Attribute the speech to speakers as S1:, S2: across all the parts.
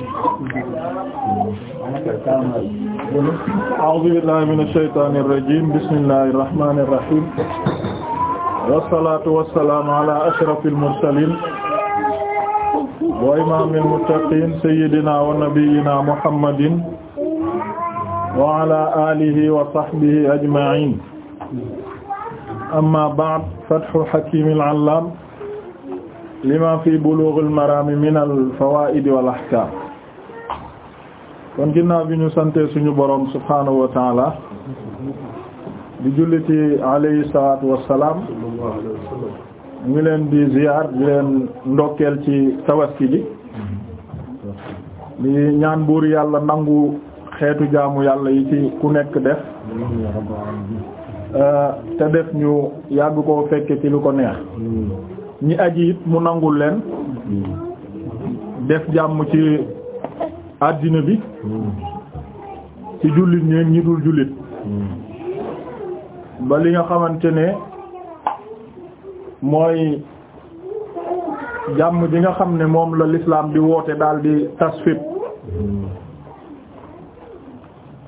S1: a'uuzu billaahi mina shaytaani rajiim bismillaahi rahmaani rahiim wassalaatu wassalaamu alaa ashrafil mursaliin
S2: wa imaamil muttaqiin
S1: sayyidinaa wa nabiyyinaa muhammadin wa alaa aalihi wa sahbihi ajma'iin amma ba'd fathu hakiimil allaam limaa fii buluughil maraam minal fawaa'idi wal ahkaam kon ginnaaw bi ñu sante suñu boroom subhaanahu wa taala di julliti alayhi salaatu wassalaam ñu ngi leen di ziyaar di leen ndokkeel ci tabaski ji di ñaan buur yàlla nangu xeetu jaamu yàlla yi ci ku nekk def te def ñu yàgg koo fekke ci lu ko neex ñi aji it mu nangul leen def jàmm ci àddina bi ci jullit ñeeg ñi jullit ba li nga xamante ne mooy jàmm ji nga xam ne moom la lislaam di woote daal di tas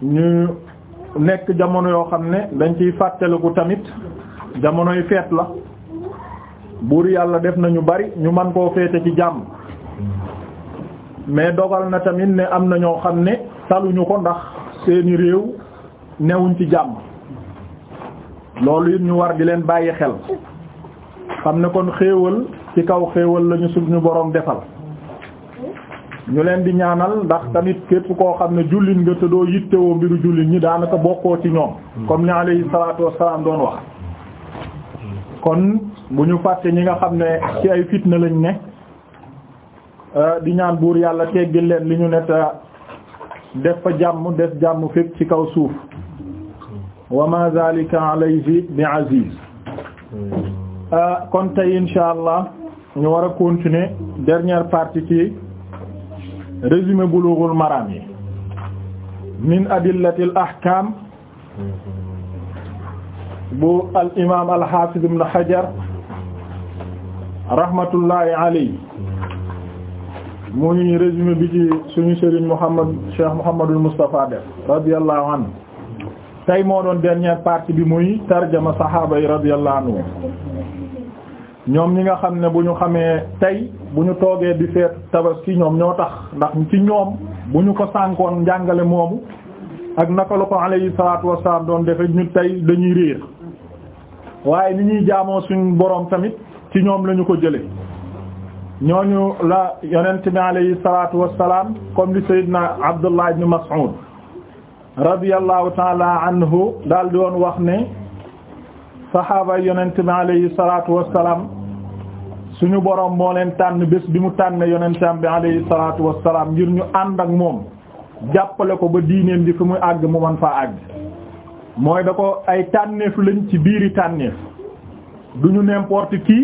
S1: ñu nekk jamono yoo xam ne dañ ciy fàttaliku tamit jamonoy feet la buur yàlla def na ñu bari ñu man koo feete ci jàmm mais dogal na tamit ne am na ñoo xam ne taluñu ko ndax seeni réew neewuñ ci jàmm loolu it ñu war di leen bàyyi xel xam ne kon xéewal ci kaw xéewal lañu suñu boroom defal ñu leen di ñaanal ndax tamit képp koo xam ne jullit nga te doo yittewoo mbiru jullit ñi daanaka bokkoo ci ñoom comme ni alayhi salaatu wassalaam doon wax kon bu ñu fàtte ñi nga xam ne ci ay fitna lañ ne Euh, di ñaan buur yàlla teggil leen li ñu ne te def fa jàmm def jàmm fépp ci kaw suuf wa ma zalika alayhi bi aziz euh, kon tey insha allah ñu war a continuer dernière partie ci résumé bulughul maram yi min adillati al bu al imam al hajar rahmatullahi alayhi muy résumé bi ci suñu sëriñ Muhammad Cheikh Muhammadul Moustapha def radiyallahu anhu tey moo doon dernière partie bi muy tarjama saxaaba yi radiyallahu anhu ñoom ñi nga xam ne bu ñu xamee tey bu ñu toogee di feet tabaski ñoom ñoo tax ndax ci ñoom bu ñu ko sànkoon njàngale moomu ak naka la ko alayhi salaatu wassalaam doon defe ñu tey dañuy réer waaye ni ñuy jaamoo suñu boroom tamit ci ñoom lañu ko jële ñooñu la yonent bi alayhi salaatu wassalaam comme li sayyidna Abdullah ibn Mas'ud radiyallahu taala anhu daal woon wax ne saxaaba yonent bi alayhi salaatu wassalaam suñu boroom moo leen tànn bés bi mu tànn yonentam bi alayhi salaatu salaam ngir ñu ànd ak moom jàppale ko ba diineen di fi muy àgg mu man faa àgg mooy da ko ay tànneef lañ ci biiri tànneef duñu n'importe qui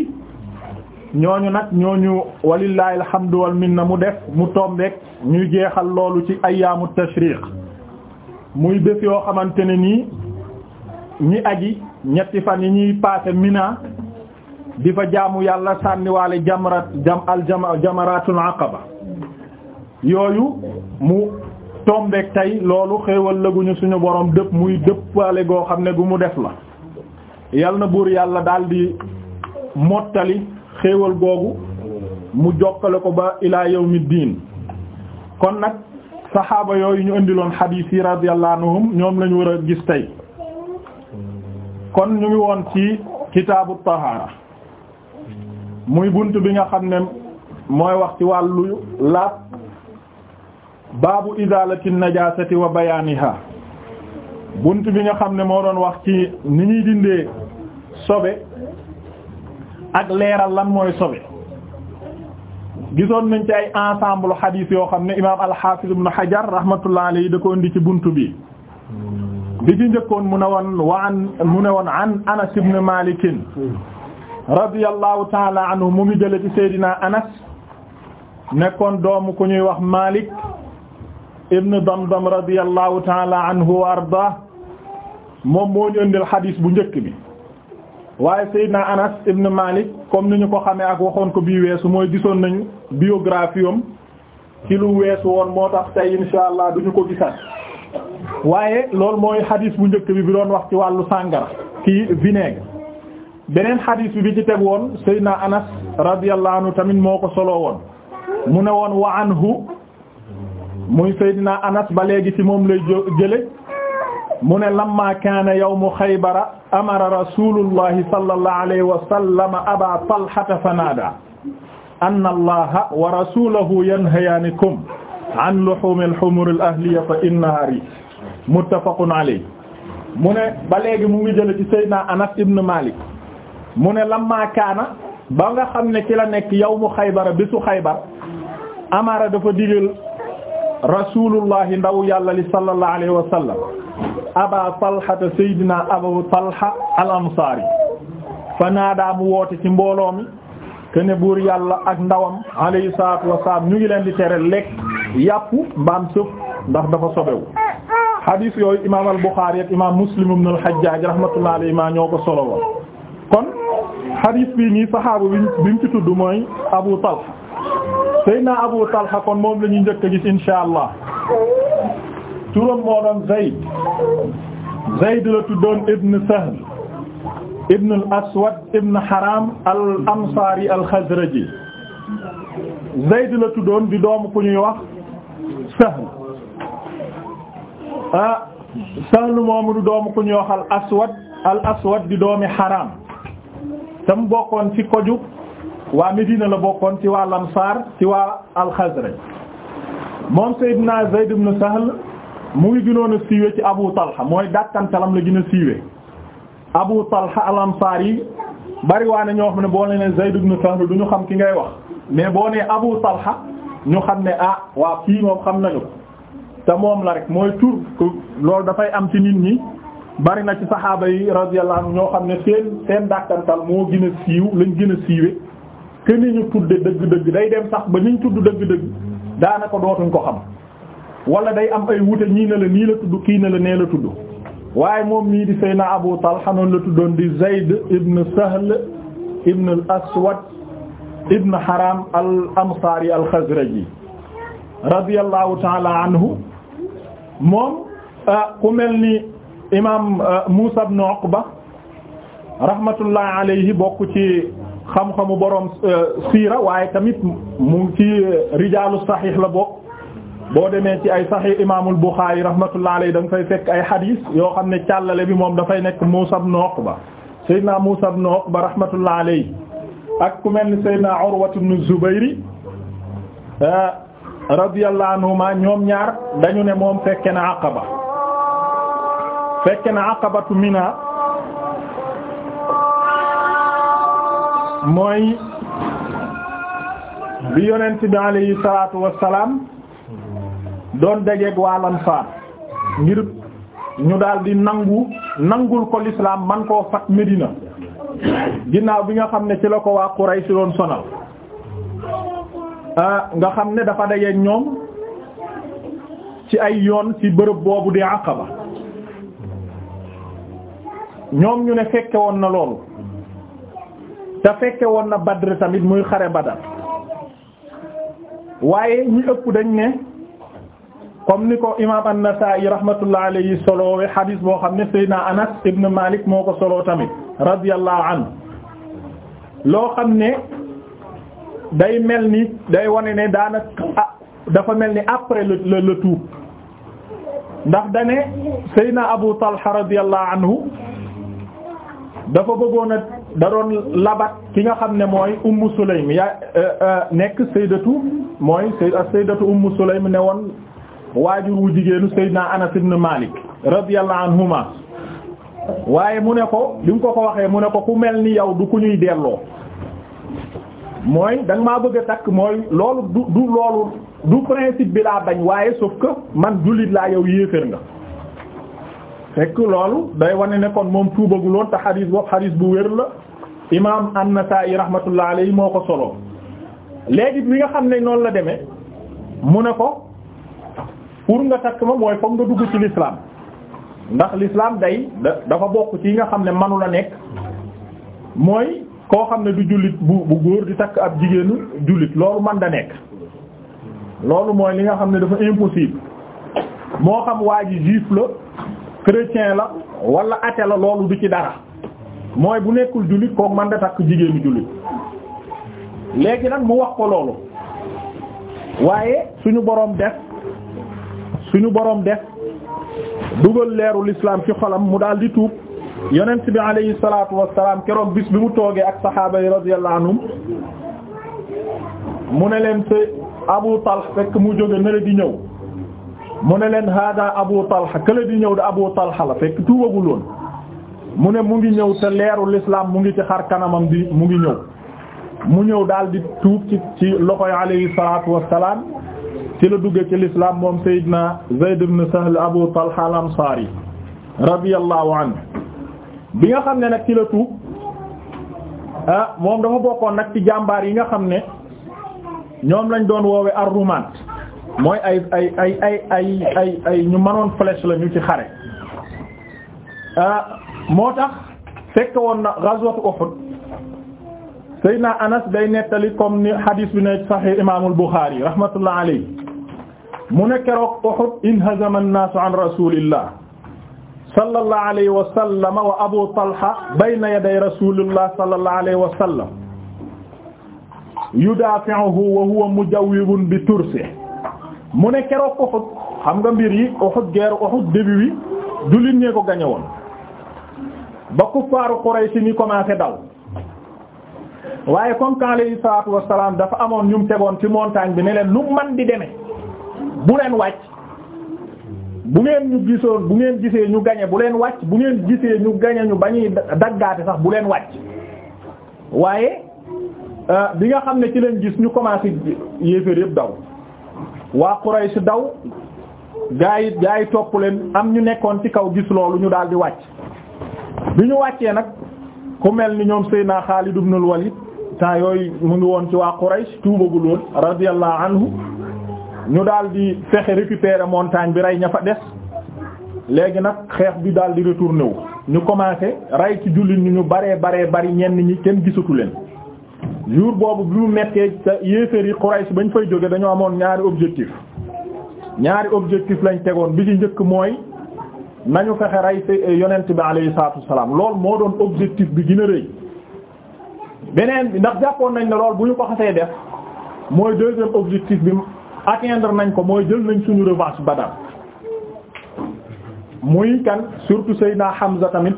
S1: ñooñu nag ñooñu walillahi alhamdu wal na mu def mu tombeek ñuy jeexal loolu ci ayyaamu tashriq muy bés yoo xamante ne nii ñi aji ñetti fan yi ñuy paase Mina di fa jaamu yàlla sànniwaale jamrat jam al jamaratul aqaba yooyu mu tombeek tey loolu xéewal laguñu suñu borom dëpp muy dëppale goo xam ne gu mu def la yal na buur yàlla daal di mottali xéewal googu mu jokkale ko ba ilaa yawmi diin kon nag saxaaba yooyu ñu indiloon xadiis yi radiyallahu anhum ñoom lañu war a gis tey kon ñu ngi woon ci kitaabu tahaara muy bunt bi nga xam ne mooy wax ci wàllu laat baabu izaalati najaasati wa bayaaniha bunt bi nga xam ne moo doon wax ci ni ñuy dindee sobe ak leeral lan mooy sobe gisoon nañ ci ay ensemble hadith yoo xam ne imaam al-Hafiz ibn Hajar rahmatullah alayhi da ko indi ci bunt bi bi ci njëkkoon mu ne woon wa an mu ne woon an Anas ibn Malik radiyallahu ta'ala anhu mu ngi jële ci Seydina Anas nekkoon doomu ku ñuy wax Malik ibn Damdam radiyallahu ta'ala anhu wa arda moom moo ñu indil hadith bu njëkk bi waaye Seydina Anas ibn Malik comme ni ñu ko xamee ak waxoon ko bii weesu mooy gisoon nañu biographie am ci lu weesu woon moo tax tey insha allah duñu ko gisaat waaye loolu mooy xadiis bu njëkk bi bi doon wax ci wàllu sàngara kii vinaigre beneen xadiis bi bi ci teg woon Seydina Anas radiyallahu anhu tamit moo ko solo woon mu ne woon wa anhu muy Seydina Anas ba léegi ci moom lay jële mu ne lamma kaana yawmu xaybara amara rasulullahi sallallahu alayhi wa sallam aba talhata fa naada anna allaha wa rasulahu yanhayaanikum an luhumi al-humuri al-ahliya fa innahaa riih muttafaqun alayhi mu ne ba léegi mu ngi jële ci Seydina Anas ibn Malik mu ne lamma kaana ba nga xam ne ci la nekk yawmu xaybara bésu xaybar amara dafa digal rasulullahi ndaw yàlla li sallallahu alayhi wa sallam aba talhata saydina abu talha al ansari fa naadaa mu woote ci mbooloo mi ke buur yàlla ak ndawam alayhi salaatu wasalaam ñu ngi leen di tere lekk yàpp mbaam sëf ndax dafa sobewu hadis yooyu imam al Bukhari ak imam Muslim ibn al Hajjaj rahmatullahi ma ñoo ko solo woon kon hadis bii nii saxaaba bi mu ci tudd mooy Abu Talha Seydina Abu Talha kon moom la njëkk a gis insha allah turam moo doon Zayd Zayd la tuddoon ibn Sahl ibn al-Aswad ibn Haram al-Ansari al-Khazraji Zayd la tuddoon di doomu ku ñuy wax Sahl ah Sahl moomu doomu ku ñuy wax al-Aswad al-Aswad di doomi Haram tam bokkoon ci koju waa Medina la bokkoon ci waa Lansar ci waa al-Khazraj moom Sayyidina Zayd ibn Sahl mu ngi gënoon a siiwe ci Abu Talha mooy dàkkantalam la gën a siiwe Abu Talha al yi bari waa ne ñoo xam ne boo ne ne Zayd ibn Sahl du ñu xam ki ngay wax mais boo nee Abu Talha ñu xam ne ah waa fii moom xam nañu te moom la rek mooy tur loolu dafay am ci nit ñi bari na ci saxaaba yi radiyallahu anhu ñoo xam ne seen seen dàkkantal moo gën a siiw lañ gën a siiwe que ni ñu tudde dëgg-dëgg day dem sax ba ni ñu tudd dëgg-dëgg daanaka dootuñ ko xam wala day am ay wute ñii na la nii la tudd kii na la nee la tudd waaye moom mii di Seyna Abu Talha la tuddoon di Zayd ibn Sahl ibn aswad ibn Haram al-Ansari al-Khazraji radiyallahu ta'ala anhu moom ah, ku mel ni imaam ah, Muusa ibn Uqba rahmatullahi alayhi bokk ci xam borom ah, siira waaye tamit mu ci eh, rijaalu saxiix la bokk boo demee ci ay sahih imaamul Buxaari rahmatullah alayhi da nga fay fekk ay hadith yoo xam ne càllale bi moom dafay nekk Muusaa ibn Uqba Seydina Muusaa ibn Uqba rahmatullah alayhi ak ku mel ni Seydina Urwa ibn Zubayr ah, radiyallahu anhuma ñoom ñaar dañu ne moom fekke na Aqaba fekke na Aqabatu Mina mooy bi yonent bi alayhi salaatu wassalaam doon dajeeg waa Ansaar ngir ñu daal nangu nangul ko l'islam man koo fat Medina ginnaaw bi nga xam ne ci la ko waa Quraysh doon sonal ah, nga xam ne dafa dajeeg ñoom ci ay yoon ci bërëb boobu di Aqaba ñoom ñu ne fekke woon na loolu te fekke woon na Badr tamit muy xare Badr waaye ñi ëpp dañ ne comme ni ko imaam an-Nasaa'i rahmatullah alayhi soloowe hadis boo xam ne Seydina Anas ibn Malik moo ko soloo tamit radiyallahu anhu loo xam ne day mel ni day wane ne daanaka ah, dafa mel ni après le le le tout ndax dane Abu Talha radiyallahu anhu dafa bëggoon a da doon labat ki nga xam ne mooy Ummu Sulaym ya euh, euh, nekk sayyidatu mooy sayyidatu Ummu Sulaym ne woon waajur wu jigéenu Seydina na ibn Malik radiyallahu anhuma waaye mu ne ko li mu ko ko waxee mu ne ko ku mel ni yow du ku ñuy delloo mooy da nga maa bëgg a takk mooy loolu du du loolu du principe bi laa bañ waaye sauf que man jullit laa yow yéeféer nga fekk loolu day wane ne kon moom tuubaguloon te xadis boobu xadis bu wér la imaam an-Nasaa'i rahmatullah alayhi moo ko solo léegi bi nga xam ne noonu la demee mu ne ko pour nga takk ma mooy foog nga dugg ci l'islam ndax l'islam day dafa bokk ci nga xam ne manu la nekk mooy koo xam ne du jullit bu bu góor di takk ab jigéenu jullit loolu man da nekk loolu mooy li nga xam ne dafa impossible moo xam waa ji juif la chrétien la wala ate la loolu du ci dara mooy bu nekkul jullit kook man da takk jigéenu jullit léegi nag mu wax ko loolu waaye suñu boroom def suñu boroom def dugal leeru lislaam ci xolam mu daal di tuub yonent bi alayhi salaatu wassalaam keroog bis bi mu toogee ak saxaaba yi radiyallahu mu ne leen te Abu Talha fekk mu jóge ne di ñëw mu ne leen hada Abu Talha kële di ñëw de Abu Talha la fekk tuubagul woon mu ne mu ngi ñëw te leeru lislaam mu ngi ci xar kanamam bi mu ngi ñëw mu ñëw daldi di tuub ci ci yi alayhi salaatu wassalaam ci la duggee ci l'islam moom Seydina Zayd ibn Sahl Abu Talha al-Ansari radiyallahu anhu bi nga xam ne nag ci la tuub ah, moom dafa bokkoon nag ci jàmbaar yi nga xam ne ñoom lañ doon woowe ar-rumaat mooy ay ay ay ay ay ay ay ñu mënoon flèche la ñu ci xare ah, moo tax fekk woon na ghazwat Uhud Seydina Anas day nettali comme ni hadis bi ne sahih Imaamul Bukhari rahmatullah alayhi mu ne keroog Uhud inhazama an-naasu an rasulillah sallallahu alayhi wa sallam wa Abu Talha bayna yaday rasulillah sallallahu alayhi wa sallam yudaafi'uhu wa huwa mujawwibun bi tursihi mu ne keroog Uhud xam nga mbir yi Uhud guerre Uhud début yi jullit ñee ko gañe woon ba kuffaaru Quraysh ni commencé daw waaye comme que alayhi salaatu wa salaam dafa amoon ñu mu tegoon ci montagne bi ne leen nu man di demee. bu leen wàcc bu ngeen ñu gisoon bu ngeen gisee ñu gañe bu leen wàcc bu ngeen gisee ñu gañe ñu bañuy daggaate sax bu leen wàcc waaye euh, bi nga xam ne ci leen gis ñu commencé yéeféer yëpp daw waa Quraysh daw gaa yi gaa yi topp leen am ñu nekkoon ci kaw gis loolu ñu daal di wàcc bi ñu wàccee nag ku mel ni ñoom Seydina Xaalid ibn al Walid temps mu ngi woon ci waa Quraysh tuubagul woon radiyallahu anhu ñu daal di fexe récupérer montagne bi rey ña fa des léegi nag xeex bi daal di retourné wu ñu commencé rey ci jullit ñu ñu baree baree bari ñenn ñi kenn gisatu leen jour boobu bi mu mettee ca yéeféer yi Quraysh bañ fay jóge dañoo amoon ñaari objectif ñaari objectif lañ tegoon bi ci njëkk mooy nañu fexe rey eh, yonent bi alayhi salaatu wassalaam lool moo doon objectif bi gën a rëy beneen bi ndax jàppoon nañ ne lool bu ñu ko xasee def mooy deuxième objectif bi atteindre nañ ko mooy jël nañ suñu revanche Badar muy kan surtout Seydina Hamza tamit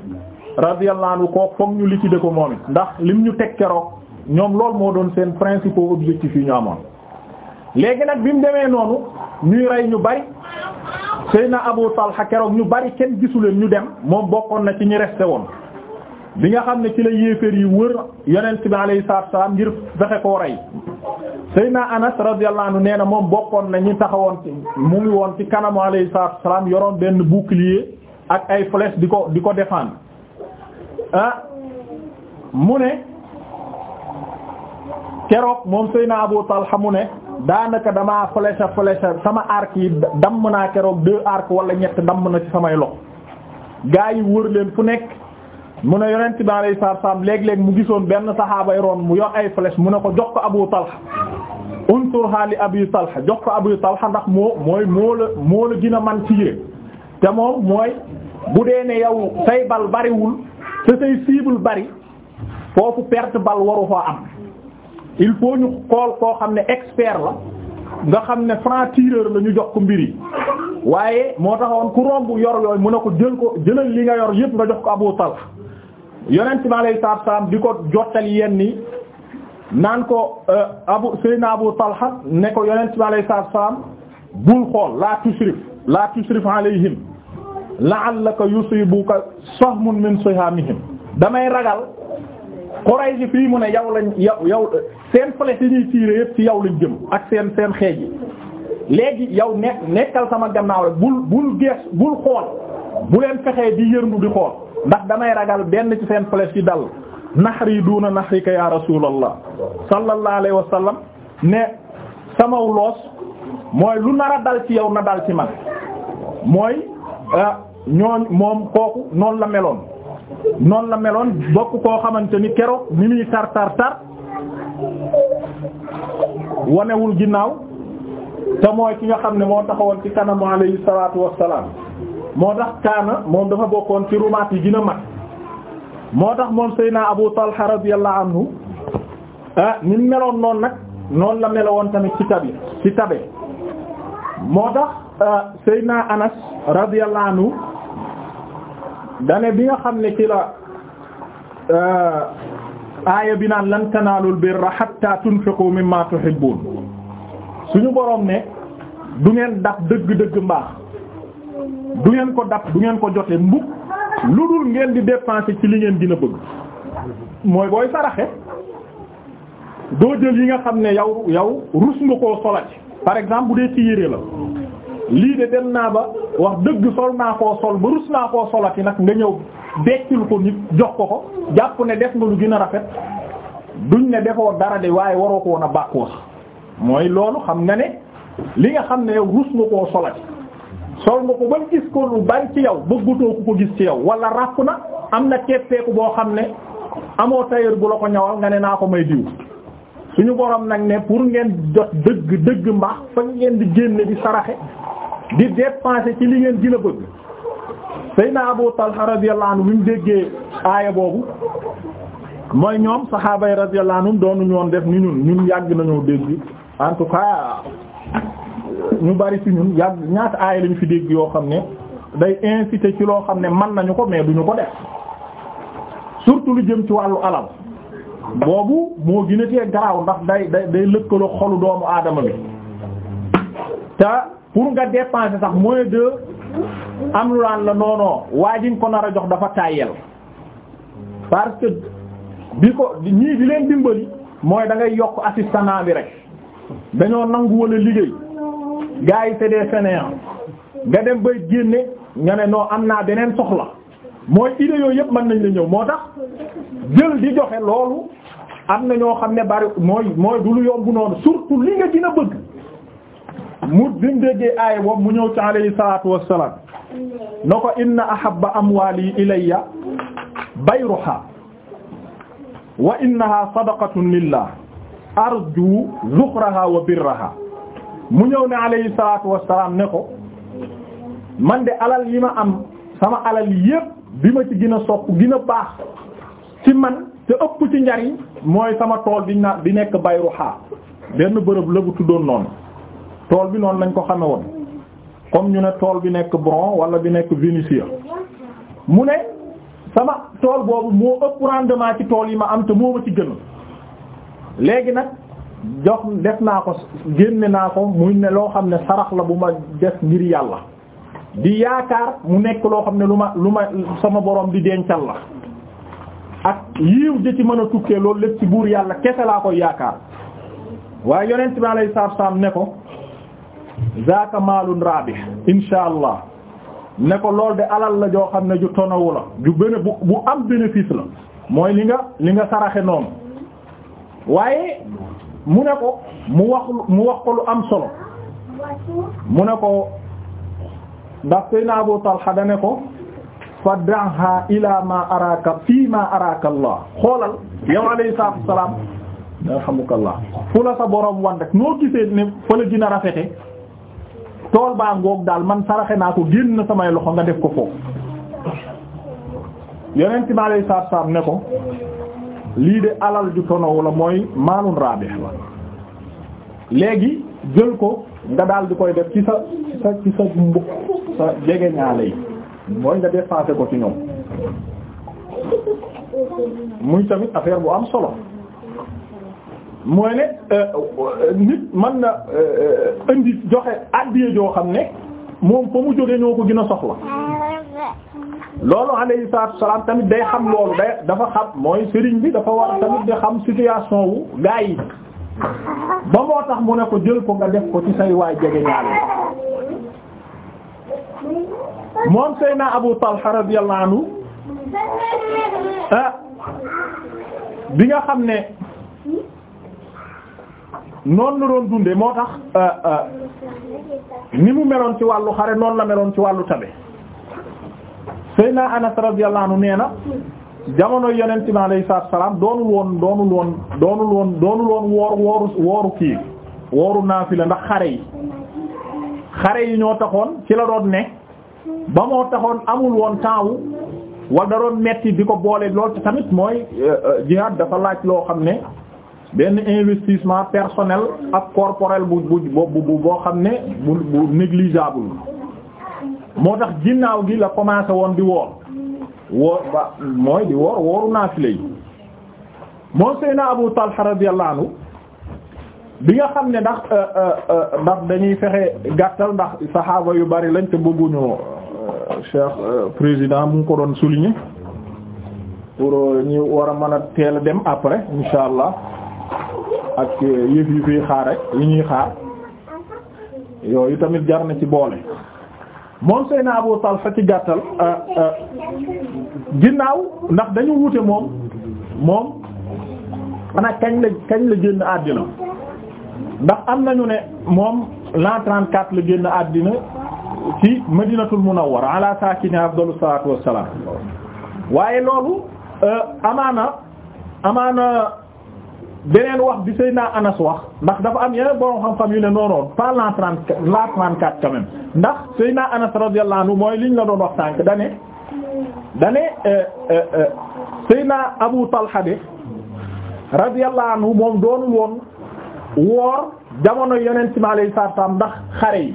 S1: radiyallahu anhu koo foog ñu liquider ko moom it ndax lim ñu teg keroog ñoom loolu moo doon seen principaux objectifs yi ñu amoon léegi nag bi mu demee noonu ñuy rey ñu bari Seydina Abu Talha keroog ñu bari kenn gisu leen ñu dem moom bokkoon na ci ñu resté woon bi nga xam ne ci la yéeféer yi wër yonent bi alayhi salaatu wa salaam ngir fexe koo rey Seyna Anas radiyallahu anhu nee na moom bokkoon na ñi taxawoon mu ngi woon ci kanamu alayhi salaatu wa yoroon benn bouclier ak ay flèche di ko di ko defaan ah mu ne keroog moom Seyna Abu Talha xamu ne daanaka damaa flèche flèche sama arc yi damm naa keroog deux arc wala ñett damm na ci samay loxo gaa yi wër leen fu nekk. mu ne yonent bi alayhi salaam léeg-léeg mu gisoon benn saxaabay roon mu yor ay flèche mu ne ko jox ko Abu Talha unturha li Abi Talha jox ko Abi Talha ndax moo mooy moo la moo la gën man ci yéen te moom mooy bu dee ne yow say bal bariwul te say cible bari foofu perte bal waru foo am il faut ñu xool koo xam ne expert la nga xam ne franc tireur la ñu jox ko mbir yi waaye moo taxoon ku romb yor yooyu mu ne ko jël ko jëlal li nga yor yépp nga jox ko Abu yonent bi alayhi salaatu salaam di ko jottali yenni naan ko euh, abu Seydina Abu Talha ne ko yonent bi alayhi salaatu salaam bul xool la tusrif la tusrif alayhim la'allaka yusibuka sahmun min sihamihim damay ragal Quraysh fii mu ne yow lañ yow yow seen flèche yi ñuy tirer yëpp ci yow lañ jëm ak seen seen xeej yi léegi yow nekk nekkal sama gannaaw rek bul bul gees bul xool bu fexee di yërndu di xool ndax damay ragal benn ci seen flèche yi dal naxari duuna naxarika ya rasulallah sallallahu alayhi wa sallam ne samaw loos mooy lu nar dal ci yow na dal ci man mooy ah, ñooñ moom kooku noonu la meloon noonu la meloon bokk koo xamante ni keroog ni muy tar tar tar wanewul ginnaaw te mooy ki nga xam ne moo taxawoon ci kanamu alayhi salaatu wassalaam moo tax kaana moom dafa bokkoon ci rumaat yi gën a mag moo tax moom Seydina Abu Talha radiyallahu anhu ah meloon noonu nag noonu la meloon tamit ci tabi ci tabe moo tax ah, Seydina Anas radiyallahu anhu dane bi nga xam ne kila la ah, aaya bi naan lan tanaalul birra hatta tunfiqu mimma tuhibbun suñu boroom ne du ngeen dax dëgg-dëgg mbaax du ngeen ko dab du ngeen ko jote mbug lu dul ngeen di dépenser ci li ngeen dina bëgg mooy booy saraxe doo jël yi nga xam ne yow yow rus nga koo solati par exemple bu dee ci yére la lii de dem naa ba wax dëgg sol naa koo sol ba rus naa koo yi nag nga ñëw deccul ko nit jox ko ko jàpp ne def nga lu gën a rafet duñ ne defoo dara de waaye waroo ko woon a bàkkoo sax mooy loolu xam nga ne li nga xam ne yow rus nga koo solati sol nga ko ba gis ko lu bari ci yow bëggutoo ku ko gis ci yow wala ràpp na am na keppeeku boo xam ne amoo tailleur bu la ko ñawal nga ne naa ko may diw suñu borom nag ne pour ngeen jot dëgg dëgg mbax fa ngeen di génne di saraxe di dépenser ci li ngeen dina bëgg Seydina Abu Talha radiyallahu anhu bi mu déggee aaya boobu mooy ñoom saxaaba yi radiyallahu anhum doonu ñoon def ni ñun ñun yàgg nañoo dégg en ñu bari ci ñun yàgg ñaata aaya lañu fi dégg yoo xam ne day inciter ci loo xam ne man nañu ko mais duñu ko def surtout lu jëm ci wàllu alal boobu moo gën a ndax day day day lëkkaloo xolu doomu aadama bi te pour nga dépenser sax mooy de am lu la noonoo waa jiñ ko nar a jox dafa tàyyel parce que bi ko ñii di leen dimbali mooy da yokk assistant bi rek dañoo nangu wala liggéey
S2: gars yi c'est des fainéants nga
S1: dem bay génne nga ne non am naa beneen soxla mooy idée yooyu yëpp mën nañ la ñëw moo tax jël di joxe loolu am na ñoo xam ne bari mooy mooy du lu yombu noonu surtout li nga dina bëgg mu dim déggee aaya boobu mu ñëw ci alayhi salaatu wassalaam na ko inna ahabba amwaali ilayya bayruha wa innaha sadaqatun lillah arju zukhraha wa birraha mu ñëw ne alayhi salaatu wassalaam ne ko man de alal yi ma am sama alal yépp bi ma ci gën a sopp gën a baax ci man te ëpp ci njariñ mooy sama tool bi na bi nekk Bayruha benn bërëb la bu tuddoon noonu tool bi noonu nañ ko xame woon comme ñu ne tool bi nekk bon wala bi nekk Vénitien mu ne sama tool boobu moo ëpp rendement ci tool yi ma am te moo ma ci gën léegi nag jox def naa ko génne naa ko muy ne loo xam ne sarax la bu ma def ngir yàlla di yaakaar mu nekk loo xam ne lu ma lu ma sama boroom di dencal la ak yiiw ji ci mën a tukkee loolu lépp ci buur yàlla kese laa koy yaakaar waaye yonent bi alayhi salaatu salaam ne ko zaaka maalun raabih insha allah ko lool de alal la joo xam ne ju tonawu la ju bene bu bu am bénéfice la mooy li nga li nga saraxe noonu waaye mu ne ko mu wax mu wax ko lu am solo mu ne ko ndax Seydina Abu Talha da ne ko fa da'ha ila ma araka fii ma araka Allah xoolal yow alayhi salaatu wasalaam alhamdulillah fu la sa borom wan rek noo gisee ne fa la gën rafete tool baa ngoog daal man saraxe naa ko génn na samay loxo nga def ko foofu yeneen ma alayhi salaatu wasalaam ne ko lii de alal ju tonow la mooy maalun raabih la léegi jël ko nga daal di koy def ci sa ci sa ci sa jegeñaale yi mooy nga dépensé ko ci ñoom muy tamit affaire bu am solo mooy ne euh, euh, nit mën na euh, indi joxe àddiya joo xam ne moom fa mu jógee ñoo ko gën a soxla loolu alayhi salaam tamit day xam loolu day dafa xam mooy sëriñ bi dafa war tamit di xam situation wu gaa yi ba moo tax mu ne ko jël ko nga def ko ci say waay jege ñaale moom Seydina Abu Talha radiyallahu anhu ah bi nga xam ne. noon la doon dundee moo tax euh, euh, ni mu meloon ci wàllu xare noonu la meloon ci wàllu tabe Seydina Anas radiyallahu anhu nee na jamono yonent bi alayhi salaatu wa salaam doonul woon doonul woon doonul woon doonul woon wooru wooru kii wooru naafila ndax xare yi xare yi ñoo taxoon ci la doon ne ba moo taxoon amul woon temps wu wala da doon metti di ko boole lool tamit mooy euh, jihaad dafa laaj loo xam ne. benn investissement personnel ak corporel bu bu bu boo xam ne bu bu négligeable moo tax ginnaaw gi la commencé woon di woor woor ba mooy di woor wooru naafile yi moom Seydina Abu Talha radiyallahu anhu bi nga xam ne ndax euh, euh, euh, ndax dañuy fexe gàttal ndax saxaaba yu bari lañ te bëgguñu cheikh président mu ngi ko doon souligner pour ñu war a mën a teel a dem après insha allah ak yëf yi fiy xaar rek yi ñuy xaar yooyu tamit jar na ci boole moom Seyna Abu Talha ci gàttal euh, euh, ginnaaw ndax dañu wute moom moom xanaa kañ la kañ la génn àddina ndax am nañu ne moom l'an 34 la génn àddina ci Madinatul Munawwara ala saakini afdalu salaatu wassalaam waaye loolu euh, amaana amaana beneen wax bi Seydina Anas wax ndax dafa am yeneen borom xam-xam yu ne noonoon pas l'an trente l'an trente-quatre quand ndax Seydina Anas radiyallahu anhu mooy liñ la doon wax tànk dane dane euh, euh, euh, Seydina Abu Talha de radiyallahu anhu moom doonul woon woor jamono yonent mi alayhi ndax xare yi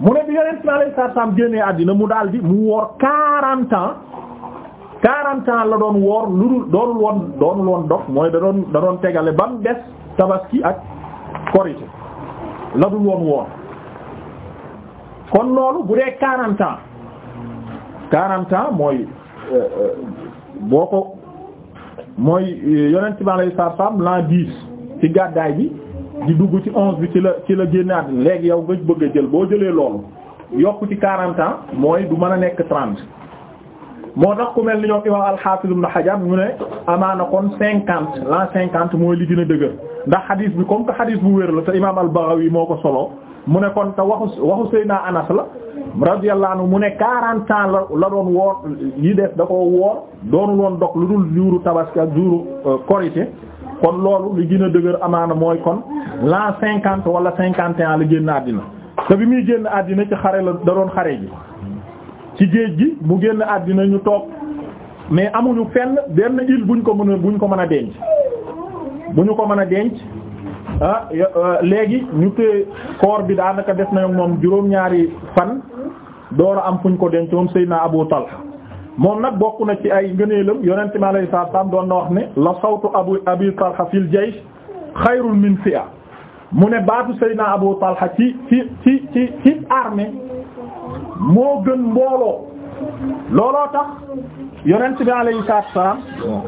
S1: mu ne bi yonent mi alayhi salaam àddina mu daal di mu woor quarante ans quarante ans la doon woor lu dul doonul woon dox mooy da doon da tegale ba mu des tabaski ak korite la dul woon woor kon loolu bu dee quarante ans quarante ans mooy euh, euh, boo ko mooy euh, yonent bi alayhi salaam l'an dix ci gàddaay bi di dugg ci onze bi ci la ci la génne àddina léegi yow nga bëgg a jël boo jëlee loolu yokk ci quarante ans mooy du mën a nekk trente moo tax ku mel ni ñoom imam al-Hafiz ibn Hajar mu ne amaana kon cinquante l'an cinquante mooy li gën a dëgër ndax xadis bi comme que xadis bu wér la te imam al-Baghawi moo ko solo mu ne kon te waxu waxu Seydina Anas la radiyallahu anhu mu ne quarante ans la la doon woor yi des da ko woor doonu loon dog lu dul juuru tabaski ak juuru euh, kon loolu li gën a dëgër amaana mooy kon l'an cinquante wala cinquante et un la génn àddina te bi muy génn àddina ci xare doon xare ji ci géej gi mu génn àddina ñu toog mais amuñu fenn benn île buñ ko mën buñ ko mën a denc bu ñu ko mën a denc ah euh, léegi ñu tee koor bi daanaka def na moom juróom-ñaari fan door a am fuñ ko denc moom naa Abu Talha moom nag bokk na ci ay ngëneelam yonent mi alayhi salaam doon na wax ne la sawtu abu abi Talha fil jaysh xayrun min fi'a mu ne baatu Seydina Abu Talha ci ci ci ci ci moo gën mbooloo
S2: looloo tax yonent bi
S1: alayhi salaatu wa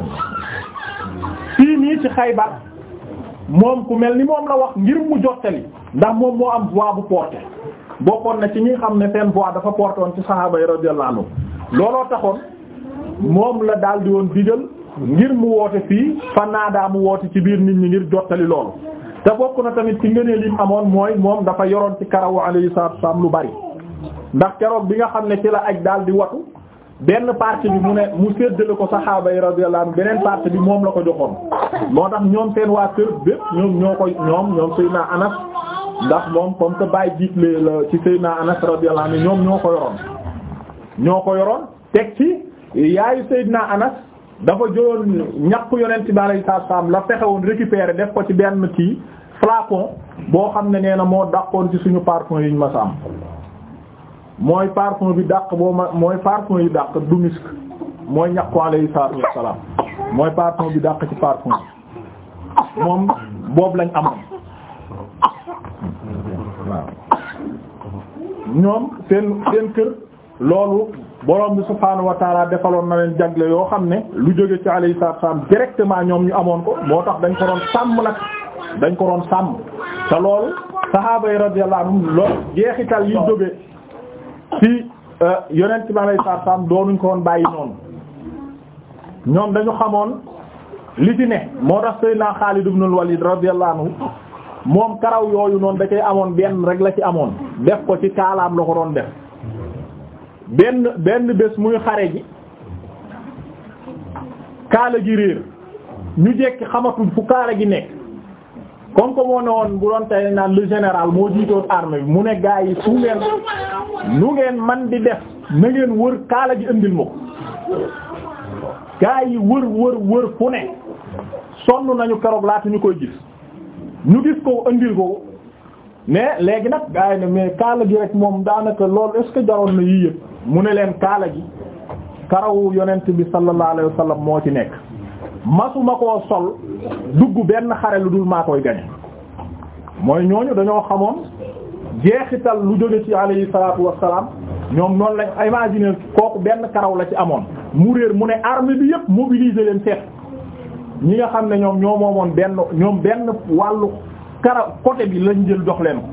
S1: fii nii ci Xaybar moom ku mel ni moom la wax ngir mu jottali ndax moom moo am voix bu porté bokkoon na ci ñi xam ne seen voix dafa porté woon ci sahaaba yi radiyallahu anhu looloo taxoon moom la daal di woon digal ngir mu woote fii fa naadaa mu woote ci biir nit ñi ngir jottali loolu te bokk na tamit ci ngëneel mu amoon mooy moom dafa yoroon ci karawu alayhi salaatu wa salaam lu bari ndax keroog bi nga xam ne ci la aj daal di watu benn partie bi mu ne mu séddale ko saxaaba yi radiyallahu anhu beneen partie bi moom la ko joxoon moo tax ñoom seen waa kër bépp ñoom ñoo koy ñoom ñoom naa Anas ndax moom comme que bàyyi jiitle la ci Seydina Anas radiyallahu anhu ñoom ñoo ko yoroon ñoo ko yoroon teg ci yaayu naa Anas dafa jëloon ñàkk yonent bi alayhi salaam la fexe woon récupérer def ko ci benn kii flacon boo xam ne nee na moo dàqoon ci suñu parfum yi ñu ma am mooy parfum bi dàq boo ma mooy parfum yi dàq du misk mooy ñaq ko alayhi salaatu wassalaam mooy parfum bi dàq ci parfum bi moom boobu lañ amoon waaw ñoom seen seen kër loolu borom bi subhaanahu wa taala defaloon na leen jagle yoo xam ne lu jóge ci alayhi salaatu wassalaam directement ñoom ñu amoon ko moo tax dañ ko doon sàmm nag dañ ko doon sàmm te loolu sahaaba yi radiyallahu loolu jeexital yi jóge ci euh, yonent bi alayhi salaatu salaam doonuñ ko woon bàyyi noonu ñoom dañu xamoon li ci ne moo tax Seydina Xaalid ibn Walid radiyallahu anhu moom karaw yooyu noonu da koy amoon benn rek la ci amoon def ko ci kaalaam la ko doon def benn benn bés muy xare ji kaala gi réer ñu jekki xamatuñ fu kaala gi nekk comme que moo ne woon bu doon tey naan le général moo jiitoon armée bi mu ne gaa yi su ngeen nu ngeen man di def na ngeen wër kaala ji andil ma ko gaa yi wër wër wër fu ne sonn nañu keroog laata ñu koy gis ñu gis ko andil ko mais léegi nag gaa yi ne mais kaala gi rek moom daanaka loolu est-ce que jaroon na yii yëpp mu ne leen kaala gi karawu yonent bi sallallahu alayhi wa moo ci nekk masuma ko sol dugg benn xare lu dul maa koy gañe mooy ñooñu dañoo xamoon jeexital lu jóge ci alayhi salaatu wassalaam ñoom noonu lañ imaginer kooku benn karaw la ci amoon mu réer mu ne armée bi yëpp mobiliser leen seet ñi nga xam ne ñoom ñoo moomoon benn ñoom benn wàllu karaw côté bi lañ jël jox leen ko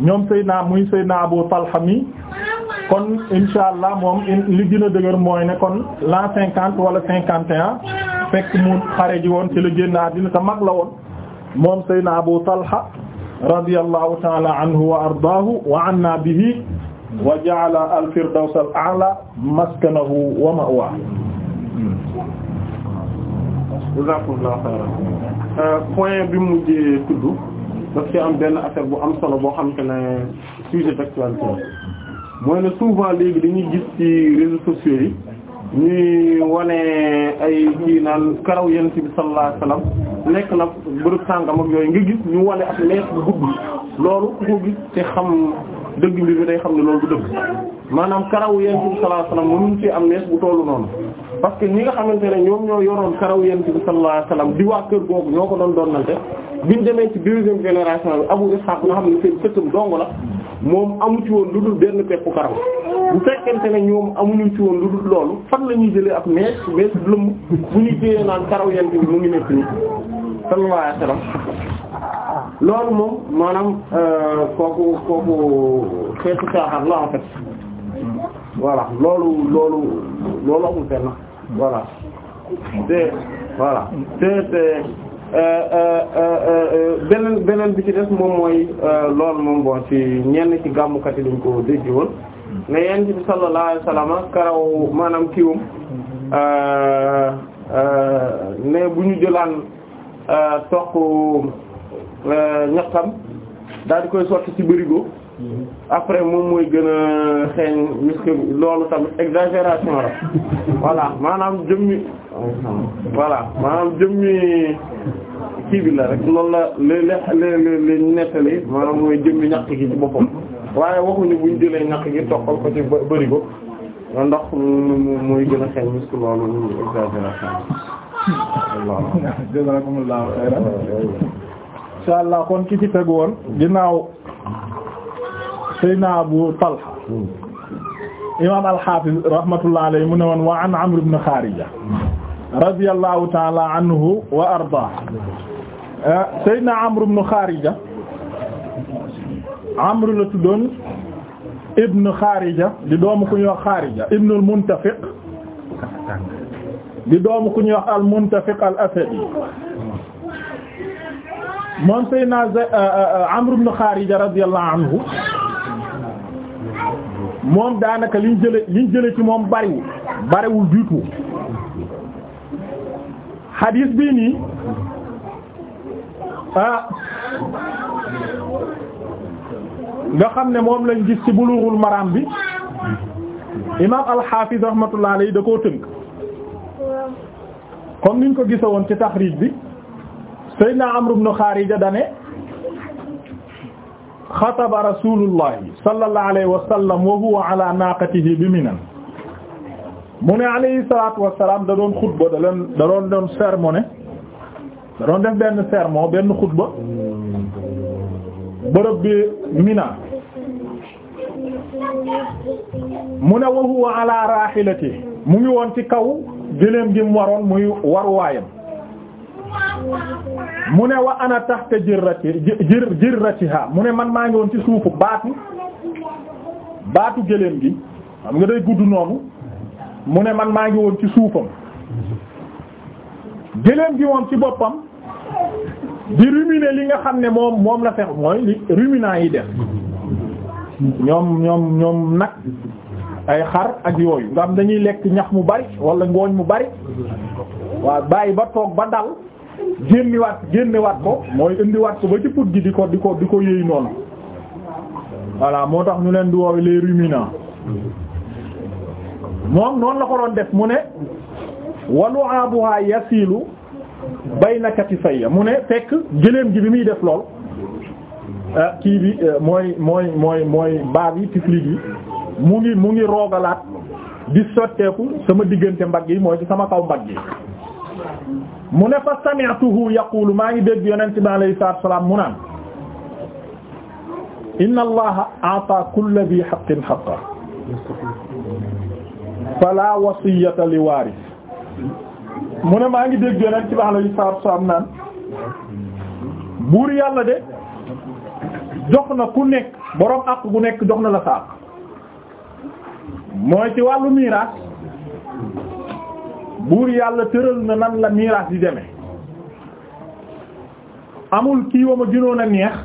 S1: ñoom Seydina muy Seydina Abu kon insha allah moom li gën a dëgër mooy ne kon l'an cinquante wala cinquante et fekk mu xare ji woon ci la génn àddina te mag la woon moom Seydina Abu Talha radiyallahu ta'ala anhu wa ardaahu wa anna bihi wa ja'ala al-firdaws al-a'la maskanahu wa ma'waahu jazaakumullaahu xayran euh, point bi mu mujjee tudd daf ci am benn affaire bu am solo boo xam te ne sujet d'actualité mooy ne souvent léegi dañuy gis ci réseaux sociaux yi ñuy wane ay kii naan karaw yonent bi sallallahu alayhi nekk na bërëb sàngam yooyu nga gis ñu wane ak lees bu gudd loolu ku ko gis te xam dëgg mbir ba day xam ne loolu du dëgg maanaam karaw yonent bi sallallahu alayhi wasallam mënuñ ci am lees bu tollu noonu parce que ni nga xamante ne ñoom ñoo yoroon karaw yonent bi sallallahu alayhi wasallam di waa kër googu ñoo ko doon donnante biñ demee ci deuxième génération bi Abu Ishaq nga xam ne seen sëttam dong la moom amu ci woon lu dul benn peppu karaw bu fekkente ne ñoom amuñu ci woon lu dul loolu fan la ñuy jëlee ab mees mees lëmm bu ñu jëlee naan karaw bi mu ngi nekk nii sallallahu alayhi wasallam loolu moom maanaam euh, kooku kooku xeetu caaxaan la en fait voilà loolu loolu voilà te voilà te te euh, euh, euh, beneen beneen bi ci des moom mooy loolu moom bon ci ñenn ci gàmmukat yi dañ ko dégg woon ne yéen ci sallallahu alayhi wasallam karaw maanaam kiiwum ne bu ñu jëlaan toq ñaxam daal koy sotti ci bërigo après moom mooy gën a xeeñ miski loolu tamit exagération la voilà maanaam jëmmi voilà maanaam jëmmi kii bi la rek loolu la li li li li nettali maanaam mooy jëmmi ñàkk gi ci boppam waaye waxuñu buñ jëlee ñàkk gi toqal ko ci bëri ko ndox mooy gën a xeeñ miski loolu exagération waaw jazakumullahu xayran inshallah kon ki ci tegu woon ginnaaw Seydina Abu Talha imaam al-Hafiz rahmatullah alayhi mu ne woon wa an Amr ibn Kharija radiyallahu ta'ala anhu wa arda Seydina Amr ibn Kharija Amr la tuddoon ibn Kharija di doomu ku ñuy wax Kharija ibn al-Muntafiq di doomu ku ñuy wax al-Muntafiq al-Asadi moom Seydina Amr ibn Kharija radiyallahu anhu moom daanaka liñ jële liñ jële ci moom bariwul bariwul du tout xadiis bii nii
S2: ah nga
S1: xam ne moom lañ gis ci bulughul maram bi imaam al-Hafiz rahmatullah alayhi da koo tënk comme niñ ko gise woon ci taxriij bi Seydina Amr ibn Kharija dane xataba rasulullahi sallallahu alayhi wa sallam wa huwa ala naqatihi bi minan mu ne alayhi salatu wasalaam da doon xutba da leen da doon doon sermon da doon def benn sermon benn xutba bërëb bi mina mu ne wa huwa ala rahilati mu ngi woon ci kaw gëléem gi mu waroon muy waruwaayam mu ne wa ana tahta jirrati jir jirratiha mu ne man maa ngi woon ci suufu baatu baatu gëléem gi xam nga day gudd noonu mu ne man maa ngi woon ci suufam gëléem gi woon ci boppam di ruminer li nga xam ne moom moom la fex mooy li ruminant yi def ñoom ñoom ñoom nag ay xar ak yooyu nga xam dañuy lekk ñax mu bari wala ngooñ mu bari waaw bàyyi ba toog ba dal génniwaat génnewaat ko mooy indiwaat ko ba ci put gi di ko di ko di ko yëy noonu voilà moo tax ñu leen di woowe les ruminants moom noonu la ko doon def mu ne walu abuha yasilu bayna katifayya mu ne fekk gëléem gi bi muy def lool ah, kii bi eh, mooy mooy mooy mooy baab yi tiflit yi mu ngi mu ngi roogalaat di sotteeku sama diggante mbag yi mooy ci sama kaw mbag yi mu ne fa sami'tuhu yaqulu maa ngi dégg yonent bi alayhi salaatu wa salaam mu naan inna allaha a'ta kulla dhi haqqin haqqahu fala wasiyata li waaris mu ne maa ngi dégg yonent bi alayhi salaatu wa salaam naan buur yàlla de jox na ku nekk boroom àq gu nekk jox na la saaq mooy ci wàllu miraas buur yàlla tëral na nan la miraas di demee amul kii ma gënoon a neex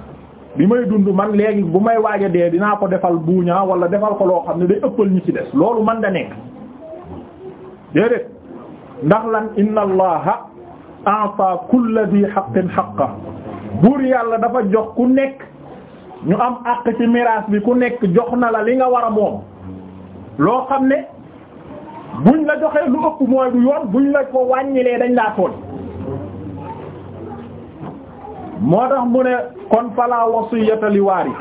S1: bi may dund man léegi bu may waaj dee dinaa ko defal buuñaa wala defal ko loo xam ne day ëppal ñu ci des loolu man da nekk déedéet ndax lan inna allaha a'ta kulli dhi haqqin haqqa buur yàlla dafa jox ku nekk ñu am àq ci miraas bi ku nekk jox na la li nga war a moom loo xam ne buñ la joxee lu ëpp mooy du yoon buñ la ko wàññilee dañ laa tooñ moo tax mu ne kon fala wasiyata li yi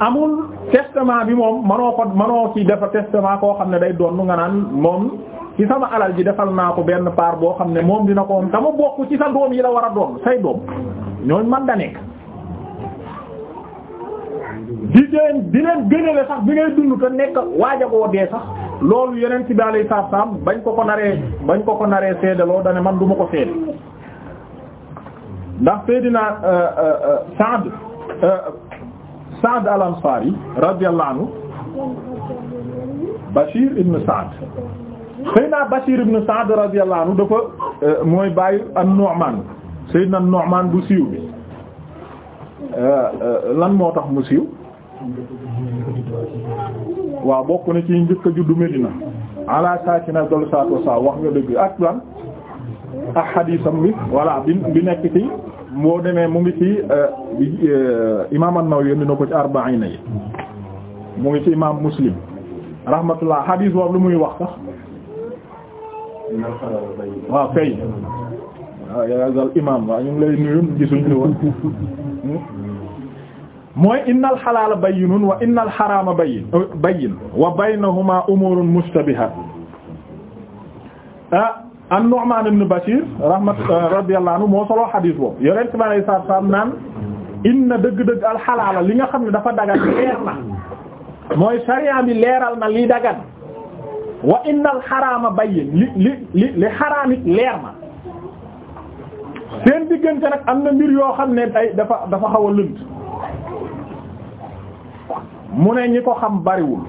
S1: amul testament bi moom manoo ko manoo ci dafa testament koo xam ne day doon nga naan moom ci sama alal ji defal naa ko benn part boo xam ne moom dina ko am dama bokk ci sa doom yi la war a doon say doom ñooñ man da nekk di leen di leen gënale sax bi ngay dund te nekk waaj dee sax loolu yeneen ci daal yi saaf saaf bañ ko ko naree bañ ko ko naree seedaloo da ne man du ma ko seede ndax Seydina euh, euh, euh, Saad Saad al-Ansari radiyallahu anhu Bashir ibn Saad Seydina Bashir ibn Saad radiyallahu anhu dafa mooy bàyyi an-Nu'man Seydina Nu'man bu siiw bi lan moo tax mu siiw. waaw bokk na ci njëkk a juddu Medina ala saakina dol saa wax nga dëgg ak lan ak xadiisam bi voilà bi bi nekk ci boo demee mu ngi ci euh, imaam an-Nawawi yónni na ko ci arba'iin yi mu ngi ci imaam Muslim rahmatullah xadiis boobu lu muy wax sax waaw kay waaw yaa imaam waaw ñu lay nuyu gisuñu la mooy innal xalaala bayyinun wa innal xaraama bayyin bayyin wa baynahuma umuurun mustabihaat ah an-Nu'maan ibn Bashiir rahmat eh, radiyallahu anhu moo soloo xadiis boobu yonent bi alayhi salaatu salaam naan inna dëgg-dëgg al xalaala li nga xam ne dafa dagan leer na mooy sariya bi leeral na li dagan wa innal xaraama bayyin li li li li xaraam it leer
S2: na seen
S1: diggante nag am na mbir yoo xam ne ay dafa dafa xaw a lënt mu ne ñi ko xam bariwul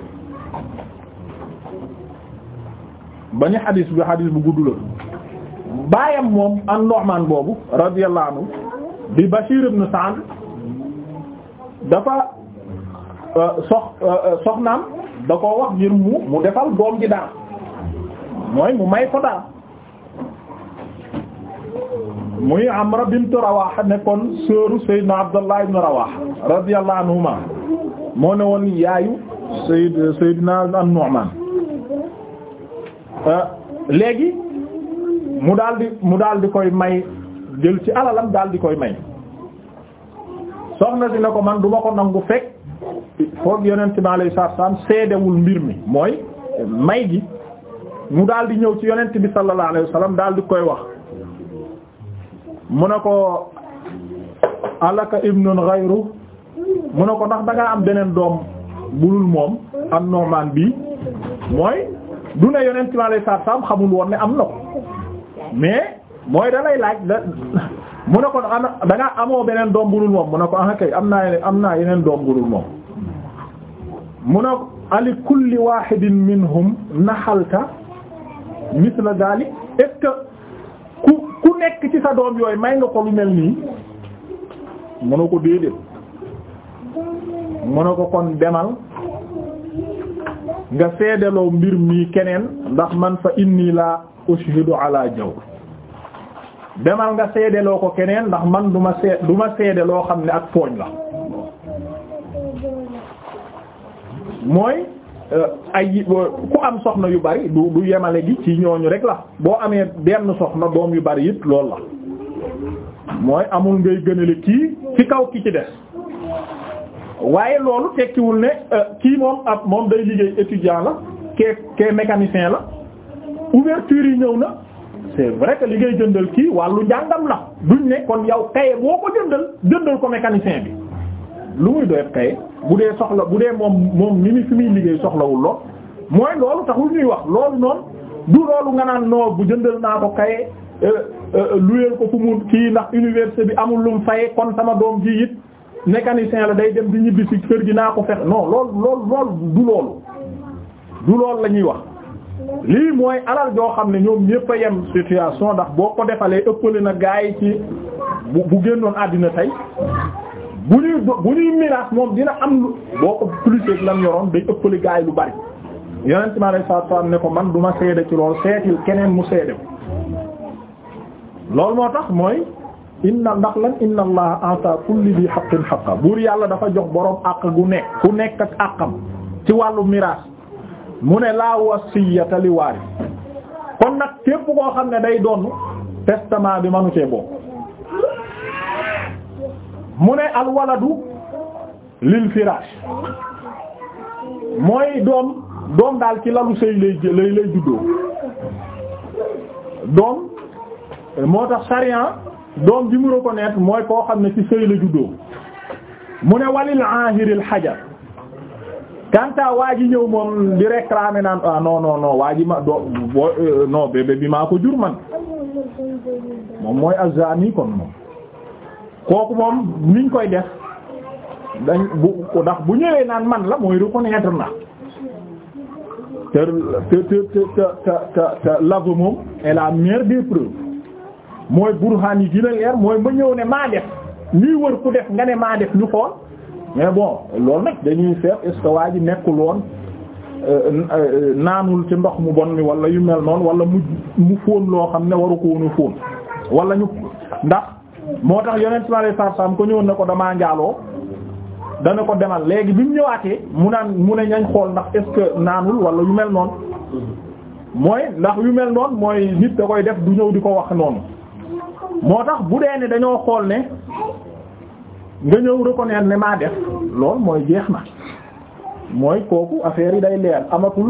S1: ba ñu xadis bi xadis bu gudd la baayam moom an-Nu'man boobu radiyallahu anhu bi Bashir ibn Sa'd dafa euh, sox euh, soxnaam da ko wax ngir mu mu defal doom ji dara mooy mu may ko dara muy Amra bint Rawaha nekkoon sœuru Sayyidina Abdullah ibn Rawaha radiyallahu anhuma moo ne woon yaayu Sayyid Sayyidina an-Nu'man euh, léegi mu daldi mu daldi koy may jël ci alalam daal di koy may soxna si ne ko man duma ko nangu fekk foog yonent bi alayhi salaatu salaam seedewul mbir mi mooy may gi mu daal ñëw ci yonent bi sallallahu alayhi wasallam daal di koy wax mu ne ko alaka ibnun ghayru mu ne ko ndax dangaa am beneen doom bulul moom am normaan bi mooy du ne yonent bi alayhi salaam xamul woon ne am na ko mais mooy da laaj da mu ne ko ana dangaa amoo beneen doom bulul moom mu ne ko ah kay am naa yeneen am naa yeneen doom bulul moom mu ne ali kulli wahidin minhum naxalta misla dalik est ku ku nekk ci sa doom yooyu may nga ko lu mel nii mu ne ko déedéet mu ne ko kon demal nga seedeloo mbir mii keneen ndax man fa inni la ushhidu ala jawr demal nga seedeloo ko keneen ndax man du ma ma seede loo xam ne ak tooñ la mooy euh, ay ku am soxna yu bari du du yemale gi ci ñooñu rek la boo amee benn soxna doom yu bari it loolu la mooy amul ngay gënale kii ci kaw ki ci des waaye loolu tekkiwul ne euh, kii moom ab moom day liggéey étudiant la kee kee mécanicien la ouverture yi ñëw na c'est vrai li ngay jëndal kii wàllu njàngam la duñ ne kon yow kaye boo ko jëndal jëndal ko mécanicien bi lu muy doyeb kaye bu dee soxla bu dee moom moom ni mi fi muy liggéey soxlawul lool mooy loolu taxul ñuy wax loolu noonu du loolu nga naan noor bu jëndal naa ko kaye euh, euh, luyeel ko fu mu kii ndax université bi amul lum faye kon sama doom ji it mécanicien la day dem di ñibbi ci kër gi naa ko fex non lool lool lool du loolu du loolu la ñuy wax lii mooy alal joo xam ne ñoom ñépp a yem situation ndax boo ko defalee ëppale na gaa yi ci bu bu génnoon àddina tey bu ñuy bu ñuy miraas moom dina am lu boo ko plus lan yoroon day ëppale gaa yi lu bari yonent mi alayhi salaatu salaam ne ko man duma seede ci lool seetil keneen mu seede ko loolu moo tax mooy inna ndax lan inna allah ata kulli bi haqqin haqqa buur yàlla dafa jox borom àq gu nekk ku nekk ak àqam ci wàllu miraas mu ne laa wasiyata li waari kon nag képp koo xam ne day doon testament bi manu cee mu ne al lil firaash mooy doom doom daal ci lalu sëy lay lay juddoo doom moo tax sariyan doom bi mu reconnaître mooy koo xam ne ci sëy la juddoo mu ne walil ahiril xajar kanta waa ji ñëw moom di réclamer naan ah non non waa ji ma do bi maa ko jur man moom mooy azani kon moom kooku moom niñ koy def dañ bu ndax bu ñëwee naan man la mooy reconnaître na te te te te te te moom est la meilleure des mooy burhaan yi dina leer mooy ba ñëw ne maa def ñuy wër ku def nga ne maa def ñu xool mais bon loolu nag dañuy seet est-ce que nekkul woon euh, euh, naanul ci ndox mu bon mi wala yu mel noonu wala mu mu fóon loo xam ne waru ko woon a fóon wala ñu ndax moo tax yonent mi alayhi salaatu ko ñëwoon na ko damaa njaaloo dana ko demal léegi bi mu ñëwaatee mu naan mu ne ñañ xool ndax est naanul wala yu mel noonu mm-hmm. mooy ndax yu mel noonu mooy nit da koy def du ñëw di ko wax noonu
S2: moo tax bu dee
S1: ne dañoo xool ne nga ñëw reconnaître ne maa def lool mooy jeex na mooy kooku affaire yi day leer amatul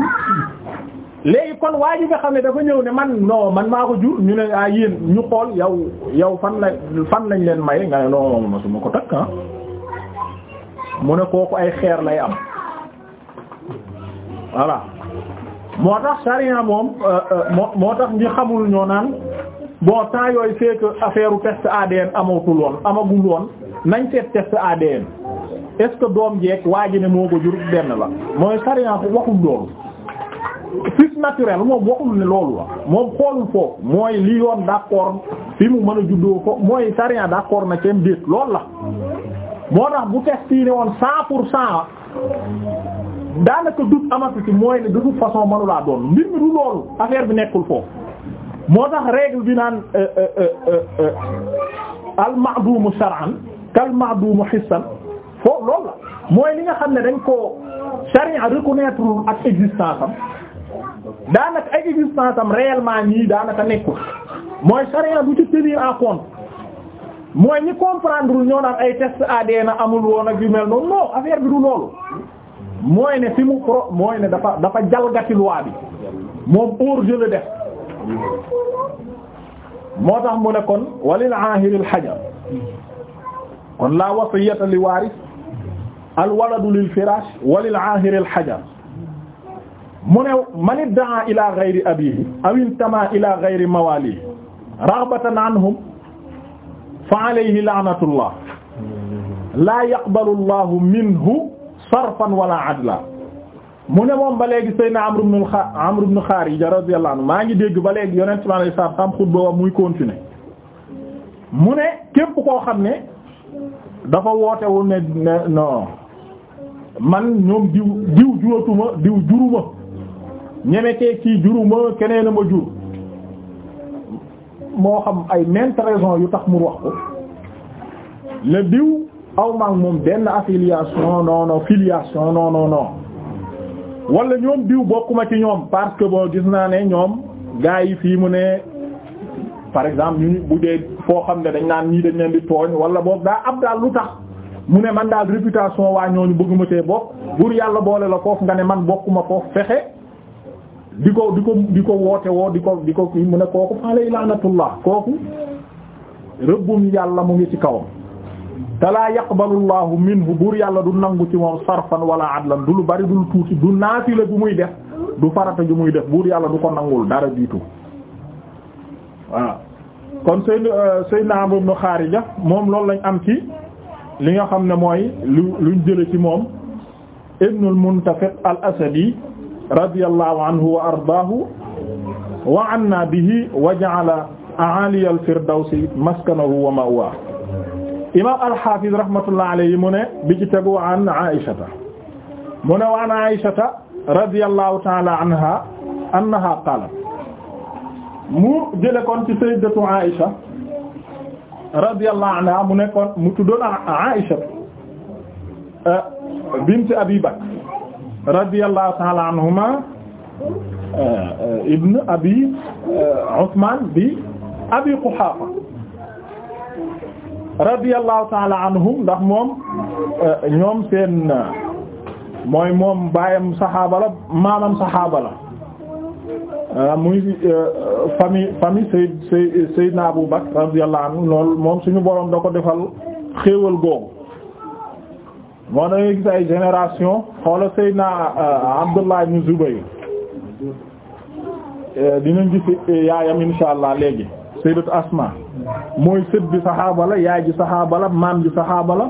S1: léegi kon waa ji nga xam ne dafa ñëw ne man non man maa ko jur ñu ne ah yéen ñu xool yow yow fan la fan lañ leen may nga ne non ma su ko takk ah mu ne kooku ay xeer lay am voilà moo tax sariya moom euh, euh, moo moo tax ñi xamul ñoo naan. bon temps yooyu c'est que affaire test ADN amatul woon amagul woon nañ seet test ADN est-ce que doom jeeg waa ji ne moo ko jur benn la mooy sariya waxul loolu fils naturel moom waxul ne loolu la moom xoolul foofu mooy li yoon d'accord fi mu mën a juddoo ko mooy sariya d'accord na kenn déet loolu la moo tax bu test yi ne woon cent pour cent daanaka dut amatu ci mooy ne de toute façon mënulaa doon mbir mi du loolu affaire bi nekkul foofu moo tax règle bi naan euh, euh, euh, al ma'dumu shar'an kal ma'dumu hissan foofu loolu la mooy li nga xam ne dañ koo charia reconnaître ak existence am daanaka ak existence am réellement ñii daanaka nekkul mooy charia du ci tenir en compte mooy ñi comprendre ñoo naan ay test ADN amul woon ak yu mel noonu non affaire bi du loolu mooy ne fi mu pro mooy ne dafa dafa jalgati loi bi moom hors jeu la def. moo tax mu ne kon walil aahiri alxajar kon laa wasiyata li waaris alwaladu lil firaash walil aahiri alxajar mu ne man iddaa ila gayri abiihi aw intamaa ila gayri mawaalihi raghbatan anhum fa alayhi la'natullah laa yaqbalu allahu minhu sarfan wala adla mu ne moom ba léegi Seydina Amr ibn Amr xaar yi radiyallahu anhu maa ngi dégg ba léegi yonent sallallahu alayhi wasallam xutba wa muy continuer mu ne képp koo xam ne dafa wootewul ne ne non man ñoom diw diw juratuma diw juruma ñemekee kii juruma keneen a jur moo xam ay maintes yu tax mu wax ko le diw aw maag moom benn affiliation non non filiation non non wala ñoom diw bokkuma ci ñoom parce que bon gis naa ne ñoom gars yi fii mu ne par exemple ñu bu dee foo xam ne dañ naan ñii dañ leen di tooñ wala boog daa am daal lu tax mu ne man daal réputation waa ñooñu bëgguma see bokk buur yàlla boole la foofu nga ne man bokkuma foofu fexe di ko di ko di ko woote woo di ko di ko kii mu ne kooku alay laanatullah kooku rëbbum yàlla mu ngi ci kawam te laa yaqbalu llahu minhu buur yàlla du nangu ci moom sarfan wala adlan du lu bari du lu tuuti du naafila bu muy def du farata ju muy def buur yàlla du ko nangul dara jiitu waaw kon Seydou euh, Seydina Amr ibn Kharija moom loolu lañ am ci li nga xam ne mooy lu luñ jële ci moom ibnul Muntafiq al Asadi radiyallahu anhu wa ardaahu wa anna bihi wa ja'ala a'ali al firdawsi maskanahu wa ma'waahu imaam al-Hafiz rahmatullah alayhi mu ne bi ci tegu an Aïshata mu ne wa an Aïshata radiyallahu ta'ala anha annaha qalat mu jële kon ci sayyidatu Aïsha radiyallahu anha mu ne kon mu tuddoon Aïsha euh, bint Abi Bakr radiyallahu ta'ala anhuma
S2: euh,
S1: euh, ibn Abi Uthman bi Abi Quhafa radiyallahu taala anhum ndax moom euh, ñoom seen mooy moom baayam saxaaba la maamam saxaaba la euh, muy euh, famille famille Seyd Seyd Seydina Abu Bakr radiyallahu anhu loolu moom suñu boroom da ko defal xéewal googu moo dangay gis ay génération xoola Seydina Abdullah ibn Zubayr dinañ gis yaayam insha allah léegi sayyidatu Asma mooy sët bi saxaaba la yaay ji saxaaba la maam ji saxaaba la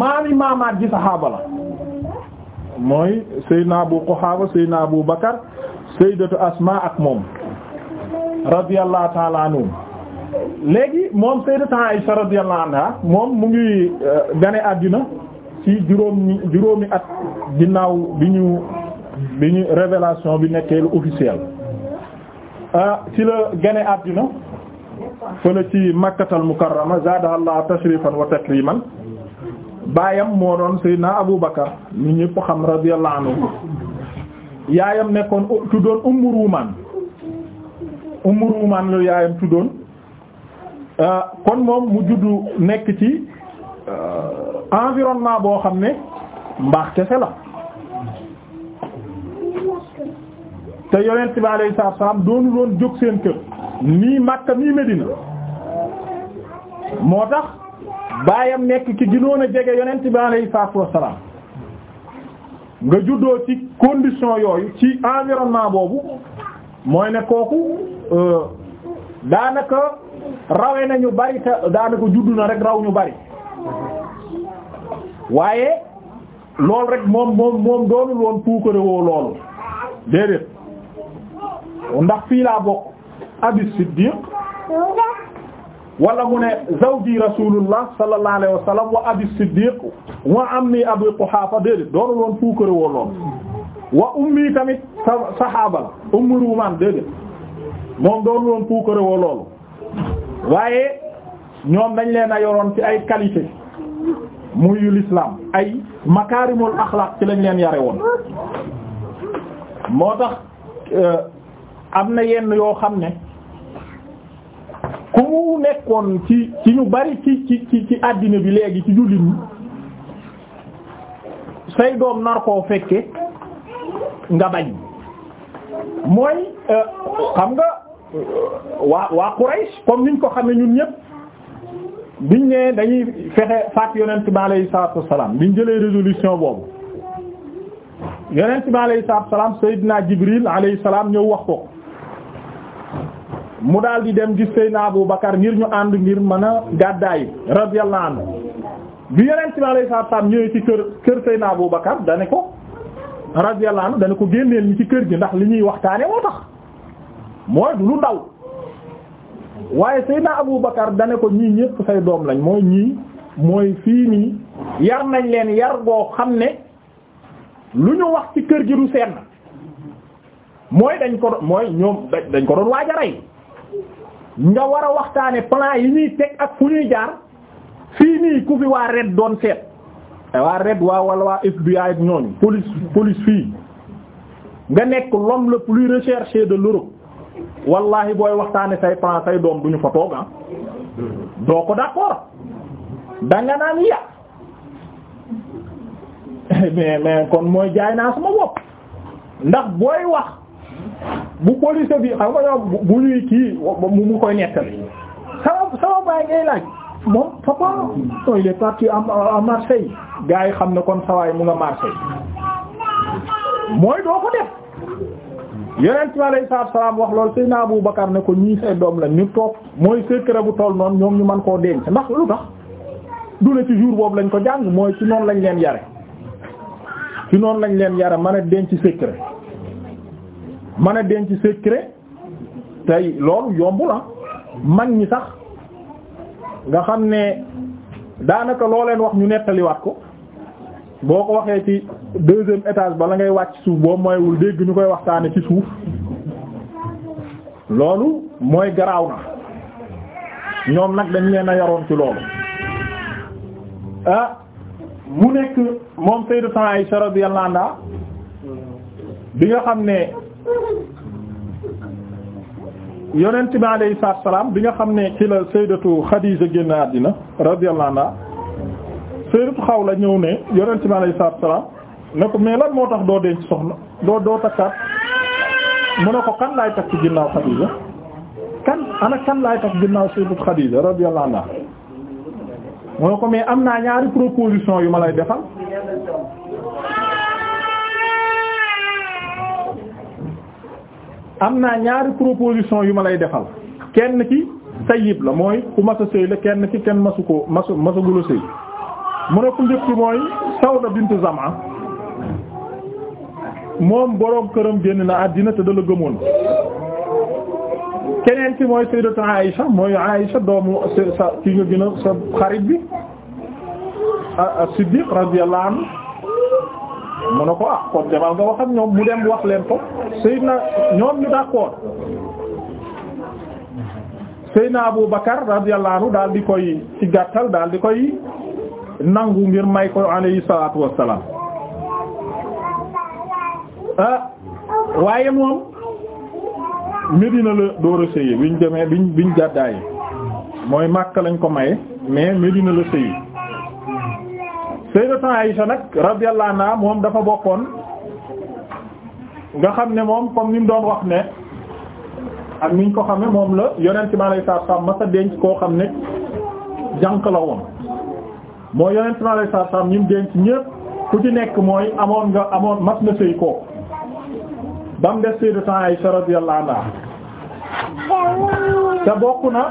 S1: maami maamaat ji saxaaba la mooy sayyidna Abu Quhafa sayyidna Abu Bakar sayyidatu Asma ak moom radiyallahu ta'ala léegi moom sayyidatu Aisha radiyallahu anha moom mu ngi euh, gane àddina ci juróom juróomi at ginnaaw bi ñu bi ñu révélation bi nekkee lu officiel Ah, ci la gane àddina fële ci makkatal mukarrama zaadahallahu tashrifan wa takriman baayam moo doon seydina abu bakar ni ñépp xam radiyallahu anhu yaayam nekkoon tuddoon ummu ruumaan ummu ruumaan la yaayam tuddoon ah, kon moom mu juddu nekk ci ah, environnement boo xam ne mbaax kese la te yonent bi alayhi salaam doonu doon jóg seen kër nii Makka nii Medina moo tax baayam nekk ki gënoon a jege yonent bi alayhi salaatu wassalaam nga juddoo ci condition yooyu ci environnement boobu mooy ne kooku euh, daanaka rawe na ñu bari te daanaka juddu na rek raw ñu bari waaye loolu rek moom moom moom doonul woon puukarewoo loolu déedéet ndax fii laa bokk abi wala mu ne zawji rasulullah sallallahu alayhi wa sallam wa abi siddiq wa ammi abi quhafa déedéet doonu loon fuukare woo loon wa ummi tamit sa sahaaba la ruumaan déedéet moom doonu loon woo loolu waaye ñoom dañ leen a yoroon ci ay qualité muy yu l'islam ay makaarimul axlaaq ci lañ leen yare woon moo tax euh, am na yenn yoo xam ne ku mu nekkoon ci ci ñu bari ci ci ci àddina bi léegi ci jullit ñi say doom nar koo fekke nga bañ mooy euh, xam nga
S2: euh, waa
S1: waa Quraysh comme niñ ko xam ne ñun ñëpp biñ ne dañuy fexe faat yonent bi alayhi salaatu wassalaam biñ jëlee résolution boobu yonent bi alayhi salaatu wassalaam Seydina Jibril alayhi salaam ñëw wax ko mu daal di dem gis Seydina Abu Bakar ngir ñu ànd ngir mën a gàddaay radiyallahu anhu bi yeneen ci alayhi salaam ñëwee ci kër kër Seydina Abu Bakar dane ko radiyallahu anhu dane ko génneel ñi ci kër gi ndax li ñuy waxtaane woo tax mooy du lu ndaw waaye Seydina Abu Bakar dane ko ñii ñépp say doom lañ mooy ñii mooy fii nii yar nañ leen yar boo xam ne lu ñu wax ci kër gi du seen mooy dañ ko mooy ñoom dañ ko doon waaj a nga war a waxtaane plan yi ñuy teg ak fu ñuy jaar fii nii ku fi waa red doon seet eh, waa red waa wala waa FBI ak ñooñu police fii nga nekk l'homme le plus recherché de l'Europe wallahi booy waxtaane say plan say doom duñu fa tooga ah. doo ko d'accord danga naan ya mais mais kon mooy jaay naa sama bopp ndax booy wax bu police bi xam nga ñoom bu ñuy kii mu koy nettali sama sama baay ngay laaj moom papa oh, il est parti à Marseille gars yi xam ne kon sawaay mu nga Marseille mooy doo ko def yeneen ci alayhi salaam wax lool Seydina Abu Bakar ne ko ñii say doom la ñu toog mooy secret bu toll noonu ñoom ñu mën koo denc ndax lu tax du ne ci jour boobu lañ ko jàng mooy ci noonu lañ leen yare ci noonu lañ leen yare mën a denc secret mën a denc secret tey loolu yomb la ah. mag ñi sax nga xam ne daanaka loo leen wax ñu nettaliwaat ko boo ko waxee ci deuxième étage bala ngay wàcc suuf boo moywul dégg ñu koy waxtaane ci suuf loolu mooy garaaw na ñoom nag dañ leen a yaroon ci loolu ah mu nekk moom Sayyidatu Aisha radiyallahu anha bi nga xam ne yonent bi alayhi salaam bi nga xam ne ci la sayyidatu Xadiija génn àddina radiyallahu anha sayyidatu Xawla ñëw ne yonent bi alayhi salaatu salaam ne ko mais lan moo tax doo denc soxna doo doo takkaat mu ne ko kan laay takk ginnaaw Xadiija kan ana kan laay tax ginnaaw sayyidatu Xadiija radiyallahu anha mu ne ko mais am naa ñaari proposition yu ma lay defal am naa ñaari proposition yu ma lay defal kenn ki tayyib la mooy ku mas a sëy la kenn ki kenn masu ko masu masagul a sëy mu ne ku njëkk mooy Sawda bint Zama moom boroom këram génn na àddina te dala gëmoon keneen ki mooy sayyidatu Aïcha mooy Aïcha doomu sa ki nga gën a sa xarit bi as-Siddiq radiyallahu anhu mu ne ko ah kon nga wax mu dem wax leen ko Seydina ñoom ñu d'accord Seydina Abu Bakar radiyallahu anhu daal di koy ci gàttal daal di koy nangu ngir may ko alayhi salaatu wassalaam
S2: ah waaye moom
S1: Medina la door a sëyi biñ demee biñ biñ gàddaay mooy Makka lañ ko may mais Medina la sëyi Sayyidatu Aisha nag radiyallahu anha moom dafa bokkoon. nga xam ne moom comme ni mu doon wax ne ak niñ ko xame moom la yonent mi alayhi salaatu salaam masa denc koo xam ne jànq la woon moo yonent mi alayhi salaam ku ci nekk mooy amoon nga amoon mas na sëy koo ba mu bokk na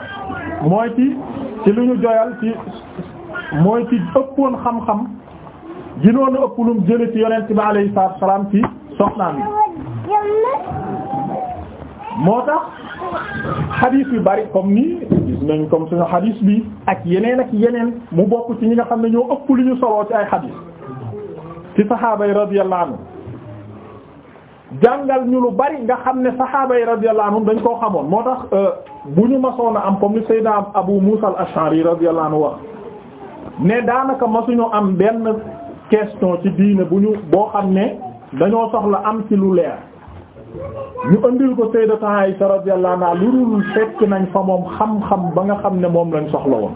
S1: mooy ci ci lu mooy ci ëppoon xam-xam ginoon a ëpp ci yonent bi alayhi salaatu salaam ci soxnaam yi moo tax xadiis yu bari comme nii gis nañ comme suñu xadiis bi ak yeneen ak yeneen mu bokk ci ñi nga xam ne ñoo ëpp lu ñu soloo ci ay xadiis ci saxaaba yi radiyallahu anhu jàngal ñu lu bari nga xam ne saxaaba yi radiyallahu anhu dañ koo xamoon moo tax euh, bu ñu masoon a am comme ni Seydina Abu Musa al-Ash'ari radiyallahu anhu wax ne daanaka masuñu am benn question ci diine bu ñu boo xam ne dañoo soxla am ci lu leer ñu andil ko sayyidatu Aisha radiyallahu anha lu dul fekk nañ fa moom xam-xam ba nga xam ne moom lañ soxla woon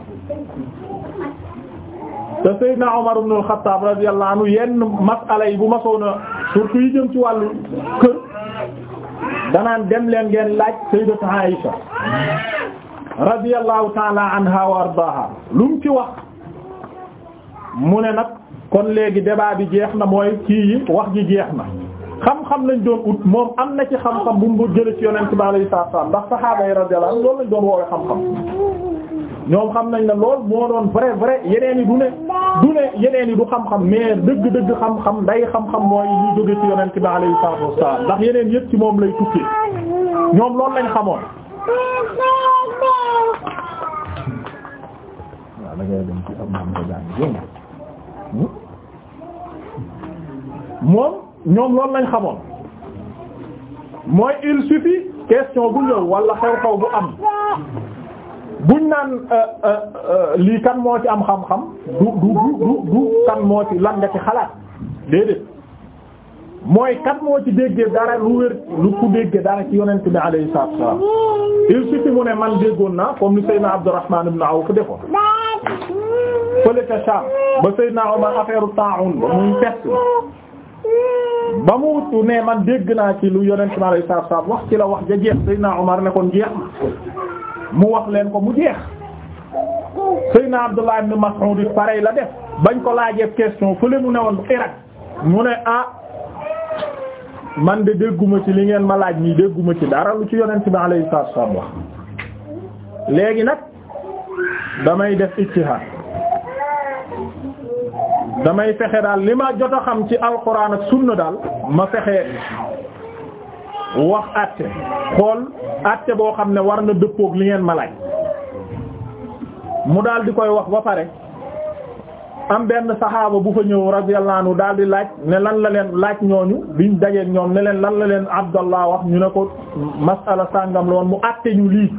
S1: te sayyidna Umar ibn al-Khattab radiyallahu anhu yi bu ma soona surtout jëm ci wàllu kër danaan dem ngeen laaj sayyidatu Aisha radiyallahu ta'ala anha wa ardaha lu mu ci wax mu ne nag kon léegi débat bi jeex na mooy kii yi wax ji jeex na xam-xam lañ doon ut moom am na ci xam-xam bu mu jëlee ci yonent bi alayhi salaam ndax saxaaba yi radiyallahu anhum loolu lañ doon woowee xam-xam ñoom xam nañ ne loolu moo doon vrai vrai yeneen yi du ne du ne yeneen yi du xam-xam mais dëgg-dëgg xam-xam nday xam-xam mooy ñu jóge ci yonent bi alayhi salaatu wassalaam ndax yeneen yëpp ci moom lay tukkee
S2: ñoom loolu lañ xamoon. Hmm?
S1: moom. ñoom loolu lañ xamoon mooy il suffit question bu ñëw wala xew-xew bu am buñ naan euh, euh, euh, lii kan moo ci am xam-xam du du du du kan moo ci lan nga ci xalaat déedéet mooy kan moo ci déggee dara lu wér lu ku déggee dara ci yonent bi alayhi salaatu wasallam il suffit mu ne man déggoon naa comme ni Seydina Abdurrahman ibn Awf defoon fële ca Sham ba Seydina Omar affaire ta'un ba muy peste ba mu ne man dégg naa ci lu yonent mi alayhi salaatu salaam wax ci la wax ja jeex Seydina Omar ne kon jeex mu wax leen ko mu jeex Seydina Abdullah ibn Mas'ud pareil la def bañ ko laajee question fële mu ne woon Irak mu ne ah man de dégguma ci li ngeen ma laaj nii dégguma ci dara lu ci yonent mi alayhi salaatu salaam wax léegi nag damay def ijtihaad damay fexe daal li ma jot a xam ci alquran ak sunna daal ma fexe wax àtte xool àtte boo xam ne war nga dëppook li ngeen ma laaj mu daal di koy wax ba pare am benn saxaaba bu fa ñëw radiyallahu anhu daal di laaj ne lan la leen laaj ñooñu biñ dajeek ñoom ne leen lan la leen abdallah wax ñu ne ko masala sàngam loon mu àtte ñu lii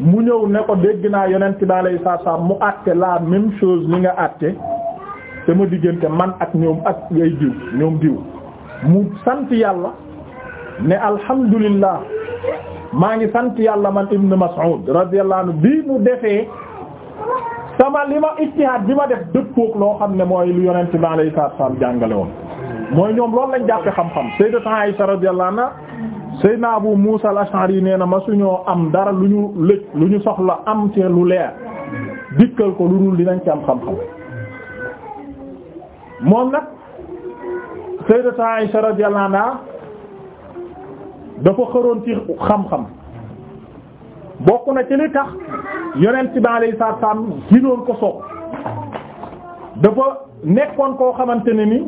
S1: mu ñëw ne ko dégg naa yonent bi alayhi salaam mu àtte la même chose li nga àtte ma diggante man ak ñoom ak ngay diw ñoom diw mu sant yàlla ne alhamdulillah maa ngi sant yàlla man ibn Mas'ud radiyallahu anhu bi mu defee sama li ma ijtihaad bi ma def dëppook loo xam ne mooy lu yonent bi alayhi salaatu salaam jàngale woon mooy ñoom loolu lañ jàppe xam-xam sayyidatu Aisha radiyallahu anha sayyidna Abu Musa al-Ash'ari nee na ma suñoo am dara lu ñu lëj lu ñu soxla am ci lu leer dikkal ko lu dul dinañ ci am xam-xam moom nag sayyidatu Aisha radiyallahu anha dafa xëroon ci xam-xam bokk na ci li tax yonent bi alayhi salaam ginoon ko soog dafa nekkoon koo xamante ne ni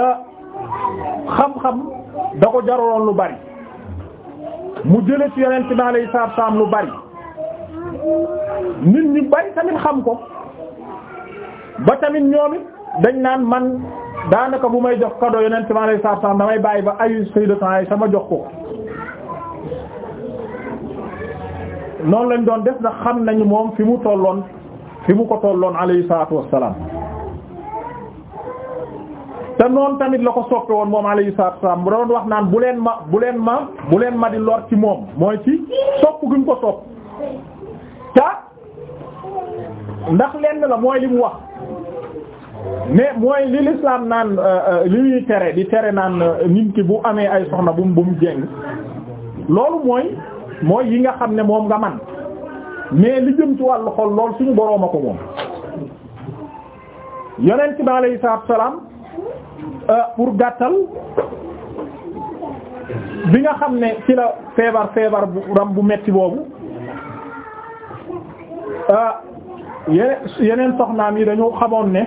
S1: euh, xam-xam da ko jaraloon lu bari mu jële ci yonent bi alayhi salaam lu bari nit ñi bari tamit xam ko ba tamit ñoom it dañ naan man daanaka bu may jox cadeau yeneen ciment lay saa saa damay bàyyi ba ay Sayyidatu Aisha sama jox ko. noonu lañ doon def na xam nañu moom fi mu tolloon fi mu ko tolloon alayhi salaatu wassalaam te noonu tamit la ko soppe woon moom alayhi salaatu wassalaam bu doon wax naan bu leen ma bu leen ma bu leen ma di lor ci moom mooy ci sopp gi ñu ko sopp ta ndax lenn la mooy li mu wax mais mooy li lislaam naan euh, euh, li ñuy tere di tere naan euh, nit ki bu amee ay soxna bu mu bu loolu mooy mooy yi nga xam ne moom nga man mais li jëm ci wàllu xol lool suñu boroom ko moom yonent bi alayhi salaatu salaam pour gàttal bi nga xam ne ci la feebar feebar bu ram bu metti boobu yeneen soxnaan yi dañu xamoon ne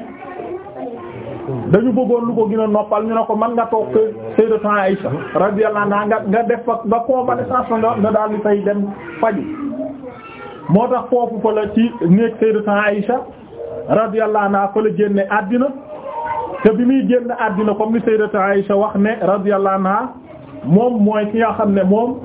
S1: dañu bëggoon lu ko gën a noppal ñu ne ko man nga toog kër Sayyidatu Aïcha radiyallahu anha nga nga def fa nga convalescence nga nga daal di fay dem faju moo tax foofu fa la ci néeg Sayyidatu Aïcha radiyallahu anha fa la génne àddina te bi muy génn àddina comme ni Sayyidatu Aïcha wax ne radiyallahu anha moom mooy ki nga xam ne moom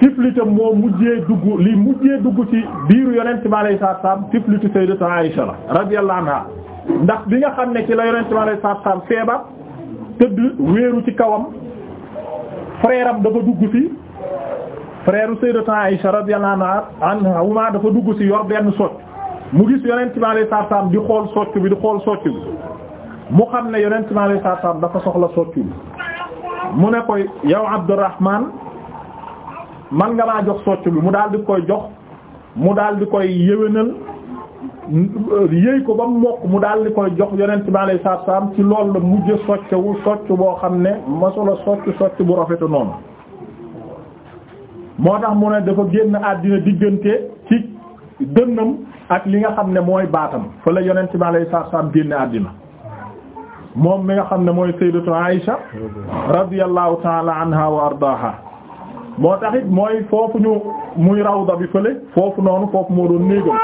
S1: te moo mujjee dugg li mujjee dugg ci biiru yonent bi alayhi salaam tiflitu Sayyidatu Aïcha la radiyallahu anha ndax bi nga xam ne ci la yonent ma lay sarsam feebar tëdd wéeru ci kawam frère am dafa dugg ci frère Sayyidatuna Aïsha radiyallahu anha wuma dafa dugg ci yor benn socc mu gis yonent ma lay sarsam di xool socc bi di xool socc bi mu xam ne yonent ma lay sarsam dafa soxla socc bi mu ne koy yow Abdurrahman man nga maa jox socc bi mu daal di koy jox mu daal di koy yéwénal yëy ko ba mu mokk mu daal di koy jox yonent bi alayhi salaatu salaam ci loolu la mujj socc wu socc boo xam ne masula socc socc bu rafetu noonu moo tax mu ne dafa génn àddina diggante ci dënnam ak li nga xam ne mooy baatam fa la yonent bi alayhi salaatu salaam génn àddina moom mi nga xam ne mooy sayyidatu Aisha radiyallahu ta'ala anha wa ardaaha moo tax mooy foofu ñu muy rawda bi fële foofu noonu foofu moo doon néegam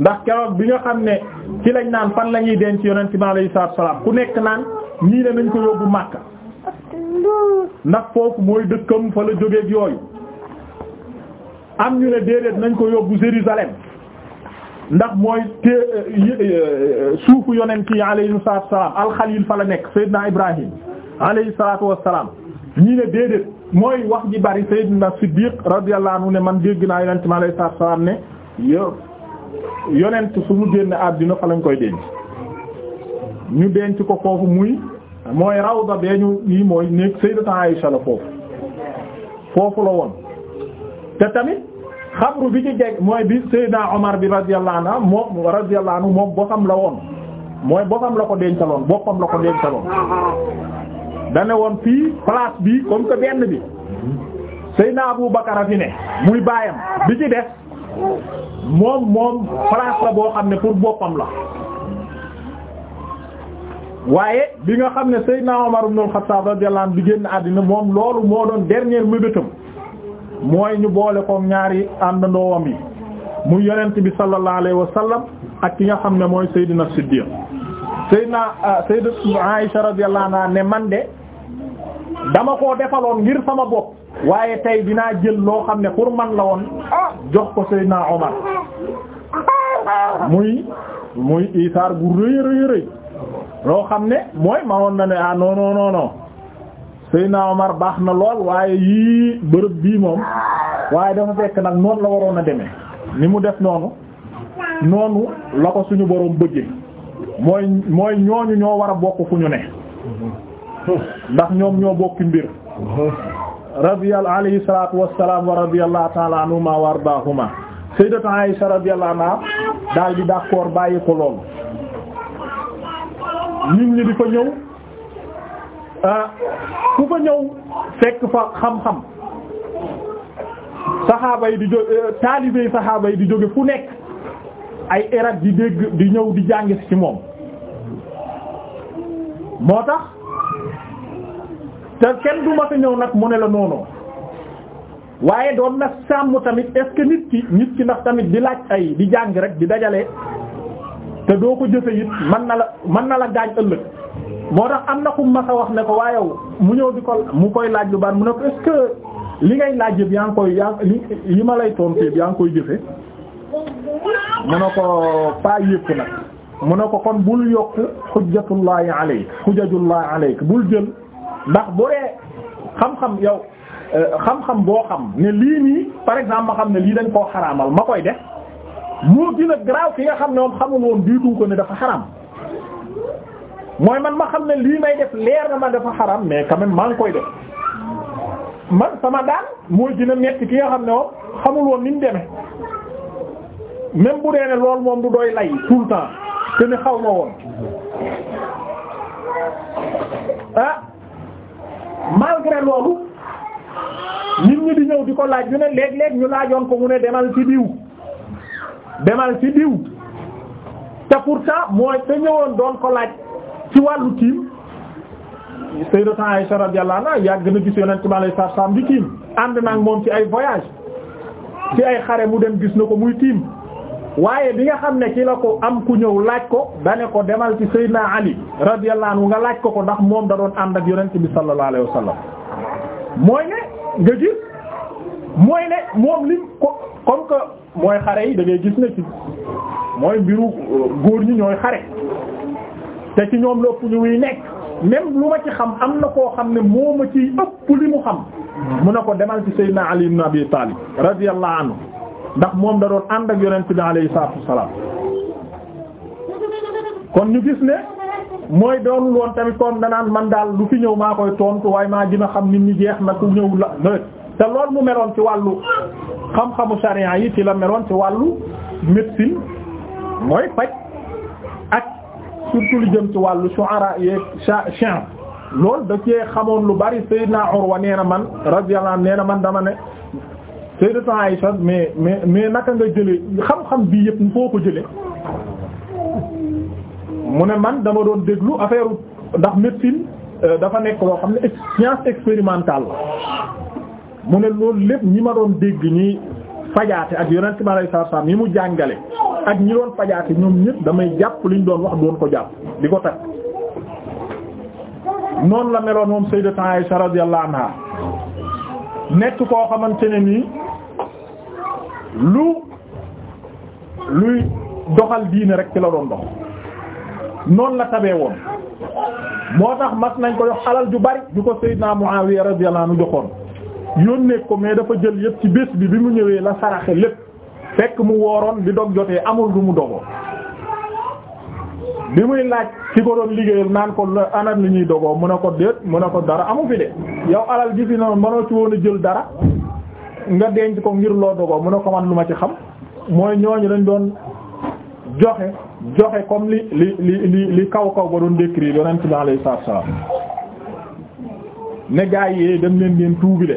S1: ndax keroog bi nga xam ne ci lañ naan fan la ñuy denc yonent bi alayhi salaatu salaam ku nekk naan nii ne nañ ko yóbbu Makka ndax mooy dëkkam fa la jógeeg yooyu am ñu ne déedéet nañ ko yóbbu Jérusalem ndax mooy te euh, suufu yonent yi alayhi salaatu salaam alxalil fa la nekk Seydina Ibrahim alayhi salaatu wassalaam ñii ne déedéet mooy wax ji bari Seydina Siddiq radiyallahu anhu ne man dégg naa yonent bi alayhi salaatu salaam ne yo yonent fu mu génn àddina fa lañ koy denc ñu denc ko foofu muy mooy rawda bee ñu nii mooy néeg Sayyidatu Aisha la foofu foofu la woon te tamit xabru bi ci jeg mooy bi Sayyidna Omar bi radiyallahu a moom radiyallahu anhu moom boppam la woon mooy boppam la ko dencaloon boppam la ko dencaloon dane woon fii place bi comme que benn bi Sayyidna Abu Bakar a fi ne muy baayam bi ci des moom moom place la boo xam ne pour boppam la waaye bi nga xam ne Seydina Omar ibn al-Khattab radiyallahu anhu bi génn àddina moom loolu moo doon dernier mébétam mooy ñu boole koog ñaari àndandoowam yi muy yonent bi sallallahu alayhi ak ki nga xam ne mooy Seydina Siddiq Seydina ah, Seydina Aïcha radiyallahu anha ne man de dama koo defaloon ngir sama bopp waaye tey dinaa jël loo xam ne pour man la woon ah, jox ko Seydina Omar muy muy isaar gu rëy rëy rëy loo xam ne mooy manoon na ne ah baax na lool waaye yii bërëb bii moom waaye dafa fekk nag noonu la waroon a demee ni mu def noonu noonu la ko suñu boroom bëggee mooy mooy ñooñu ñoo war a bokk ñu ne ndax ñoom ñoo bokki mbir radiyal alayhi salaatu wassalaam wa radiyallahu ta'ala anhuma wa ardaahuma sayyidatu Aisha radiyallahu anha daal di d'accord bàyyi ko lool
S2: nit ñi di fa ñëw ah,
S1: ku fa ñëw fekk fa xam-xam saxaaba yi di jóg eh, taalibe saxaaba yi di jóge fu nekk ay erat di dégg di ñëw di jàng ci moom moo tax te kenn du ma sa ñëw nag mu ne la noonu waaye doon nag sàmm tamit est nit ki nit ki ndax tamit di laaj ay di jàng rek di dajale te doo ko jëfe it mën na la mën na la gaañ ëllëg moo tax am na ku masa wax ne ko waaye mu ñëw di ko mu koy laaj lu bari mu ne ko est li ngay laaj yëpp yaa ngi koy yaa li li ma lay tontu yëpp yaa ngi koy jëfe mu ne ko pas yëpp nag mu ne ko kon bul yokk xujjatullahi alayk xujjatullahi alayk bul jël ndax bu dee xam-xam yow euh, xam-xam boo xam ne lii nii par exemple ma xam ne lii dañ koo xaraamal ma koy def moo gën a grave ki nga xam ne moom xamul woon diitu ko ne dafa xaraam mooy man ma xam ne lii may def leer na ma dafa xaraam mais quand même maa ngi koy def man sama daan mooy gën a metti ki nga xam ne moom xamul woon ni mu demee même bu dee ne loolu moom du doy lay tout le temps te ne xaw ma woon ah malgré loolu nit ñi di ñëw di ko laaj ñu ne léeg-léeg ñu laajoon ko mu ne demal ci diw demal ci diw te pourtant mooy te ñëwoon doon ko laaj ci wàllu tiim Sayyidatu Aisha radiyallahu anha yàgg na gis Yonent bi alayhi salaam di tiim ànd naag moom ci ay voyage ci ay xare mu dem gis na ko muy tiim waaye bi nga xam ne kii la ko am ku ñëw laaj ko dane ko demal ci Seydina Ali radiyallahu anhu nga laaj ko ko ndax moom da doon ànd ak yonent bi sallallahu alayhi wa sallam mooy ne nga gis mooy ne moom lim ko comme que mooy xare yi da ngay gis ne ci mooy mbiru uh, góor ñi ñooy xare te ci ñoom lépp ñu wuy nekk même lu ma ci xam am na koo xam ne moo ma ciy ëpp li mu xam mu ne ko demal ci Seydina Ali ibn Abi Talib radiyallahu anhu ndax moom da doon ànd ak yonent bi alayhi salaatu wassalaam kon ñu gis ne mooy doonul woon tamit kon danaan man daal lu fi ñëw maa koy tontu waaye maa gën xam ni ni jeex na ku ñëw la te lool mu meloon ci wàllu xam-xamu sharia yi ci la meloon ci wàllu médecine mooy faj ak surtout lu jëm ci wàllu shu'ara yeeg science loolu da cee xamoon lu bari Sayyidina Urwa nee na man radiyallahu anhu nee na man dama ne Sayyidatu Aisha mais mais mais naka nga jëlee xam-xam bii yëpp foo ko jëlee mu ne man dama doon déglu affaire ndax médecine euh, dafa nekk loo xam ne science expérimentale mu ne loolu lépp ñi ma doon dégg ñi fajaate ak yonent ma lay sarsam yi mu jàngale ak ñi doon fajaate ñoom ñëpp damay jàpp liñ doon wax doon ko jàpp di ko takk noonu la meloon moom Sayyidatu Aisha radiyallahu anha
S2: nekk koo xamante ne nii
S1: lu luy doxal diine rek ci la doon dox noonu la tabee woon moo tax mas nañ ko xalal ju bari ju ko mu Seydina Muawiya radiyallahu anhu joxoon yónnee ko mais dafa jël yëpp ci bés bi bi mu ñëwee la saraxe lépp fekk mu wooroon di dog jotee amul lu mu dogoo bi muy laaj ci ko doon liggéeyal naan ko ana li ñuy dogoo mu a ko déet mu a ko dara amu fi de yow alal gi fi noonu mënoo ci woon a jël dara nga denc ko ngir loo dogoo mu ne ko man lu ma ci xam mooy ñooñu dañ doon joxe joxe comme li li li li kaw kaw ba doon décrire yonent bi alayhi salaam ne gaay yi dem leen ngeen tuubile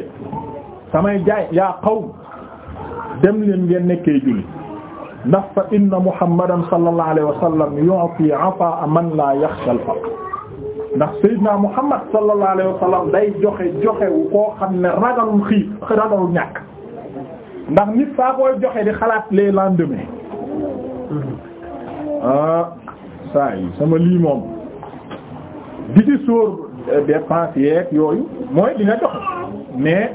S1: samay jaay yaa xaw dem leen ngeen nekkee julli ndax fa inna muhammadan sallallahu alayhi wa sallam yu'ti ataa man la yaxsha al faqr ndax sayyidina muhammad sallallahu alayhi wa day joxe joxe wu koo xam ne ragalul xiif ragalul ñàkk ndax nit faa koy joxe di xalaat les lendemains ah saa yi sama lii moom di ci sóor eh, dépense yeeg yooyu mooy di nga joxe mais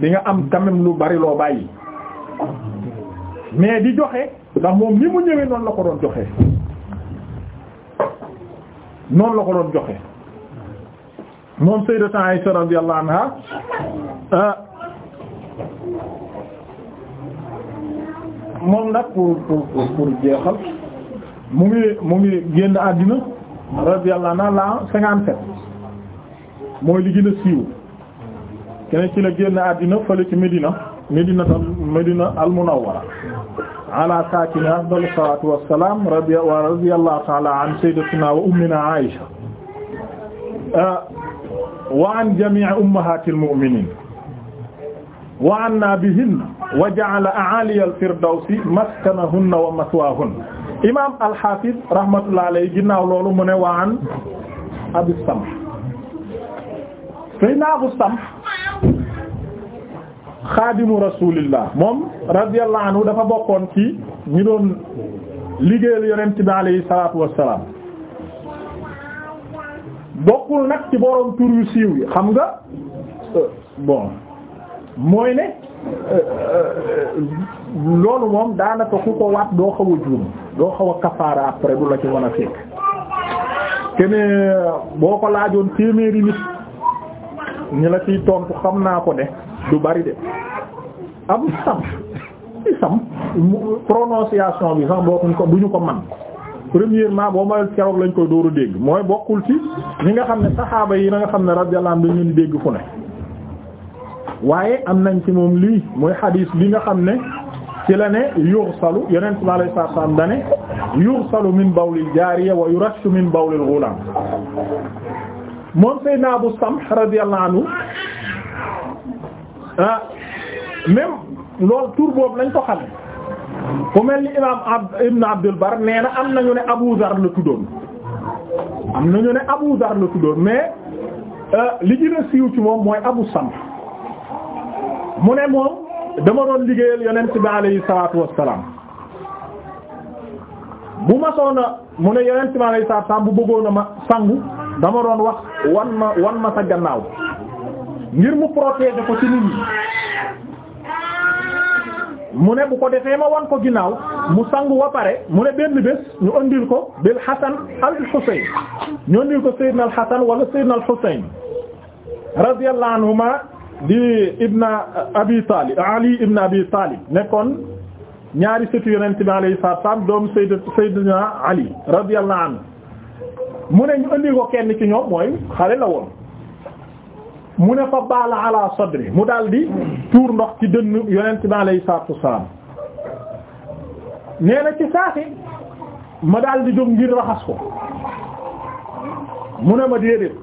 S1: di am quand lu bari loo bàyyi mais di joxe ndax moom ni mu ñëwee noonu la ko doon joxe noonu la ko doon joxe moom sayyidatu Aisha radiyallahu anha ah, moom nag pour pour pour jeexal mu ngi mu ngi génn àddina radiyallahu anha la cinquante sept mooy li gën a siiw keneen ci la génn àddina fële ci Medina Medina Medina al-Munawwara ala saakinihaa afdalu salaatu wa salaam wa radiyallahu ta'ala an sayyidatinaa wa umminaa Aïcha wa an jamii' ummahaatil mu'miniin wa annaa bihinna wa ja'ala a'aaliya al-firdawsi maskanahunna wa maswaahunna. imaam al-Haafiz rahmatullahi alayhi ginnaaw loolu mu ne wa an Abi Samh, Sayyidinaa Abu Samh xaadimu rasulillah moom radiyallahu anhu dafa bokkoon ci ñi doon liggéeyal yonent bi alayhi salaatu wassalaam bokkul nag ci borom tur siiw yi xam nga euh, bon mooy ne euh, euh, loolu moom daanaka ku ko waat doo xaw a juum doo xaw a kafaara après du la ci mën a fekk keneen boo ko laajoon téeméeri nit ñi la ciy tontu xam naa ko de du bari de abu sam sam prononciation bi sax bookuñ ko bu ñu ko man premièrement boo ma keroog lañ koy dóoru dégg mooy bokkul ci ñi nga xam ne saxaaba yi na nga xam ne radiyallahu anhum dañu dégg fu ne waaye am nañ ci moom lii mooy xadiis bi nga xam ne ci la ne yursalu yonent bi alayhi salaatu salaam dane yursalu min bawlil jaariya wa yurashu min bawlil ghulaam moom Seydina Abu Samh radiyallahu anhu ah même loolu tur boobu lañ ko xame ku mel ni imaam ab ibn Abdul Bar nee na am nañu ne Abu Zar la tuddoon am nañu ne Abu Zar la tuddoon mais euh, li gën a siiw ci moom mooy Abu Sam mu ne moom dama doon liggéeyal yonent bi alayhi salaatu wassalaam bu ma soona mu ne yonent bi alayhi salaatu wassalaam bu bëggoon ma sangu dama doon wax wan ma wan ma sa gannaaw ngir mu protéger ko ci nit ñi mu ne bu ko defee ma wan ko ginnaaw mu sangu wa pare mu ne benn bés ñu andil ko bil Hasan al Husayn ñu andil ko Seydina al Hasan wala Seydina al Husayn radiyallahu di Ibn Abi Talib Ali Ibn Abi Talib nekkoon ñaari sëtu Yonent bi salaam doom Seyd Seydina Ali radiyallahu anhu mu ne ñu andil ko kenn ci ñoom mooy xale la woon. mu ne fa baala ala sadri mu daldi di tuur ndox ci dënn yonent bi alayhi salaatu wassalaam nee na ci saasi ma daldi di jóg ngir raxas ko mu ne ma déedéet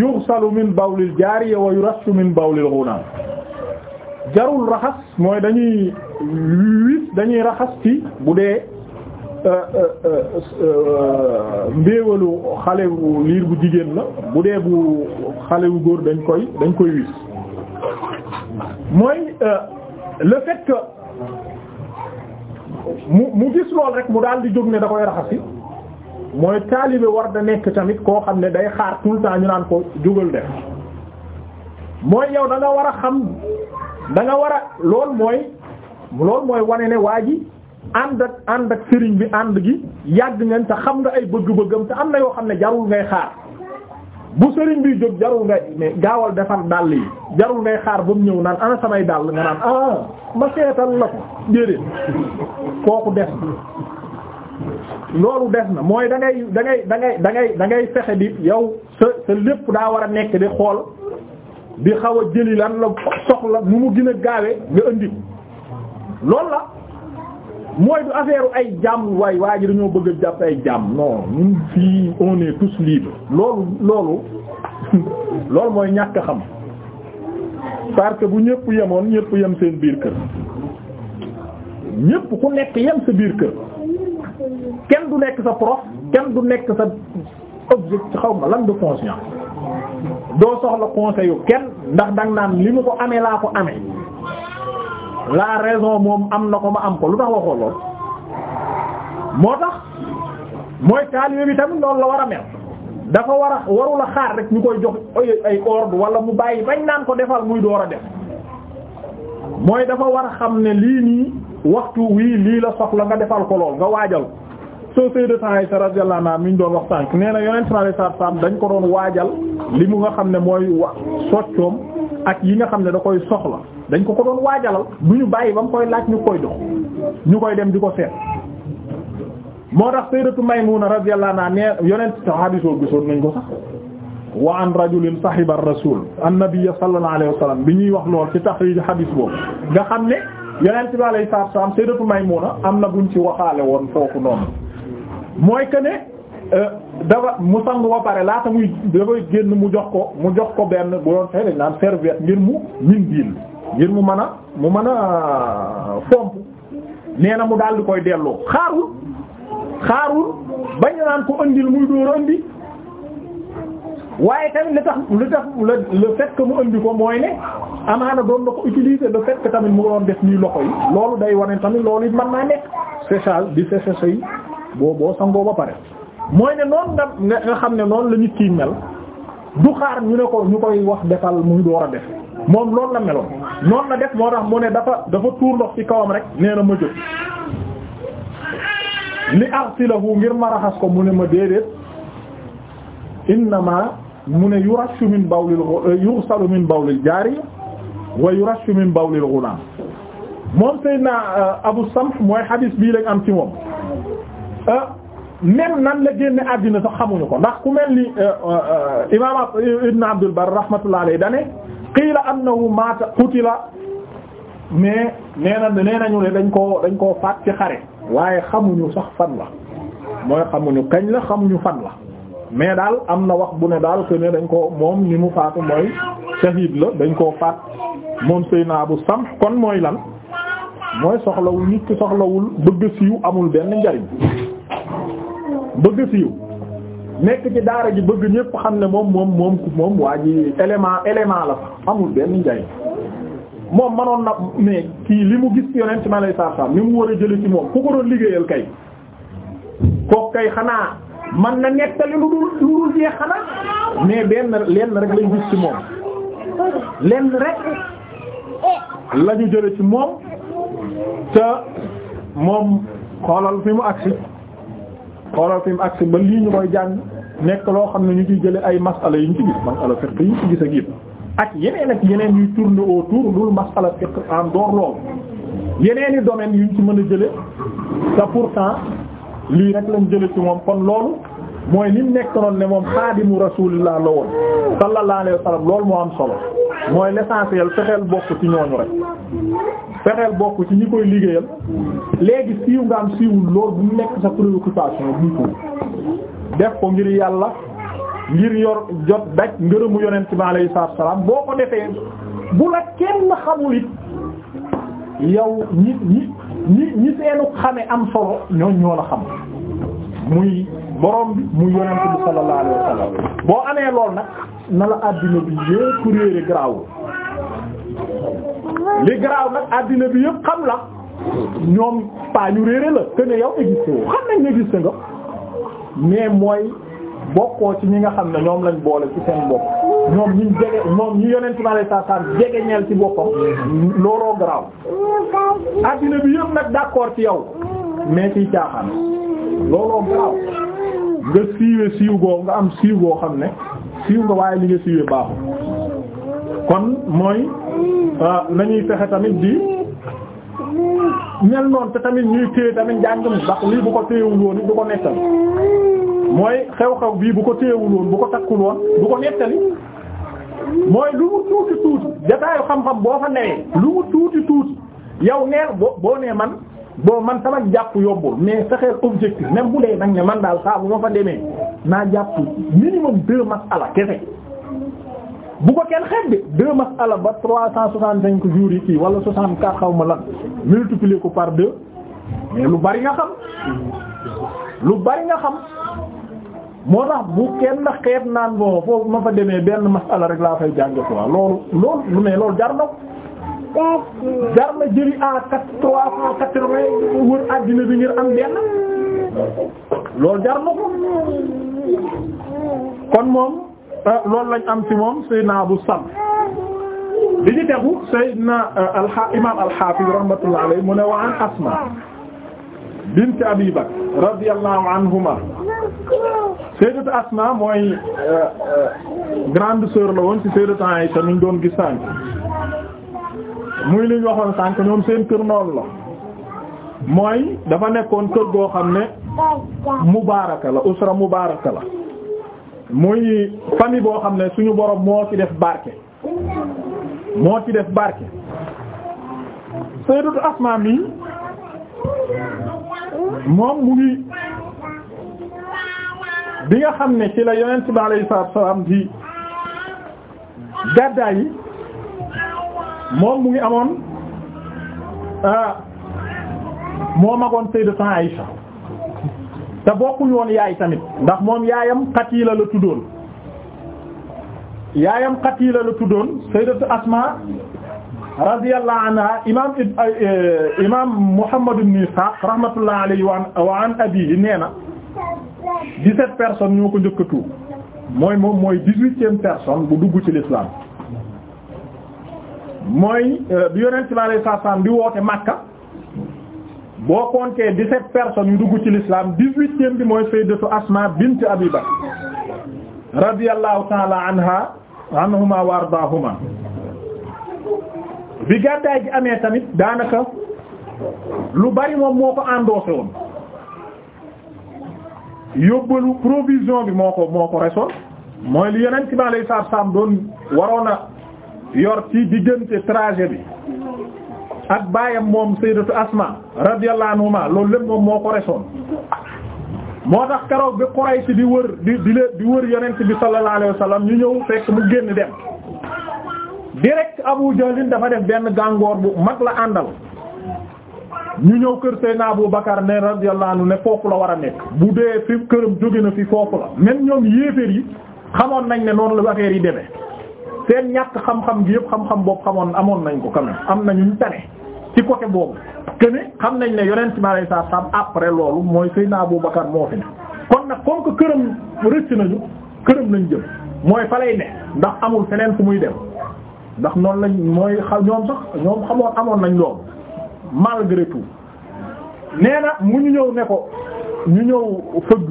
S1: yughsalu min bawlil jaariya wa yurashu min bawlil ghunaam jarul raxas mooy dañuy wis dañuy raxas ci bu dee Euh, euh, euh, mbéewalu xalewu wu liir bu jigéen la bu dee bu xale wu góor dañ koy dañ koy wis mooy le fait mu mu gis lool rek mu daal di jóg ne da koy raxasi mooy taalibe war da nekk tamit koo xam ne day xaar tout temps ñu naan ko jógal def mooy yow da war a xam da war a lool mooy lool mooy wane ne waa ji ànd ak ànd ak sëriñ bi ànd gi yàgg ngeen te xam nga ay bëgg-bëggam te am na yoo xam ne jarul ngay xaar bu sëriñ bi jóg jarul ngay gaawal defar dàll yi jarul ngay xaar ba mu ñëw naan ana samay dàll nga naan ah ma seetal la ko déedéet kooku def na loolu def na mooy da ngay da dangay da ngay da ngay fexe di yow sa sa lépp daa war a nekk di xool di xaw a jëli lan la soxla nu mu gën a gaawe nga indi loolu la. mooy du affaire ay jàmm waay waa ji dañoo bëgg a jàpp ay jàmm non ñun fii on est tous libres loolu loolu loolu mooy ñàkk xam parce que bu ñëpp yemoon ñëpp yem seen biir kër ñëpp ku nekk yem sa biir kër kenn du nekk sa prof kenn du nekk sa objectif xaw ma lan de conscience doo soxla conseil yu kenn ndax dang naan li mu ko amee laa ko amee la raison moom am na ko ma am ko lu tax waxoo lool moo tax mooy taalibe bi tamit loolu la war a mel dafa war a warul a xaar rek ñu koy jox ay ordre wala mu bàyyi bañ naan ko defal muy door a def mooy dafa war a xam ne lii nii waxtu wii lii la la nga defal ko lool nga waajal sayyidat Aisha radiyallahu anha mi ñu doon wax sànq nee na yonent sallallahu alayhi wasallam dañ ko doon waajal li mu nga xam ne mooy wax soccoom ak yi nga xam ne da koy soxla dañ ko ko doon waajalal bu ñu bàyyi ba mu koy laaj ñu koy dox ñu koy dem di ko seet. moo tax sayyidatu Maymuna radiyallahu anha nee yonent hadiisu gisoon nañ ko sax wa an rajulin sahiba ar-rasul an-nabiy sallallahu alayhi wasallam bi ñuy wax lool ci taxriij hadiis boobu nga xam ne yonent bi alayhi salaam sayyidatu Maymuna am na buñ ci waxaale woon foofu noonu. mooy que ne euh, dafa mu sangu ba pare laata muy dafay génn mu jox ko mu jox ko benn bu doon fay dañ naan serviette ngir mu mindil ngir mu mën a mu mën a fomp nee na mu daal di koy delloo xaarul xaarul bañ naan ko andil muy dóor andi waaye tamit li tax li tax la fait que mu andi ko mooy ne amaana doon na ko utiliser le fait que tamit mu doon def nii loxo yi loolu day wane tamit loolu it mën naa nekk séchage di séché say boo boo sangoo ba pare mooy ne noonu nga nga xam ne noonu la nit kii mel du xaar ñu ne ko ñu koy wax defal muy door a def moom loolu la meloon noonu la def moo tax mu ne dafa dafa tuur ndox ci kawam rek nee na ma jot li arsilahu ngir ma raxas ko mu ne ma déedéet innama mu ne yurashu min bawlil eh, yursalu min bawlil jaariya wa yurashu min bawlil ghulaam moom Seydina eh, Abu Samh mooy hadis bii lañ am ci moom Euh, même nan la génne àddina sax xamuñu ko ndax ku mel ni euh, euh, imam ibn Abdul Barr rahmatullah alayhi dane qiila annahu maata qutila mais nee na nee nañu ne dañ koo dañ koo faat ci xare waaye xamuñu sax fan la mooy xamuñu kañ la xamuñu fan la mais daal am na wax bu ne daal que ne dañ ko moom ni mu faatu mooy shahid la dañ koo faat moom naa Abu Samh kon mooy lan mooy soxlawul nit ki soxlawul bëgg siiw amul benn njariñ bëgg siiw nekk ci daara ji bëgg ñëpp xam ne moom moom moom moom waa ji élément élément la fa amul benn njariñ moom manoon na ne kii li mu gis yonent ci ma lay saabsaab ni mu war a jële ci moom ku ko doon liggéeyal kay kooku kay xanaa man na nettali lu dul lu dul jeex xanaa mais benn lenn rek lañ gis ci moom lenn rek la ñu jëlee ci moom te moom xoolal fi mu agsi xoolal fi mu agsi ba lii ñu koy jàng nekk loo xam ne ñu ciy jële ay masala yi ñu ci gis masala fiqh yi ñu ci gis ak yeneen ak yeneen yuy tourner autour loolu masala fiqh en dehors loolu yeneen yi domaines yu ñu ci mën a jële te pourtant lii rek lañ jële ci moom kon loolu mooy ni mu nekk noonu ne moom xaadimu rasulillah la woon sallallahu alayhi wa sallam loolu moo am solo mooy l'essentiel fexeel bokk ci ñooñu rek fexeel bokk ci ñi koy liggéeyal léegi siiw nga am siiwul lool bu nekk sa préoccupation bii ko def ko ngir yàlla ngir yor jot daj ngërëmu yonent bi alayhi salaatu salaam boo ko defee bu la kenn xamul it yow ñi ñi ñi ñi seenu xame am solo ñooñ ñoo la xam muy borom bi muy yonent bi sallallahu alayhi wa boo amee lool nag na la àddina bi yépp réere garaawul li garaaw nag addina bi yëpp xam la ñoom pas ñu réere la que ne yow existé woo xam nañ ne mooy bokkoo ci ñi nga xam ne ñoom lañ boole ci seen bopp ñoom ñu jege ñoom ñu yonentu na lay sasam jege ñeel ci boppam looloo garaaw addina bi yépp nag d'accord ci yow mais ciy caaxaan looloo garaaw nga siiwee siiw goo nga am siiw boo xam ne siiw nga waaye li nga siiwee baaxul kon mooy Ah, na ñuy fexe tamit di mel noonu te tamit ñuy téye tamit njàngam ndax lii bu ko téyewul woon du ko nettali mooy xew-xew bii bu ko téyewul woon bu ko takkul woon du ko mettali mooy lu mu tuuti tuuti jataayu xam-xam boo fa nee lu mu tuuti tuuti yow neex bo boo nee man boo man sama jàpp yombul mais fexeel objectif même bu dee nag ne man daal saabu bu ma fa demee naa jàpp minimum deux masala kese bu ko kenn xeeb de deux masala ba trois cent soixante cinq jours yi kii wala soixante quatre xaw ma lan multiplier ko par deux mais lu bari nga xam lu bari nga xam moo tax bu kenn xeeb naan boo foofu ma fa demee benn masala rek laa fay jànge quoi loolu loolu lu loolu jar na jar na jëli à quatre trois quatre-vingts wër àddina bi ngir am benn loolu jar na ko kon moom loolu lañ am ci moom Seydina bu Sam bi ñu tegu Seydina euh, alxa imaam al-Hafiz rahmatullah mu ne wa Asma bint Abi Bakr anhuma Sayyidatu Asma mooy
S2: euh,
S1: grande sœur la woon ci Sayyidatu Aïcha ñu doon gis sànk muy li ñu waxoon sànk ñoom seen kër noonu la mooy dafa nekkoon kër goo xam ne mubaaraka la usra mubaaraka la muy famille boo xam ne suñu boroom moo ci def barke moo ci def barke sayyidatu Asma mi
S2: moom mu ngi bi nga xam ne ci
S1: la yonent bi alayhi salaatu wa salaam di gàddaa yi moom mu ngi amoon ah, moo magoon sayyidatu Aïcha te bokkuñu woon yaay tamit ndax moom yaayam Qatiila la tuddoon yaayam Qatiila la tuddoon sayyidatu Asma radiyallahu anha imaam eh, imaam Muhammad ibn Ishaq rahmatullahi alayhi wa an abihi nee na dix-sept personnes ñoo ko njëkk tuub mooy moom mooy dix-huitième personne bu dugg ci l'islam mooy eh, bi yonent bi sallallahu alayhi wa sallam di woote Makka boo compter dix-sept personnes yu dugg ci l'islam dix-huitième bi mooy sayyidatu Asma bint Abi Bakr radiyallahu ta'ala anha anhuma wa ardaahuma bi gàddaay gi amee tamit daanaka lu bari moom moo ko endossé woon yóbbalu provision bi moo ko moo ko resoon mooy li yeneen ci maa lay saab saab doon waroon a yor ci diggante trajet bi ak baayam moom sayyidatu Asma radiyallahu anhuma loolu lépp moom moo ko resoon moo tax keroog bi Quraysh di wër di di di wër yonent bi sallallahu alayhi ñu ñëw fekk mu génn dem direct Abu Jahl dafa def benn gàngoor bu mag la àndal ñu ñëw kër Seydina Abu Bakar ne radiyallahu anhu ne foofu la war a nekk bu dee fi këram jóge na fi foofu la même ñoom yéeféer yi xamoon nañ ne noonu la affaire yi demee seen ñàkk xam-xam gi yëpp xam-xam boobu xamoon amoon nañ ko quand am na ñu tane ci côté boobu que ne xam nañ ne yonent bi alayhi salaatu après loolu mooy Seydina Abu Bakar moo fi ne kon nag comme que këram rëcc nañu këram lañ jëm mooy fa lay ne ndax amul feneen fu muy dem ndax noonu lañ mooy xa ñoom sax ñoom xamoon amoon nañ loolu malgré tout nee na mu ñu ñëw ne ko ñu ñëw fëgg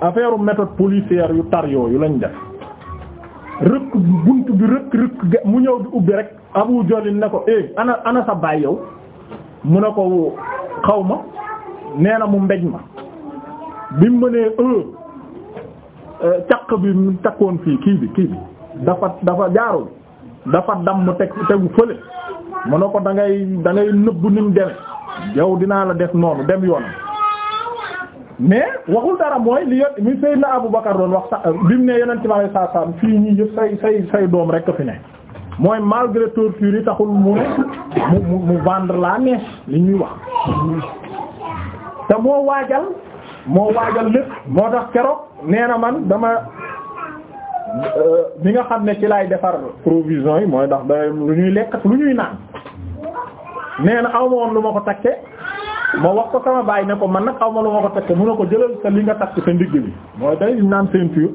S1: affaire méthode policière yu tar yooyu lañ def. rëkk bunt bi rëkk rëkk mu ñëw di ubbi rek Abu Jahl ne ko eh ana ana sa baay yow mu ne ko xaw ma nee na mu mbéj ma bi mu mënee heure euh, caq bi mu takkoon fii kii bi kii bi dafa dafa jaarul dafa dam mu teg tegu fële mu ne ko da ngay da ngay nëbb ni mu demee yow dinaa la def noonu dem yoon mais waxul dara mooy li yor mi Seydina Aboubacar doon wax sax bi mu ne yeneen ci wàllu saa saa fii ñii yëpp say say doom rek fi ne. mooy malgré torture yi taxul mu ne mu mu vendre la mèche li ñuy wax te moo waajal moo waajal lépp moo tax keroog nee na man dama euh, bi nga xam ne ci laay defar provision yi mooy ndax day lu ñuy lekk lu ñuy naan nee na woon lu ma ko takkee moo wax ko sama baay ne ko man nag xaw ma lu ma ko takk mu ne ko jëlal sa li nga takk sa ndigg bi mooy day naan ceinture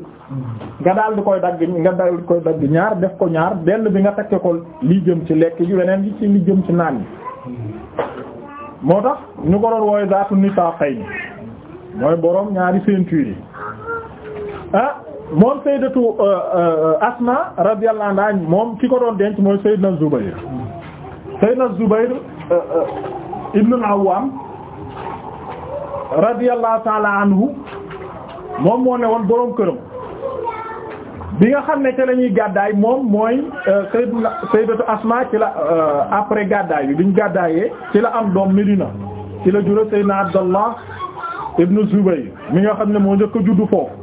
S1: nga daal di koy dagg nga daal koy dagg ñaar def ko ñaar benn bi nga takke ko li jëm ci lekk gi weneen bi ci li jëm ci naan yi moo tax ñu ko doon woowe zaatu nisaqayni mooy boroom ñaari ceinture yi ah moom sayyidatu euh, euh, Asma radiyallahu anha moom ki ko doon denc mooy sayyidna na sayyidna Zubayr euh, ibn al-Awwam radiyallahu taala anhu moom moo ne woon boroom këram bi nga xam ne te ñuy gàddaay moom mooy euh, sayyidatu Asma ci la euh, après gàddaay bi biñ gàddaayee ci la am doom Medina ci la juró na Abdallah ibnu Zubayr mi nga xam ne moo njëkk a juddu foofu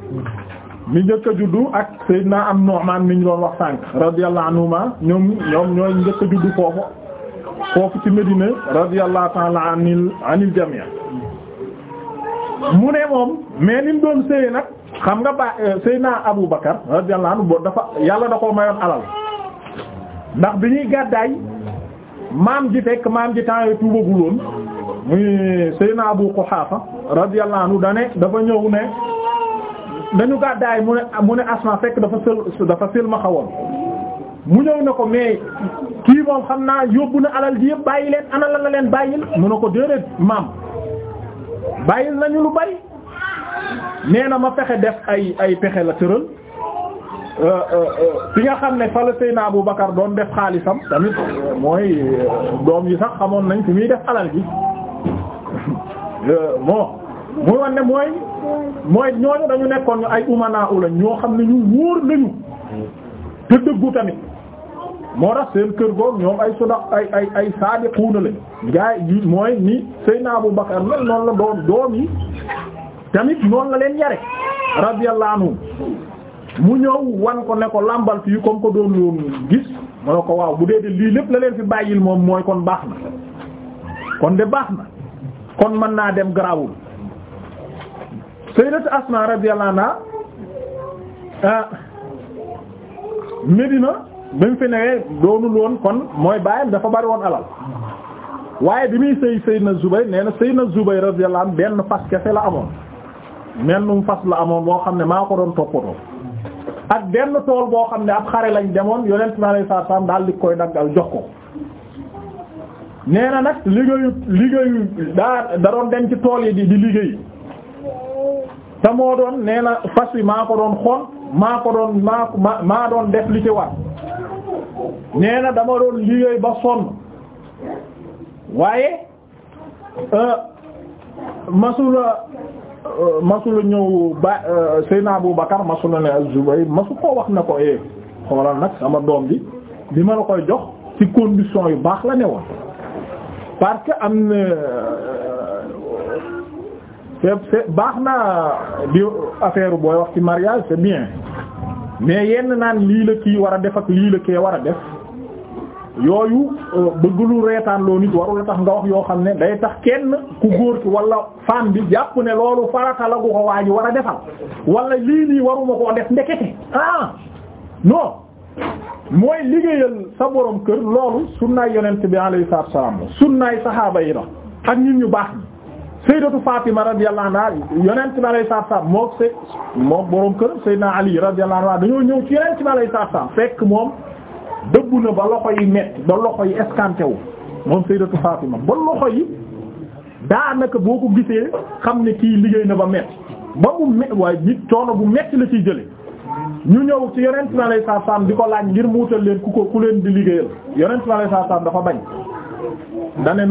S1: mi njëkk a juddu ak sayyidna am Nu'man mi ñu doon wax sànq radiyallahu anhuma ñoom ñoom ñooy njëkk juddu foofu foofu ci Medina radiyallahu ta'ala anil anil jami' mu ne moom mais ni mu doon sëy nag xam nga ba euh, Seydina Abu Bakar radiyallahu anhu boo dafa yàlla da koo mayoon alal ndax bi ñuy gàddaay maam ji fekk maam ji temps yii tuubaguloon muy Seydina Abu Quhafa radiyallahu anhu da ne dafa ñëw ne dañu gàddaay mu ne mu ne Asma fekk dafa sël dafa sël ma xawoon mu ñëw ne ko mais kii moom xam naa yóbbu na alal ji yëpp bàyyi leen anal la la leen bàyyil mu ne ko déedéet maam. bàyyil nañu lu bari nee na ma pexe def ay ay pexe la tëral fi euh, euh, euh, nga xam ne fa la Seyna Abu Bakar doon def xaalisam tamit mooy doom yi sax xamoon nañ fi muy def alal gi bon muy wan ne mooy mooy ñooñu dañu nekkoon ñu ay umanaa ula ñoo xam ne ñu wóor nañu mm. te dëggu tamit moo tax kër goog ñoom ay sodax ay ay ay saadiquuna lañu gaay yi mooy ni Seydina Abu Bakar mel noonu la doom doom yi tamit noonu la leen yare radiyallahu mu ñëw wan ko ne ko làmbal fii comme ko doon woon gis mu ko waaw bu dee de lii lépp la leen fi bàyyil moom mooy kon baax na kon de baax na kon mën naa dem garaawul Sayyidatu Asma radiyallahu anha ah, Medina bi mu fi newee doonul woon kon mooy baayam dafa bari woon alal waaye bi muy sëy Seydina Zubayr nee na Seydina Zubayr radiyallahu anhu benn fas kese la amoon nu mennum fas la amoon boo xam ne maa ko doon toppatoo ak benn tool boo xam ne ab xare lañ demoon yonent na alay saa saam daal di koy daggal jox ko nee nag liggéeyu liggéeyu daa da doon dem ci tool yi di di liggéey te moo doon nee na fas yi maa ko doon xool maa ko doon maa maa doon def li ci war nee na dama doon liggéey ba sonn waaye euh, masula euh, masula ñëw ba euh, Seydina Abu Bakar masula ne Az-Zubayr masu koo wax na ko eh xoolal nag sama doom bi li ma la koy jox ci condition yu baax la ne woon parce am na baax na bi affaire booy wax ci mariage c'est bien mais yenn naan lii la kii war a def ak lii la kee war a def yooyu euh, bëgg lu reetaan loo nit warul tax nga wax yoo xam ne day tax kenn ku góor ki wala femme bi jàpp ne loolu farata la ko waa ji war a defal wala lii nii waruma koo def ndekete ah non mooy liggéeyal sa borom kër loolu sunnaay yonent bi alayhi salaatu wa salaam sunnaay saxaaba yi la ak ñun ñu baax sayyidatu Fatima radiyallahu anha yonent bi alayhi salaam moo se moom borom kër sayyidina Ali radiyallahu anhu dañoo ñëw ci yonent bi alayhi salaam fekk moom dëbbu na ba loxo yi metti ba loxo yi escanté wu moom sayyidatu Fatima ba loxo yi daanaka boo ko gisee xam ne kii liggéey na ba metti ba mu met waaye nit coono bu metti la ciy jële ñu ñëw ci yonent bi alayhi salaam di ko laaj ngir mu wutal leen ku ko ku leen di liggéeyal yonent bi alayhi salaam dafa bañ dane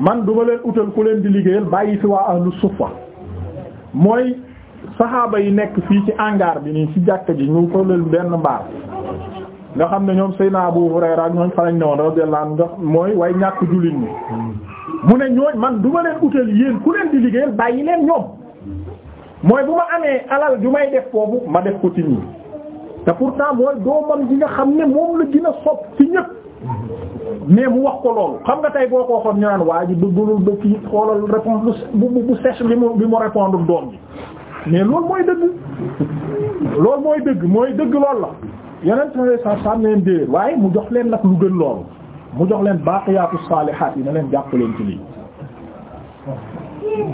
S1: man duma leen utal ku leen di liggéeyal bàyyi fi waa ahlu suffa mooy saxaaba yi nekk fii ci angaar bi nii ci jàkka ji ñu ko leen benn mbaar nga xam ne ñoom Seydina Abu Hurayra ak ñooñ fa lañ ne woon radiyallahu anhu mooy way ñàkk jullit ñi mu ne ñooñ man duma leen utal yéen ku leen di liggéeyal bàyyi leen ñoom mooy bu ma amee alal ju may def foofu ma def ko ci ñi te pourtant mooy doomam gi nga xam ne moom la gën a sopp ci ñëpp mais mu wax ko loolu xam nga tey boo ko waxoon ñu naan waa ji bëggulul ba kii xoolal réponse bu bu bu sèche bi mu bi mu répondre doom bi mais loolu mooy dëgg loolu mooy dëgg mooy dëgg loolu la mu jox leen nag lu gën loolu mu jox leen baaqiyaatu saalihaat yi na leen jàpp leen ci lii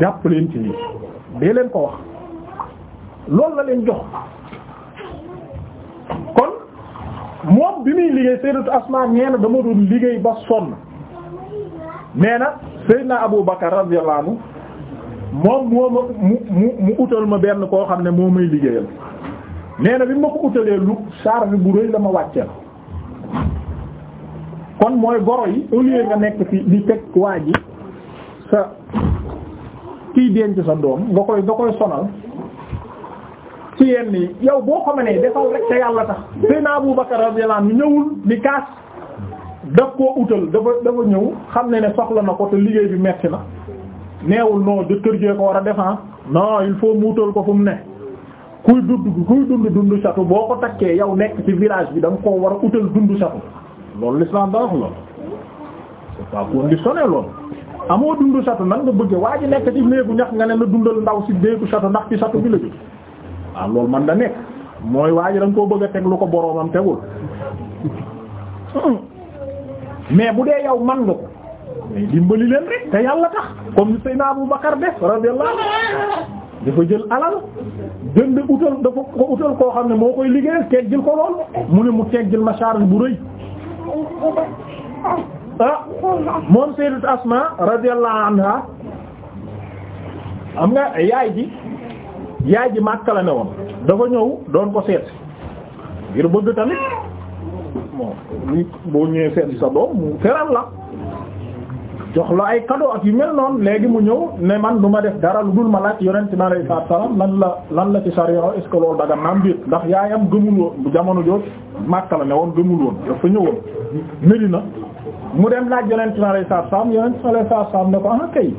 S2: jàpp leen ci lii dee leen ko wax
S1: loolu la leen jox. moom bi muy liggéey sayyidatu Asma nee na dama doon liggéey ba sonn nee na Abu Bakar radiyallahu anhu moom ma mu mu utal ma benn koo xam ne moo may liggéeyal nee na bi ma ko utalee lu charge bu rëy la ma wàcceel kon mooy goro yi au nga nekk fi di teg waa ji sa kiy denc sa doom nga koy nga koy sonal ci yenn yi yow boo ko mënee defal rek te yàlla tax Seydina Abu Bakar radiyallahu anhu ñëwul ni kaas daf ko utal dafa dafa ñëw xam ne ne soxla na ko te liggéey bi metti na neewul non kër jee ko war a defan ah. non il faut mu utal ko fu mu ne kuy dund kuy dund dund château boo ko takkee yow nekk ci village bi da koo war a utal dund château loolu l'islam da wax loolu c'est pas conditionné loolu amoo dund château nan nga bëgge waa ji nekk ci néegu ñax nga ne na dundal ndaw si néegu ndax bi la jóg ah loolu man da nekk mooy waa ji koo bëgg a teg lu ko boroomam tegul mais bu dee yow man nga ko mais dimbali leen rek te yàlla tax comme Seydina Abu Bakar def radiyallahu dafa jël alal jënd utal dafa utal koo xam ne moo koy liggéeyal teggil ko lool mu ne mu teggil ma charge bu rëy ah moom Sayyidatu Asma radiyallahu anha am nga yaay ji yaay ji Makka la ne woon dafa ñëw doon ko seet ngir bëgg tamit bon ñëwee seet sa doom mu feral la jox la ay cadeau ak yu mel noon léegi mu ñëw ne man du ma def dara lu dul ma laaj yonent na alayhi salaatu salaam lan la lan la ci sariya est-ce que loolu daga naam biir ndax yaayam gëmul woon jamono jooju Makka la ne woon gëmul woon dafa ñëwoon Medina mu dem laaj yonent mi alayhi salaatu salaam yonent mi alayhi salaatu salaam ne ko ah kay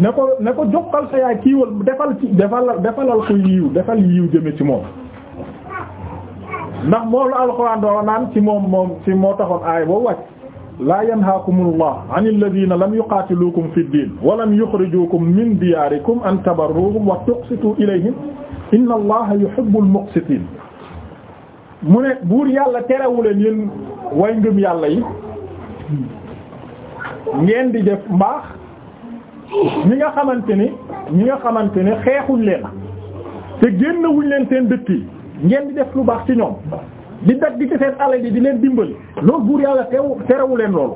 S1: ne ko ne ko jokkal sa yaay kiiwal defal ci defal defalal ko yiiw defal yiiw jëme ci moom ndax moom la alxuraan doo ci moom moom ci moo taxoon aay boobu wàcc laa yanhaakumullah anil ladina lam yuqaatilukum fi wa lam yuxrijukum min diyaarikum an tabarruhum wa tuqsitu ilayhim inna allaha yuhibbul muqsitin mu ne buur yàlla terewuleen yéen way ngëm yi ngeen di def mbaax ñi nga xamante ni ñi nga xamante ne xeexuñ leen te génnewuñ leen seen dëkk yi ngeen di def lu baax ci ñoom di dagg ci seen alal yi di leen dimbali loolu buur yàlla teew terewu leen loolu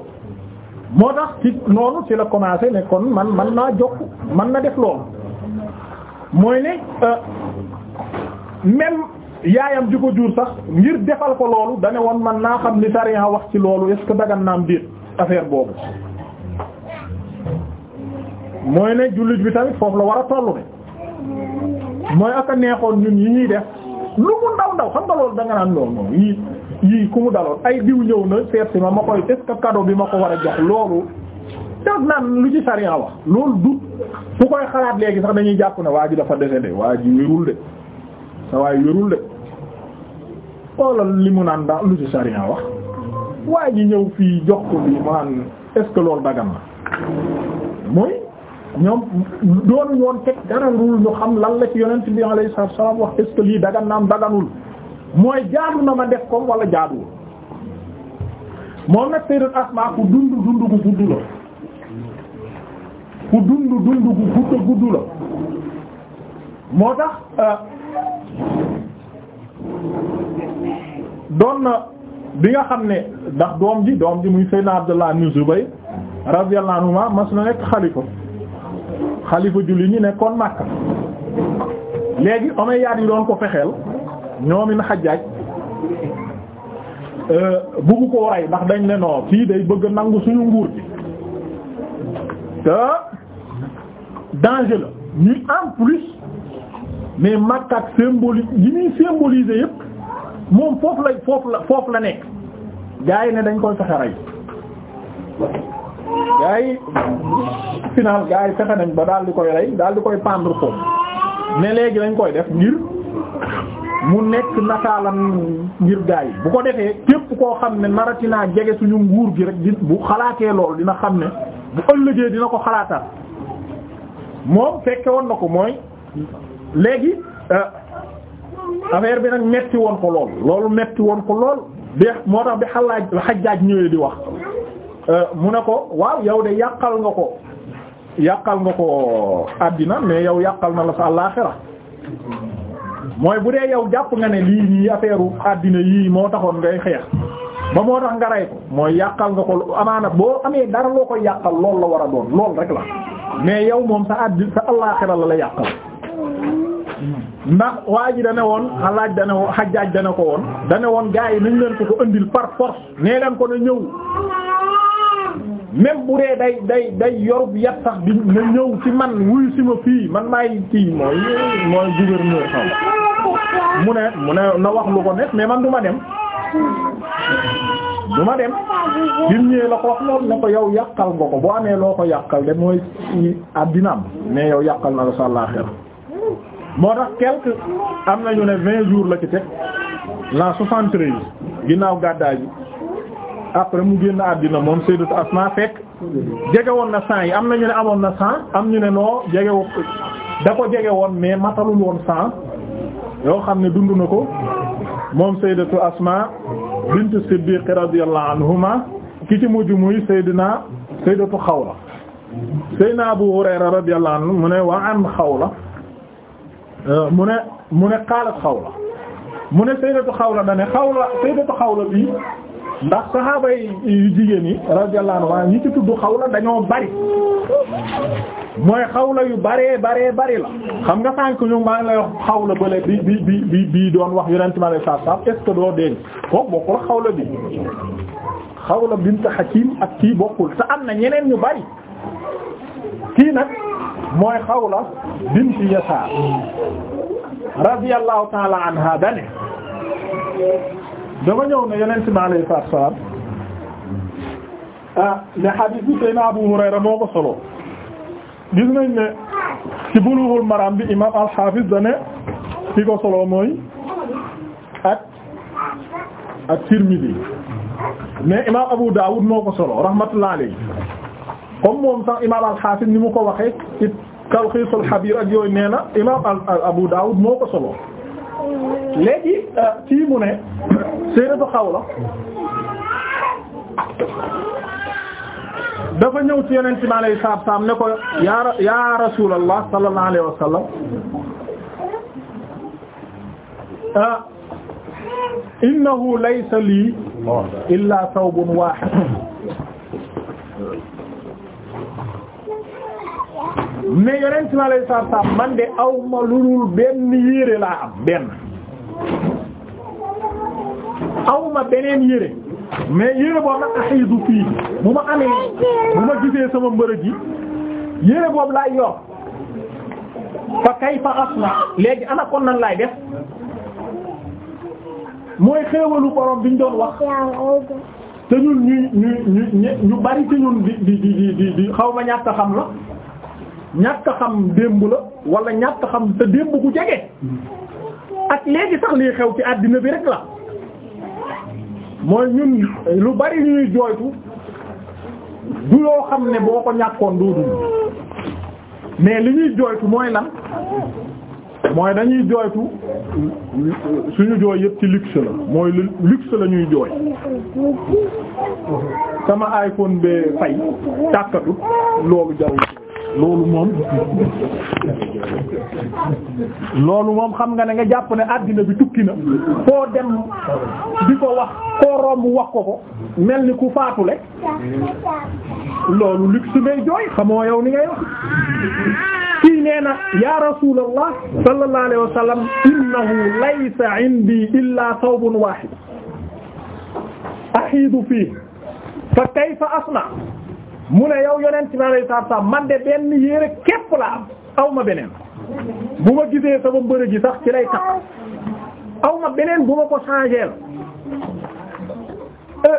S1: moo tax ci noonu ci la commencé ne kon man man naa jokk man na def loolu mooy ne euh, même yaayam di ko jur sax ngir defal ko loolu dane woon man naa xam li tarian wax ci loolu est-ce que dagan naam déet affaire boobu mooy ne jullit bi tamit foofu la war a tollu
S2: ne
S1: mooy ak neexoon ñun yi ñuy def lu mu ndaw ndaw xam nga loolu da naan lool moom yii yii ku mu daloon ay diw ñëw na seet si ma ma koy est-ce bi ma ko war a jox loolu toog lu ci sariya wax loolu du ku koy xalaat léegi sax dañuy jàpp ne waa ji dafa décédé waa ji wérul de sa waay wérul de xoolal li mu naan daal lu ci sariya wax waa ji ñëw fii jox ko lii mu naan loolu dagan na mooy ñoom doon ñoon teg dara ñu xam lan la ci yonent bi alayhi salaam wax est-ce que lii dagan naam daganul mooy jaadu na ma def ko wala jaaduwul moom nag sayyidat Asma ku dund dund gu gudd la ku dund dund gu gudd la moo tax euh, doon na bi nga xam ne ndax doom ji doom ji muy sayyidna Abdullah ibn Zubayr radiyallahu anhu mas na nekk xalifa xalifa julli ñi nekkoon Makka léegi Omeyyades yi doon ko fexeel ñoomin Hajjaj euh, buggu koo rey ndax dañ ne fii day bëgg nangu suñu nguur gi te danger la ñuy en plus mais Makka ak symbolique yi ñuy symboliser yépp moom foofu la foofu la foofu la nekk gars yi ne dañ koy fexe rey gaa yi final gaa yi fexe nañ ba daal di koy rey daal di koy pendre ko ne léegi lañ koy def ngir mu nekk nataalam ngir gaa yi bu ko defee képp koo xam ne narati naa jege suñu nguur gi rek bu xalaatee lool dina xam ne bu ëllëgee dina ko xalaataat moom fekke woon na ko mooy léegi euh, affaire bi nag metti woon ko lool loolu metti woon ko lool bi moo tax bi xalaaj xajjaaj ñëwee di wax Euh, mu ne ko waaw yow de yàqal nga ko yàqal nga ko àddina mais yow yàqal na la sa àllaaxira mooy bu dee yow jàpp nga ne lii nii affaire àddina yii moo taxoon ngay xeex ba moo tax nga rey ko mooy yàqal nga ko amaana boo amee dara loo koy yàqal lool la war a doon lool rek la mais yow moom sa àddina sa àllaaxira la la yàqal ndax waa ji dane woon xalaaj dane woon xajaaj dane ko woon dane woon gaa yi nañ leen ko ko andil par force nee leen ko ne ñëw même bu dee day day day yorub yat sax di na ñëw ci man wuyu si ma fii man maay kii mooy mooy gouverneur
S2: xaw
S1: mu ne mu ne na wax lu ko nekk mais man du dem du ma dem bi ñëwee la ko wax loolu ne ko yow yàqal nga ko boo amee loo ko yàqal de mooy addinaam mais yow yàqal na la sa àllaxira moo tax quelque am ñu ne vingt jours la ci teg la soixante-treize ginnaaw gàddaay bi après mu génn àddina moom Sayyidatu Asma fekk jege woon na cent yi am na ñu ne amoon na cent am ñu ne noo jege da ko jege woon mais matalul woon cent yoo xam ne dund na ko moom Sayyidatu Asma bint Siddiq radiyallahu anhuma ki ci mujj muy Sayyidina Sayyidatu Xawla Sayyidina Abu Hurayra radiyallahu anhu mu ne wa xaw la euh, mu ne mu ne qaalat Xawla mu ne Sayyidatu Xawla da ne Xawla Sayyidatu Xawla bi ndax saxaaba yi jigéen yi radiyallahu anha ñi ci xawla dañoo bari mooy xawla yu baree baree bari la xam nga sànk ñu maa ngi lay xawla bële bi bi bi bi doon wax yonent ma lay saab saab est-ce que doo dégg kooku xawla bi xawla bint Hakim ak kii bokkul te am na ñeneen ñu bari kii nag mooy xawla bint Yasaar radiyallahu ta'ala anha dane dama ñëw ne yeneen si ma alayhi salaam ah ne hadith bi Seydina Abu Hurayra moo ko solo gis nañ ne ci Bulughul Maram bi imam al-Hafiz dane fi ko solo mooy ak ak Tirmidhi mais imam Abu Dawud moo ko solo rahmatullah alayhi comme moom sax imam al-Hafiz ni mu ko waxee it Talxiisul Xabiir ak yooyu nee na imam Abu Dawud moo ko solo léegi ci ah, ne xaw la dafa ñëw ci yonent bi alayhi salaatu salaam ne ko yaa yaa rasuulallah sallallahu alayhi wa sallam ah innahu laysa lii illaa sawbun waahid ne yonent bi alayhi salaatu salaam man de awma lu dul benn yére laa am benn aw beneen yére mais yére boobu nag axii du fii bu ma amee bu ma gisee sama mbërëg yi yére boobu laay yor fa kayfa asna léegi ana kon nan laay def mooy xéewalu borom biñ doon wax te ñun ñu ñu ñu ñu bari te ñun di di di di di xaw ma ñàkk xam la ñàkk xam démb la wala ñàkk xam te démb ku jege ak léegi sax liy xew ci àddina bi rek la mooy ñun lu bari ñuy jooytu du yoo xam ne boo ko ñàkkoon doo dund mais li ñuy jooytu mooy la mooy dañuy jooytu suñu jooy yëpp ci luxe la mooy luxe la ñuy jooy sama iPhone be fay tàkkatu loolu jarul loolu moom loolu moom xam nga ne nga jàpp ne àddina bi tukki na foo dem di ko wax koo romb wax ko ko mel ni ku faatule loolu luxe ngay jooy xamoo yow ni ngay wax kii nee na ya rasulallah sallallahu alayhi wa sallam innahu laysa illa thawbun wahid ahidu fihi fa kayfa asna mu ne yow yonent bi alayhi salaatu salaam man de benn yéere képp la am aw ma beneen bu ma gisee sama mbërë gi sax ci lay tax aw ma beneen bu ma ko changé euh,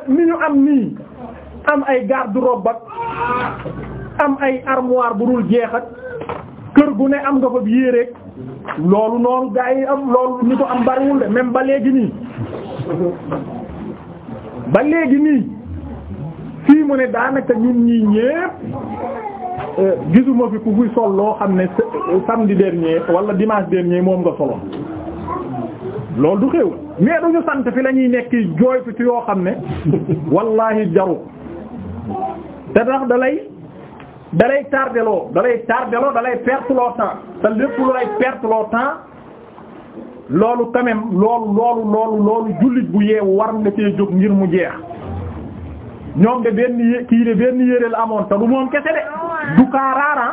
S1: ni ñu am nii am ay garde-robe ak am ay armoire bu dul jeex ak kër gu ne am nga fa bi loolu noonu gaa yi am loolu ñu ko am bariwul de même ba léegi nii ba léegi nii fii mu ne daanaka ñun ñii ñépp euh, gisuma fi ku fi sol loo xam ne euh, samedi dernier wala dimanche dernier moom nga soloon loolu du xew mais duñu sant fi la nekk jooy ci yoo xam ne wallaahi jaru te tax da lay da lay tardeloo da lay tardeloo da lay perte loo temps te lépp lu lay perte loo temps loolu quand même loolu loolu loolu loolu jullit bu yeewu war nga cee jóg ngir mu jeex ñoom de benn yé kii de benn yére la amoon te du moom kese de du cas rare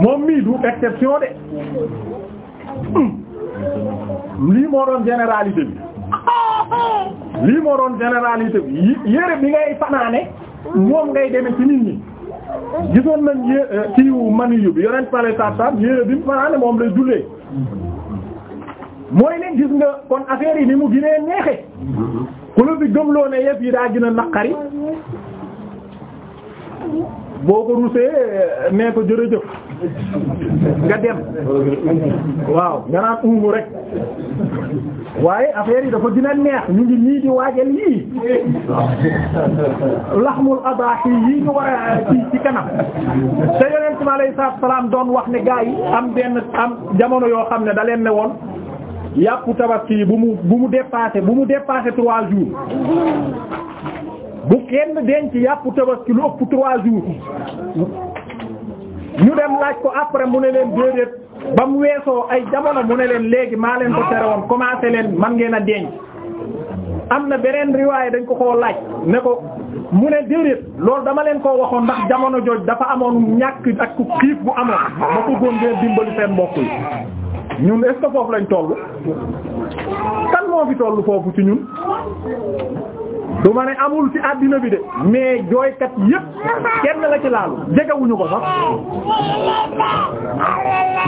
S1: moom mii du exception de hmm. lii moo doon généralité bi lii moo doon généralité bi yére bi ngay fanaane moom ngay deme ci nit ñi gisoon nañ yé euh, kiiwu maniyu bi yonent pale saab yére bi mu fanaane moom lay jullee mooy ne gis nga kon affaire yi ni mu ginee neexe ku la fi gëmloo ne yëf yi daa gën naqari boo ko rusee nee ko jërëjëf
S3: nga dem waaw
S1: nga naan uumu rek waaye affaire yi dafa gën neex ñu ngi nii di waajal yii laxmul adaahi yii ñu war a ci ci kanam te yonent bi alayhi salaam doon wax ne gaa yi am benn am jamono yoo xam ne da leen ne woon yàpp tabaski bu mu bu mu dépassé bu mu dépassé trois jours bu kenn denc yàpp tabaski lu ëpp trois jours ñu dem laaj ko après mu ne leen déedéet ba mu weesoo ay jamono mu ne leen léegi maa leen ko tere woon commencé leen man ngeen a denc am na beneen riwaay dañ ko koo laaj ne ko mu ne déedéet loolu dama leen koo waxoon ndax jamono jooj dafa amoon ñàkk ak xiif bu amoon ba ko góon ngeen dimbali seen mbokk yi ñun est-ce que foofu lañ toll kan moo fi toll foofu ci ñun du ma amul ci àddina bi de mais jooykat yépp kenn la ci laalu jegewuñu ko sax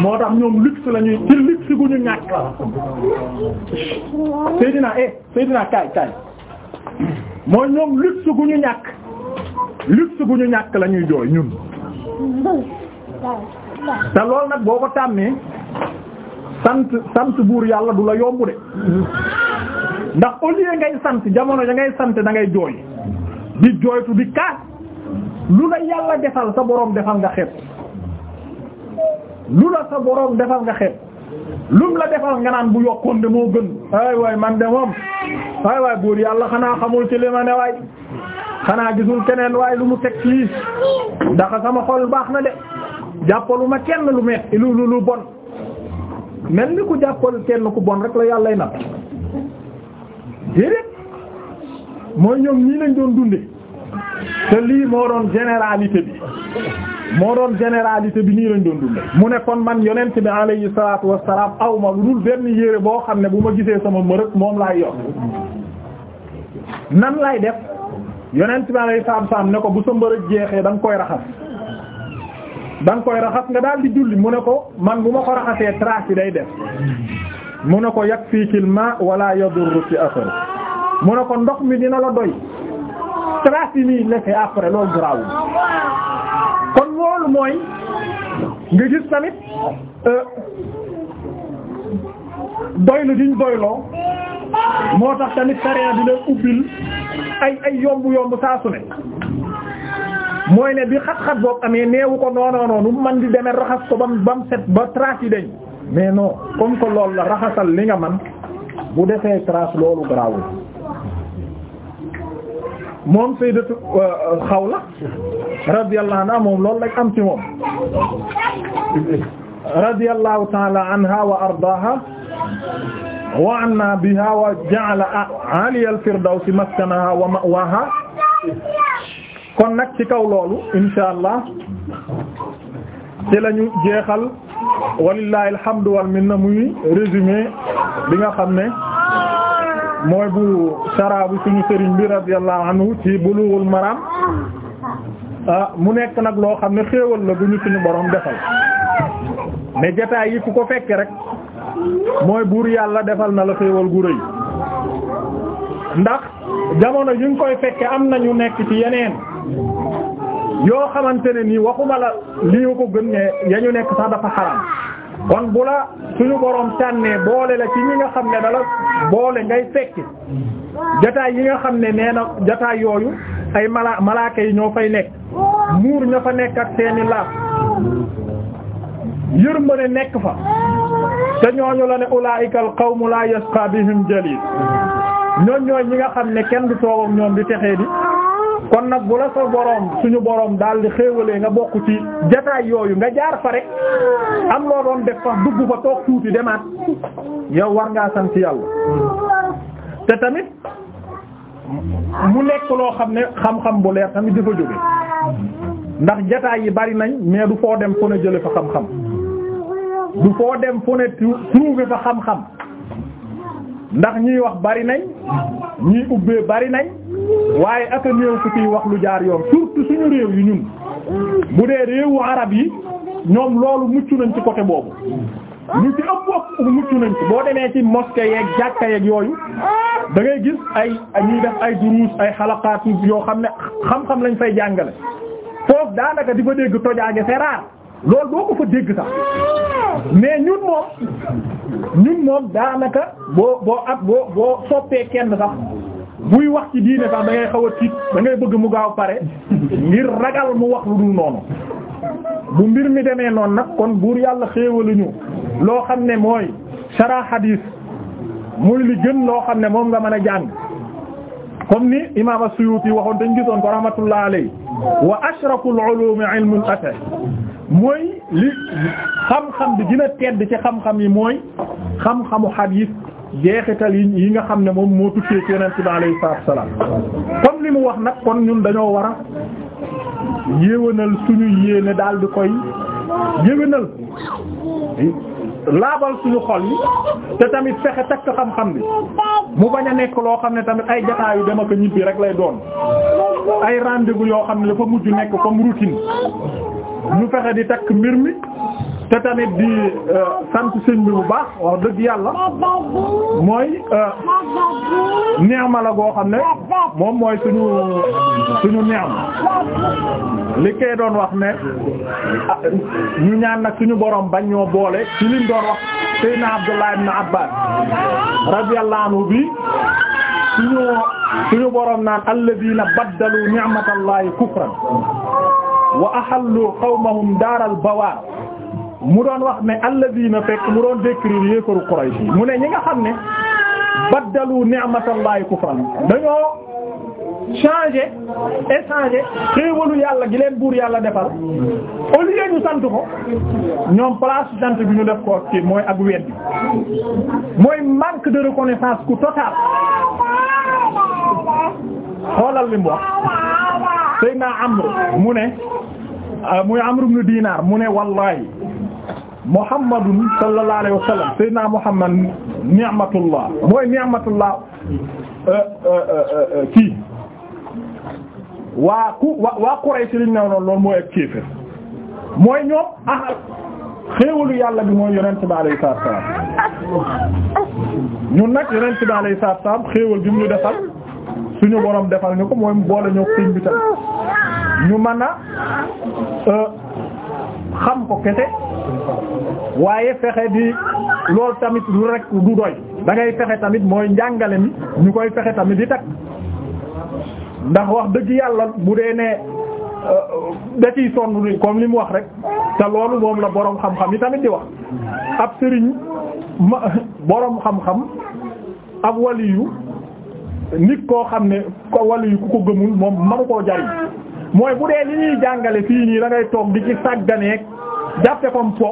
S1: moo tax ñoom luxe la ñuy ci luxe gu ñu ñàkk Seydina eh Seydina kaay kaay mooy ñoom luxe gu ñu ñàkk luxe gu ñu ñàkk la ñuy jooy ñun te loolu nag boo ko sant sant buur yàlla du la yomb de ndax au lieu ngay sant jamono ja ngay sant da ngay jooy di jooytu di kaas lu la yàlla defal sa boroom defal nga xet lu la defal nga xeeb la defal nga naan bu yokkoon de moo gën ay man de moom ay waay buur yàlla xanaa xamul ci li ma ne waay xanaa gisul keneen waay lu mu teg ci ndax sama xol baax na de jàppalu ma kenn lu metti lu lu lu bon mel ni ku jàppal kenn ku bon rek la yàllay nat déedéet mooy ñoom ñii lañ doon dunde te lii moo doon généralité bi moo doon généralité bi nii lañ doon dunde mu ne kon man yonent bi alayhi salaatu wassalaam aw lu dul benn yére boo xam ne bu ma gisee sama mërëk moom laay yor nan laay def yonent bi alayhi salaatu wassalaam ne ko bu sa mbërëk jeexee da koy raxas da nga koy raxas nga daal di julli mu ne ko man bu ma ko raxasee trace bi day def mu ne ko yakfikil walla wala yadurruki athar mu ne ko ndox mi dina la doy trace yi nii laissé après loolu garaawul kon loolu mooy nga gis tamit euh, doylu diñ doyloo moo tax tamit sariya dina ubbil ay ay yomb yomb saa ne mooy ne bi xat-xat boobu amee neewu ko noonu noonu man di demee raxas ko bam bam set ba trace yi dañ mais non comme que loolu la raxasal li nga man bu defee trace loolu garaawul moom sayyidatu euh, euh, Xawla radiyallahu anha moom loolu lañ am ci moom radiyallahu ta'ala anha wa ardaaha wa anna biha wa ja'ala aliya al-firdawsi maskanaha wa ma'waha kon nag ci kaw loolu insha allah ci lañu jeexal walillahi alhamdu wal na muy résumé bi nga xam ne mooy bu sara bi suñu sëriñ bi radiyallahu anhu ci bulughul maram ah mu nekk nag loo xam ne xéewal la bu ñu suñu borom defal mais jotaay yi ku ko fekke rek mooy buur yàlla defal na la xéewal gu rëy ndax jamono yu ngi koy fekke am na ñu nekk ci yeneen yoo xamante ne nii waxuma la lii ko gën ne yañu nekk sax dafa xaram kon bu la suñu boroom sànnee boole la ci ñi nga xam ne dala boole ngay fekki jataay yi nga xam ne nee na jataay yooyu ay mala malaaka yi ñoo fay nekk muur ña fa nekk ak seeni laaf yërmande nekk fa te ñooñu la ne ulaa'ikal qawmu laa yasqaa bihim jaliil ñooñ ñooy ñi nga xam ne kenn du toog ak ñoom di texee di kon nag bu la sa boroom suñu boroom daal di xéewalee nga bokk ci jataay yooyu nga jaar fa rek am loo def fa dugg fa toog tuuti demaat yow war ngaa sant yàlla te tamit mu nekk loo xam ne xam-xam bu leer tamit dafa jóge ndax jataay yi bari nañ mais du foo dem fu ne jële fa xam-xam du foo dem fu ne trouver fa xam-xam ndax ñuy wax bari nañ ñiy ubbee bari nañ waaye aka néew ku ciy wax lu jaar yoon surtout suñu réew yu ñun bu dee réewu arab yi ñoom loolu mucc nañ ci côté boobu ñu ci ëpp ëpp mucc nañ ci boo demee ci mosquée yeeg jàkka yeeg yooyu da ngay gis ay ñuy def ay duruus ay xalaqaat yoo xam ne xam-xam lañ fay jàngale foofu daanaka di fa dégg tojaange c'est rare loolu boo ko fa dégg sax mais ñun moom ñun moom daanaka boo boo at boo boo soppee kenn sax buy wax ci diine sax da ngay tiit da bëgg mu gaaw pare ngir ragal mu wax lu dul noonu bu mbir mi demee noon nag kon buur yàlla xéewaluñu loo xam ne mooy sara hadis muy li gën loo xam ne moom nga mën a jàng comme ni imam as-Suyuti waxoon dañ gisoon ko rahmatullah alayhi wa ashraful ulum ilmun ate mooy li xam-xam bi gën a tedd ci xam-xam yi mooy xam-xamu hadis jeexital yi yi nga xam ne moom moo tukkee ci yonent bi alayhi salaatu wa salaam comme li mu wax nag kon ñun dañoo wara a yéwénal suñu yéene daal di koy yéwénal laabal suñu xol yi te tamit fexe takk xam-xam bi mu bañ a nekk loo xam ne tamit ay jataayu dem ak ñibbi rek lay doon ay rendez-vous yoo xam ne dafa mujj nekk comme routine ñu fexe di takk mbir mi te tamit di euh, sant sëñ bi bu baax wax dëgg yàlla mooy euh, neexma la goo xam ne moom mooy suñu suñu neexma li kay doon wax ne ñu ñaan nag suñu boroom bañ ñoo boole ci liñ doon wax Seydina Abdullah ibn Abbas radiyallahu anhu bi suñu suñu borom naan alladina baddalu ni'matallahi kufran wa ahallu qawmahum daaral bawaar mu doon wax ne alladina fekk mu doon décrire yéefaru Quraysh yi mu ne ñi nga xam ne baddalu ni'matallahi kufran
S2: dañoo changer
S1: échanger xéewalu yàlla gi leen buur yàlla defal au lieu ñu sant ko ñoom place sant bi ñu def ko ci mooy ak weddi mooy manque de reconnaissance ku total xoolal li mu wax Seydina mu ne Euh, muy Amr ibn Dinar mu ne wallahi Muhammadun sallallahu alayhi wa sallam sayyidina Muhammad ni'matullah mooy ni'matullah euh, euh, kii waa ku waa Quraysh liñ ne noonu loolu mooy ak kéefër mooy ñoom ah xéewalu yàlla bi mooy yonent bi alayhi salaatu wa salaam ñun nag yonent bi alayhi salaatu wa salaam xéewal bi mu ñu defal suñu borom defal ñu ko mooy boole ñoo këñ bi tamit ñu mën a euh, xam ko kese waaye fexe di lool tamit lu rek du doy da fexe tamit mooy njàngale mi ñu koy fexe tamit di takk ndax wax dëgg yàlla bu dee ne euh, da ciy sonn comme li mu wax rek te loolu moom la boroom xam-xam yi tamit di wax ab sëriñ ma boroom xam-xam ab waliyu nit koo xam ne ko waliyu ku ko gëmul moom manu koo jariñ mooy bu dee li ñuy jàngale fii nii da ngay toog di ci sàgganeeg jàppe comme po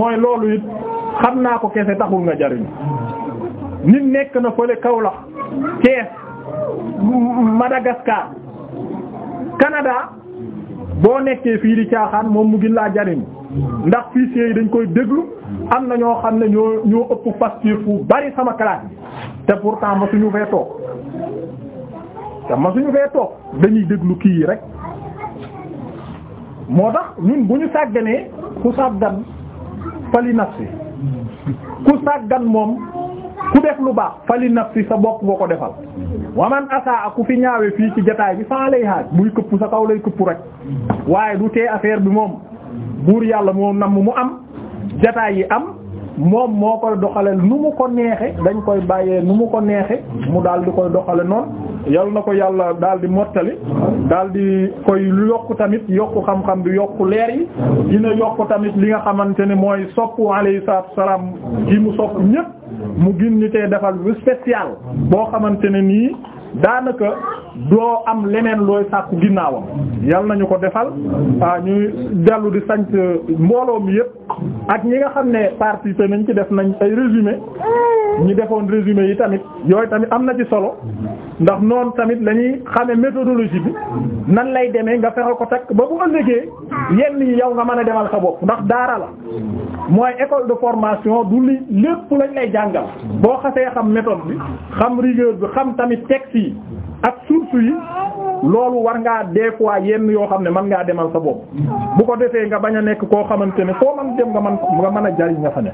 S1: mooy loolu it xam naa ko kese taxul nga jariñ nit nekk na fële Kaolack Thiès Madagascar Canada boo nekkee fii di caaxaan moom mu gën laa jariñ ndax fichier yi dañ koy déglu am na ñoo xam ne ñoo ëpp facture fu bari sama classe te pourtant ma suñu fee toog te ma suñu fee toog dañuy déglu kii yi rek moo tax ñun bu ñu sàgganee ku sàggan fali nafsi ku sàggan moom ku def lu baax fali nafsi sa bopp boo ko defal waman asaa ku fi ñaawe fii ci jataay bi faa lay xaaj buy këpp sa kaw lay këpp rek waaye du tee affaire bi moom buur yàlla moo namm mu am jataay yi am moom moo koy doxale nu mu ko neexe dañ koy bàyyee nu mu ko neexe mu daal di koy doxale noon yal na ko yàlla daal di mottali daal di koy yokk tamit yokk xam-xam bi yokk leer yi dina yokk tamit li nga xamante ne mooy soppu alayhi salaatu salaam gi mu sopp ñépp mu gin ni tey defal lu spécial boo xamante ne nii daanaka doo am leneen looy sàkku ginnaawam yal nañu ko defal ah ñuy dellu di sant euh, mbooloo mi yëpp ak ñi nga xam ne partie te nañ ci def nañ ay résumé ñi defoon résumé yi tamit yooyu tamit am na ci solo ndax noonu tamit la ñuy xamee méthodologie bi nan lay demee nga fexe ko takk ba bu ëllëgee yenn yi yow nga mën a demal sa bopp ndax daara la mooy école de formation du li lépp lañ lay jàngal boo xasee xam méthode bi xam rigueur bi xam tamit texte yi ak source yi loolu war ngaa des fois yenn yoo xam ne man ngaa demal sa bopp bu ko defee nga bañ a nekk koo xamante ne foo man dem nga man nga mën a jariñ nga fa ne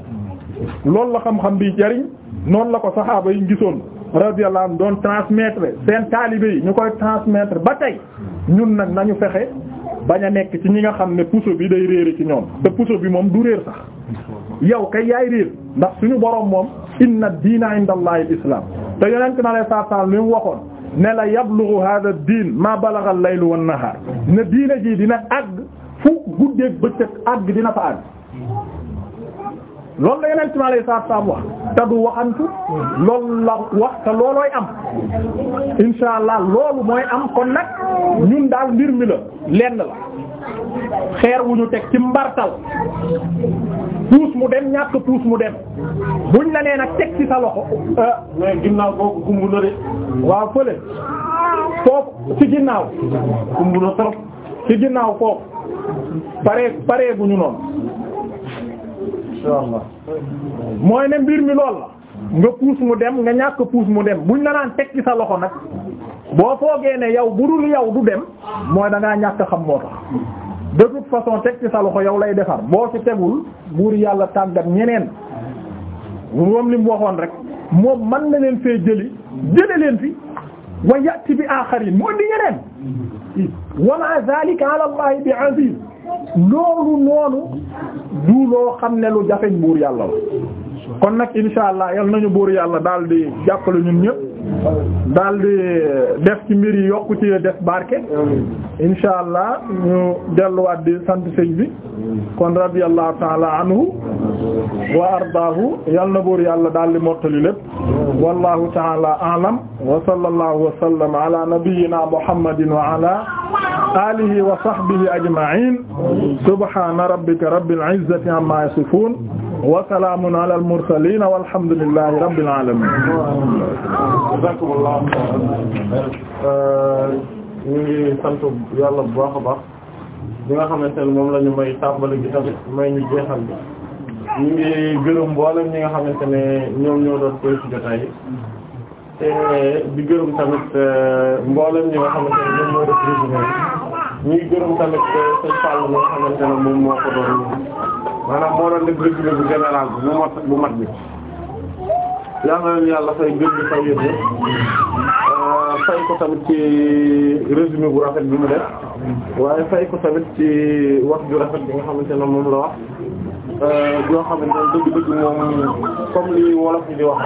S1: loolu la xam-xam bi jariñ noonu la ko saxaaba yi gisoon radiyallahu anhu doon transmettre seen taalibe yi ñu koy transmettre ba tey ñun nag nañu fexe bañ a nekk ci ñi nga xam ne puso bi day réere ci ñoom te puso bi moom du réer sax yow kay yaay réer ndax suñu borom moom inna diina inda allahi al islam te yonent ne la yablughu hadha diin ma balagha al-layl wan-nahar ne diina ji dina àgg fu guddeeg bëccëg àgg dina fa àgg loolu la yeneen ciment lay saaf saaf wax te du waxantu loolu la wax te loolooy am insha loolu mooy am kon nag ñun daal mbir mi la lenn la xeer wu ñu teg ci mbartal puus mu dem ñàkk puus mu dem buñ la nee nag teg ci sa loxo. ah mais ginnaaw kooku kumbu na de waaw fële foofu ci ginnaaw kumbu na trop ci ginnaaw kooku paree paree bu ñu noonu. mooy ne mbir mi lool la nga puus mu dem nga ñàkk puus mu dem buñ la naan teg ci sa loxo nag boo foogee ne yow bu dul yow du dem mooy da ngaa ñàkk xam moo tax de toute façon teg ci sa loxo yow lay defar boo ci tegul buur yàlla tàggat ñeneen moom li mu waxoon rek moom man na leen fee jëli jële leen fi wa ya'ti bi aaxarin mu indi ñeneen wa ma zalika bi aziz loolu noonu du loo xam ne lu jafeñ buur yàlla la kon nag insha allah yal nañu buur yàlla daal di jàppale ñun ñëpp daal di euh, def ci mbir yi yokku ci def barke insha allah ñu delluwaat di sant sëñ bi kon radiyallahu ta'ala anhu wa ardaahu yal na buur yàlla daal di mottali lépp wallahu ta'ala a'lam wa sallallahu wa sallam ala nabiyyina muhammadin wa ala alihi wa sahbihi ajma'in subhana rabbika rabbil izzati amma yasifun wa salamun ala al mursalin walhamdulillahi rabbil alamin jazakumullah euh, ñu ngi sant yàlla bu baax baax bi nga xamante ne moom lañu ñu may tàmbali bi tamit may ñu jeexal bi ñu ngi gërëm mboolem ñi nga xamante ne ñoom ñoo doon koy ci jotaay te di gërëm tamit euh, mboolem ñi nga xamante ne ñoom ñoo def résumé ñu ngi gërëm tamit euh, sëñ Fall mi nga xamante ne moom moo ko doon maanaam moo doon def résumé bu général bu bu mat bi yal na leen yàlla fay mbir mi fay yéen euh, fay ko tamit ci résumé bu rafet bi mu def waaye fay ko tamit ci wax ju rafet bi nga xamante ne moom la wax euh, yoo xam ne dëgg-dëgg moom comme li wolof yi di wax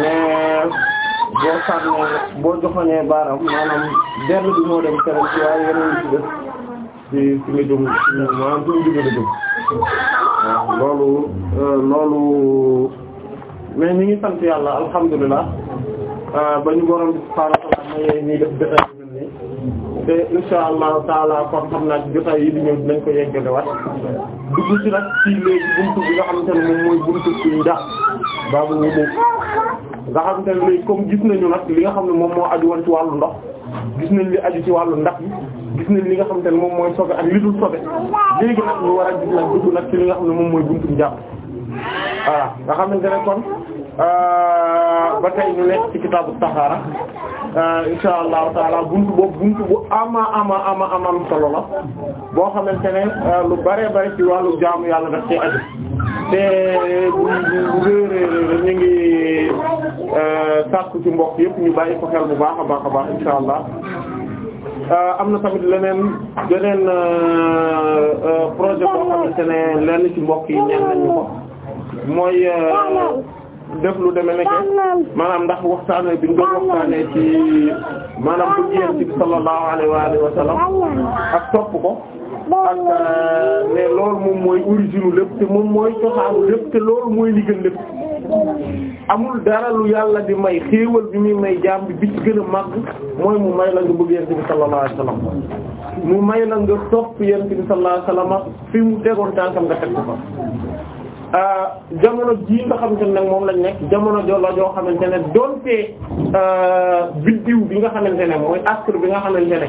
S1: mais boo sànnee boo joxoonee baaraam maanaam benn bi moo dem keneen ci waaye yeneen ci def ci ci nga jëm maanaam ci nga jóge la jëm loolu euh, loolu mais ñi ngi sant yàlla alhamdulilah euh, ba ñu borom bi subhaanahu wa ta'aala mayee ñuy def jotaay te insha allahu taala kon xam naa ci jotaay yi di ñëw dinañ ko yeggalewaat dugg ci nag ci léegi buntu bi nga xamante ne moom mooy buntu ci ndax baabu ñu nga xamante ne léegi comme gis nañu nag li nga xam ne moom moo aju woon ci wàllu ndox gis nañ li aju ci wàllu ndax yi gis nañ li nga xamante ne moom mooy sobe ak li dul sobe léegi nag ñu war a gis nag dugg nag ci li nga xam ne moom mooy buntu njàpp voilà nga xamante ne kon ba tey ñu nekk ci kitaabu taxaara insha allahu taala buntu boobu buntu bu ama ama ama amam solo la boo xamante ne lu bare bare ci wàllu jaamu yàlla daf ci aju te bu réeréer ñu ngi sàkku ci mbokk yëpp ñu bàyyi ko xel bu baax a baax a baax insha allah Euh, am na tamit leneen leneen euh, euh, projet boo xamante lenn ci mbokk yi ñaan nañu ko mooy def lu demee nekk maanaam ndax waxtaane bi ñu doon waxtaane ci maanaam bu jeex ci sallallahu alayhi wa sallam ak topp ko ak ne loolu moom mooy origine lépp te moom mooy cosaanu lépp te loolu mooy li lépp amul dara lu yàlla di may xéewal bi muy may jàmb bi bi ci gën a màgg mooy mu may la nga bëgg yent bi sallallahu alayhi wasallam mu may la nga topp yent bi sallallahu alayhi fi mu tegoon tànkam nga teg ko fa ah, jamono jii nga xamante ne nag moom lañ nekk jamono joo la joo xamante ne doonte ah, biddiw bi nga xamante ne mooy astre bi nga xam xamante ne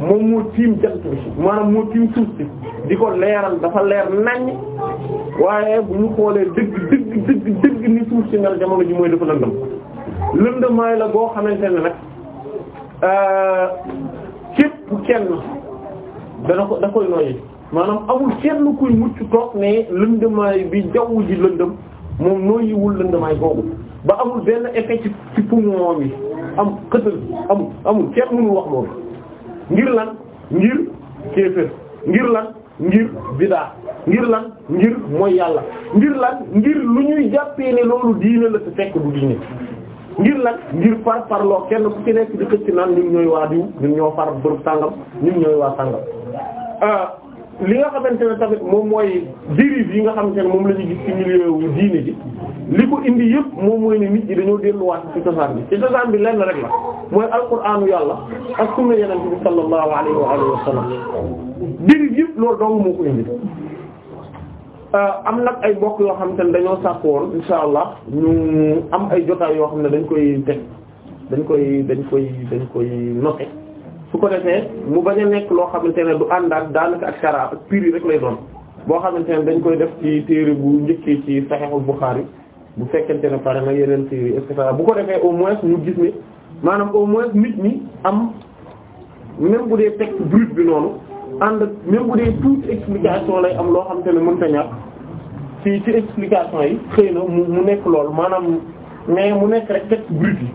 S1: moom moo tiim jant bi maanaam moo tiim suuf si di ko leeral dafa leer naññ waaye bu ñu xoolee dëgg dëgg dëgg dëgg ni suuf si mel jamono ji mooy dafa lëndëm lëndëmaay la goo xamante ne nag euh, képp kenn dana ko da noyyi maanaam amul kenn kuy mucc toog ne lëndëmaay bi jaww ji lëndëm moom noyyiwul lëndëmaay boobu ba amul benn effet ci ci poumon yi am xëtal amul amul kenn mënul wax loolu ngir lan ngir kéefër ngir lan ngir bidaa ngir lan ngir mooy yàlla ngir lan ngir lu ñuy jàppee ne loolu diine la te fekk du diine ngir lan ngir par parloo kenn ku ci nekk di xëcc naan ñun ñooy waa diw ñun ñoo far bërëb sàngam ñun ñooy waa sàngam ah, li nga xamante ne tamit moom mooy dérive yi nga xamante na moom la ñu gis ci milieu diine ji li ko indi yëpp moom mooy ne nit ñi dañoo delluwaat ci cosaan bi ci cosaan bi lenn rek la mooy alquraanu yàlla ak sunna yonent bi sallallahu alayhi wa alihi wa sallam dérive yëpp loolu dong moo ko indi euh, am nag ay mbokk yoo xamante ne dañoo sàkk woon insha allah ñu am ay jotaay yoo xam ne dañ koy teg dañ koy dañ koy dañ koy noter su ko defee mu bañ a nekk loo xamante ne du ànd ak daanaka ak sara ak prix rek lay doon boo xamante ne dañ koy def ci téere bu njëkkee ci Sahihul Bukhari bu fekkente ne pare na yeneen téere et cetera bu ko defee au moins ñu gis ni maanaam au moins nit ñi am même bu dee texte brut bi noonu ànd même bu dee toute explication lay am loo xamante ne mënta ñàkk ci ci explication yi xëy na mu mu nekk loolu maanaam mais mu nekk rek texte brut bi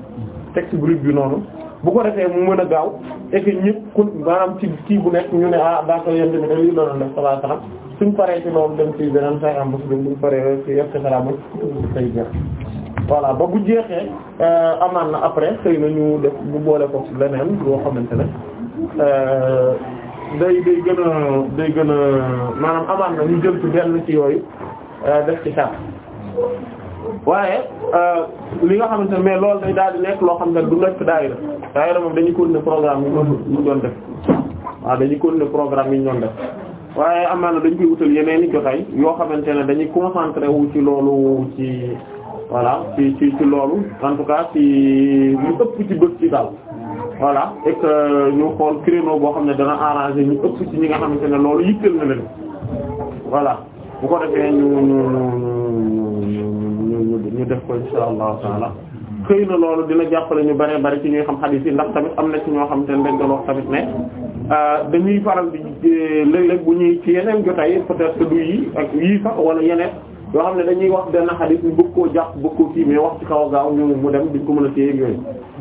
S1: texte brut bi noonu bu ko defee mu mën a gaaw et que ñëpp maanaam ci kii bu nekk ñu ne ah daa ko yent bi da lii doon def sallallahu alayhi suñ paree ci loolu dem ci beneen say am basi dém buñ paree ci et cetera ba say jeex voilà ba bu jeexee euh, amaan na après xëy na ñu def bu boole ko ci leneen loo xamante ne euh, day day gën a day gën maanaam amaan na ñu jël ci benn ci yooyu euh, def ci sat waaye euh, li nga xamante ne mais lool day daal di nekk loo xam ne du nekk daayira daayira moom dañuy continuer programme yi ñu doon def waaw dañuy continuer programme yi ñu doon def waaye am na dañ koy wutal yeneen i jotaay yoo xamante ne dañu concentré wu ci loolu ci voilà ci ci ci loolu en tout cas ci ñu ëpp ci bët ci daal voilà et que ñu xool créneau boo xam ne dana arrangé ñu ëpp ci ñi nga xamante ne loolu yitteel na leen voilà bu ko defee ñu ñu ñu. bëgg ñu def ko insha allahu taala xëy na loolu dina jàppale ñu bare bari ci ñuy xam xadiis yi ndax tamit am na ci ñoo xam te dañ ko wax tamit ne euh, dañuy faral di euh, léeg-léeg bu ñuy ci yeneen jotaay peut-être que du yi ak yii sax wala yeneen yoo xam ne dañuy wax benn xadiis ñu bëgg koo jàpp bëgg koo kii mais wax ci xaw a gaaw ñu mu dem duñ ko mën a téye yooyu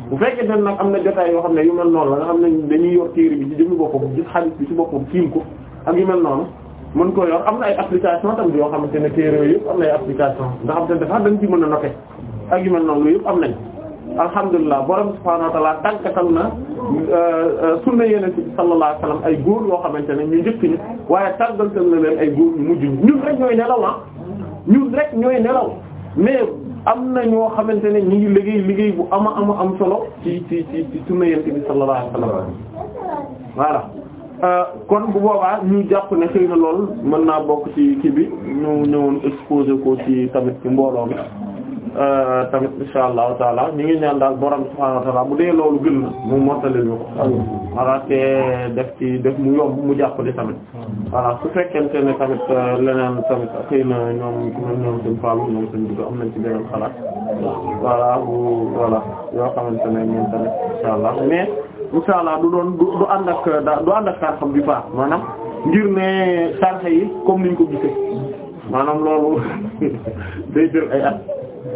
S1: bu fekkee ne nag am na jotaay yoo xam ne yu mel noonu la nga xam ne dañuy yor téere bi ci jëmmi boppam gis xadiis bi ci boppam tiim ko ak yu mel noonu mën ko yor am na ay application tam yoo xamante ne téere yooyu yëpp am na ay application nga xam te ne dafa dañ ci mën a noter ak yu mel noonu yëpp am nañ alhamdulilah borom subhaanahu wa ta'ala tànkatal na euh, euh, sunna yeneen ci sallallahu ay góor yoo xamante ne ñu njëkk ñi waaye tàggatal na leen ay góor ñu mujj ñun rek ñooy nelaw ah ñun rek ñooy nelaw mais am na ñoo xamante ne ñu ngi liggéey liggéey bu am ama am solo ci ci ci ci sunna yeneen bi sallallahu
S2: alayhi
S1: Euh, kon bu boobaa ñu jàpp ne xëy na lool mën naa bokk ci kii bi ñu ñëwoon exposé ko ci tamit ci mbooloo mi euh, tamit insha allahu taala ñu ngi ñaan daal borom subhaanahu wa taala bu dee loolu gën na mu mottali ñu ko voilà te def ci def mu yomb mu jàppale tamit voilà su fekkente ne tamit euh, leneen tamit xëy na ñoom ñoom suñ faalu ñoom suñ dugg am nañ ci beneen xalaat voilà bu voilà yoo xamante ne tamit insha allah mais insha allah du doon du du ànd ak du ànd ak tarxam bi baax maanaam ngir ne tarxa yi comme niñ ko gisee maanaam loolu day jël ay at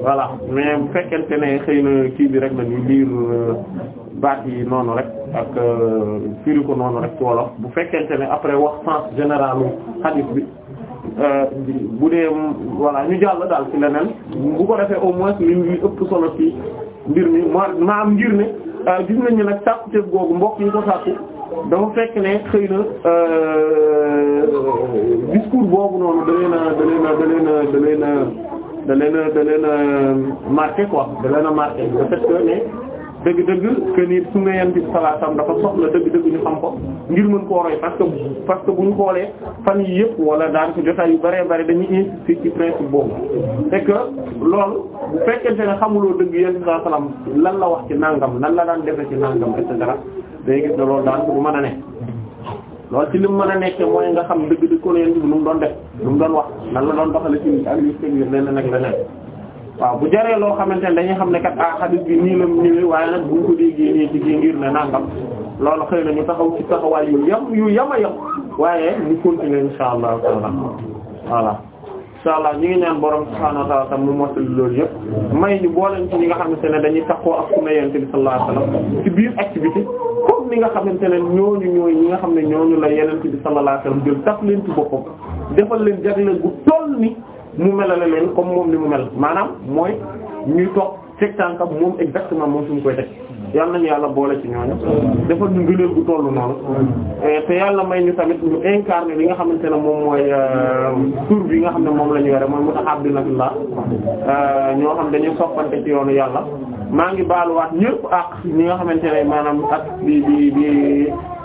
S1: voilà mais bu fekkente ne xëy na kii bi rek la ñuy liir euh, baat yi noonu rek ak euh, firi ko noonu rek ci wolof bu fekkente ne après wax sens général hadith bi euh, bu dee voilà ñu jàll daal ci leneen bu ko defee au moins li li ëpp solo ci mbir mi ma ma am ngir ne. gis nañu nag sàkkuteef googu mbokk yi ko sàkku dafa fekk ne xëy na euh, discours boobu noonu da leen a da leen a da leen a da leen a da leen a da leen a marqué ne dëgg-dëgg que ni su ngeen di salaatam dafa soxla dëgg-dëgg ñu xam ko ngir mën koo roy parce que parce que bu ñu xoolee fan yi yëpp wala daan ko jotaay yu bëree dañu dañuy insister ci principe boobu. c'est que bu fekkente ne xamuloo dëgg yéen salaam lan la wax ci nangam lan la daan defe ci nangam et cetera day gis ne loolu daan ko du mën a ne. loolu ci li mu mën a nekkee mooy nga xam dëgg-dëgg ko yéen bi nu mu doon def nu mu doon wax lan la doon doxale ci ak yu seen leneen ak waaw bu jaree loo xamante ne dañuy xam ne kat a ah, xadis bi nii la ñëwee waaye nag bu ñu ko déggee nii ci ngir ne nangam loolu xëy na ñu taxaw ci taxawaay yu yam yu yam a yam waaye ñu continuer insha allah taala voilà insha allah ñu ngi ñaan borom subhaanahu wa ta'aala mu mottali loolu yëpp may ñu booleen ci ñi nga xamante ne dañuy taxoo ak sunna yonent bi sallallahu alayhi wa ci biir activité comme ni nga xamante ne ñooñu ñooy ñi nga xam ne ñooñu la yonent bi sallallahu alayhi wa sallam jël tax leen ci boppam defal leen jagle gu toll mu melale leen comme moom ni mu mel maanaam mooy ñuy toog teg tànkam moom exactement moom suñu koy teg yàlla nañu yàlla boole ci ñooñu dafa ñu ngëneel gu tollu noonu eh, te yàlla may ñu tamit ñu incarné li nga xamante ne moom mooy euh, tur bi nga xam ne moom la ñu yore mooy mutahabdina billah euh, ñoo xam dañuy soppante ci yoonu yàlla maa ngi baaluwaat ñëpp ak ñi nga xamante ne maanaam ak bi di di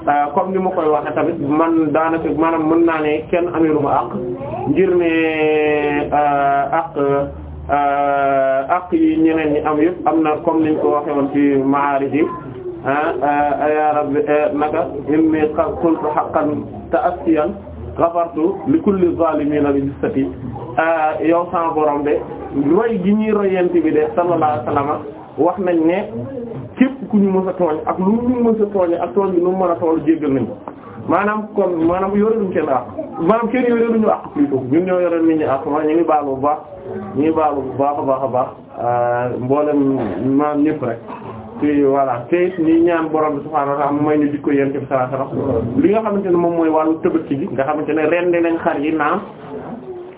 S1: Euh, comme ni ma koy waxe tamit man daanaka maanaam mën naa ne kenn ameelu ma àq ngir ne euh, euh, àq yi ñeneen ñi am yëpp am na comme niñ ko waxe woon ci maarij yi ah, ya naka inni qultu haqqan ta'assiyan ghafartu li kulli zalimina bi jissati yow sama borom de roy gi ñuy royante bi de sallallahu alayhi wax nañ ne ku ñu mës tooñ ak lu ñu mës a tooñee ak tooñ bi nu mu mën a toll jéggal nañ maanaam kon maanaam yore luñ kenn àq maanaam kenn yore luñu àq plutôt ñun ñu ngi baalu bu baax ñu ngi baalu bu baax a baax a baax euh, mboolem maanaam ñëpp rek te voilà te ñaan borom bi subhaanahu wa ta'aala may ñu dikko yéen ci bi li nga xamante ne moom mooy wàllu Tabaski gi nga xamante ne rendi nañ xar yi naam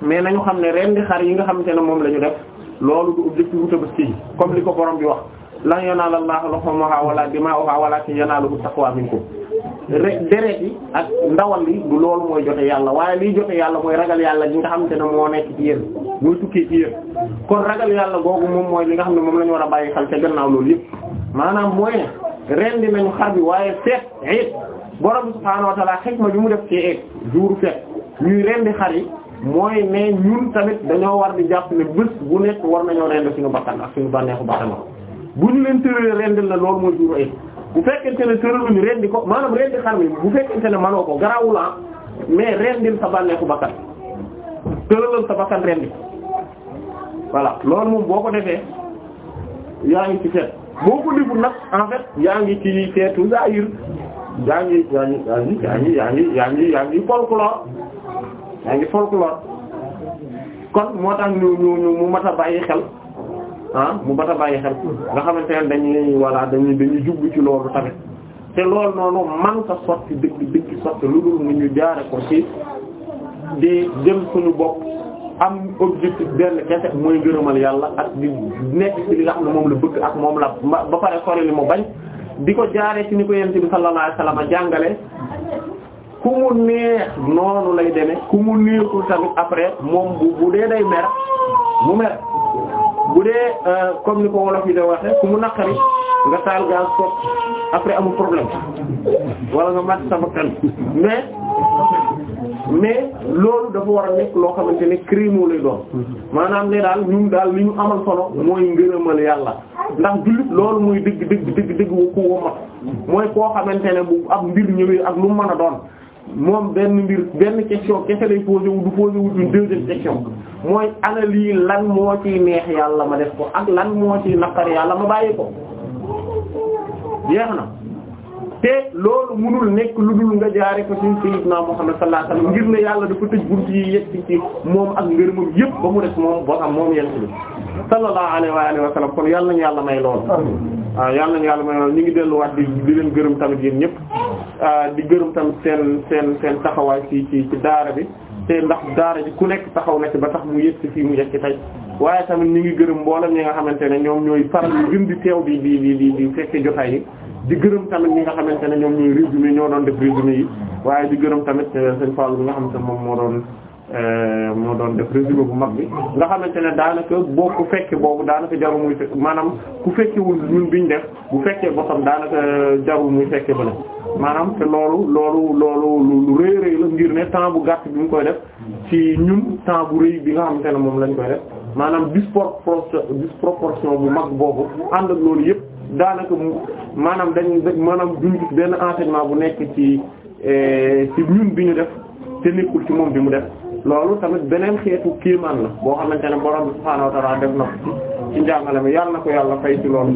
S1: mais nañu xam ne rendi xar yi nga xamante ne moom la ñu def loolu du objectif bu Tabaski gi comme li ko borom bi wax lan yanaala Allahu luhumuhaa wala dimaa'uhaa walaakin waa taqwaa minkum rek deret yi ak ndawal li loolu mooy joxe yàlla waaye liy joxe yàlla mooy ragal yàlla gi nga xamante ne moo nekk ci yàlla googu moom mooy li nga xam ne moom la ñu war a bàyyi xel ca gannaaw loolu yëpp maanaam mooy ne rendi nañu xar bi waaye feet eet borom subhaanahu wa ta'aala xikma bi mu def ci eet juuru feet ñuy rendi xar yi mooy ne ñun tamit dañoo war di jàpp ne bés bu nekk war nañoo rendi suñu bakkan ak suñu bànneexu bakkan bu ñu leen tëralee rendil la loolu mooy jur ay bu fekkente ne tëraluñu rendi ko maanaam rendi xar mi bu fekkente ne manoo ko garaawul ah mais rendil sa bànneexu bakkan tëralal sa bakkan rendi voilà loolu moom boo ko defee yaa ngi ci feet boo ko deful nag en fait yaa ngi ci feetu zahir yaa ngi yaa ngi yaa ngi yaa ngi yaa ngi yaa ngi yaa ngi folklore yaa ngi folklore kon moo tax ñu ñu ñu mu mat a bàyyi xel ah mu bata bàyyi xel nga xamante ne dañuy voilà dañuy dañuy jublu ci loolu tamit te loolu noonu man ka sotti dëgg dëgg sotti lu dul ñu jaare ko ci di jëm suñu bopp am objectif benn kese mooy ngërëmal yàlla ak di nekk ci li nga xam moom la bëgg ak moom la ba pare sori li mu bañ di ko jaaree ci ni ko yonent bi sallallahu alayhi wasallam jàngale ku mu neex noonu lay demee ku mu neexul tamit après moom bu bu dee day mer mu mer bu dee euh, comme ni ko wolof yi da waxe ku mu naqari nga taal gaz ko après amul problème walla nga mat sa bakkan mais mais loolu dafa war a nekk loo xamante ne crime lay doon maanaam ne daal ñun daal li ñu amal solo mooy ngërëmal yàlla ndax jullit loolu mooy dëgg dëgg dëgg dëgg ku womat mooy koo xamante ne bu ab mbir ñëwee ak lu mu mën a doon moom benn mbir benn question kese lay posé wu du posé wu une deuxième question mooy ana lii lan moo ciy neex yàlla ma def ko ak lan moo ciy naqar yàlla ma bàyyi ko jeex na te loolu mënul nekk lu dul nga jaare ko ci sayyidna Muhammad sallallahu alayhi wasallam ngir ne yàlla dafa tëj bunt yi yegg ci moom ak ngërëmam yëpp ba mu def moom boo xam moom yent bi sallallahu alayhi wa alihi wa sallam kon yàlla nañu yàlla may lool waaw ah, yàlla nañu yàlla may lool ñu ngi delluwaat di di leen gërëm tamit yéen ñëpp ah, di gërëm tamit seen seen seen taxawaay ci ci ci daara bi te ndax daara ji ku nekk taxaw na ci ba tax mu yëg ci fii mu yëg ci tey waaye tamit ñu ngi gërëm mboolem ñi nga xamante ne ñoom ñooy faral di gën di teew di di di di di fekke jotaay yi di gërëm tamit ñi nga xamante ne ñoom ñooy résumé ñoo doon def résumé yi waaye di gërëm tamit eh, seen Fall bi nga xamante ne moom moo doon Euh, moo doon def résumé bu mag bi nga xamante ne daanaka boo ku fekkee boobu daanaka jarul muy maanaam ku fekkewul ñun ñu def bu fekkee bosam daanaka jarul muy fekkee ba la maanaam te loolu loolu loolu lu rëy rëy ngir ne temps bu gàtt bi mu koy def ci ñun temps bu rëy bi nga xamante ne moom lañ koy def maanaam disproportion disproportion bu mag boobu ànd ak loolu yëpp daanaka maanaam dañ maanaam bi gis benn enseignement bu nekk ci euh, ci ñun bi ñu def te moom bi mu def loolu tamit beneen xeetu kéemaan la boo xamante ne borom bi subhaanahu wa ta'aala def na ko ci njàngale mi yàlla na ko yàlla fay ci loolu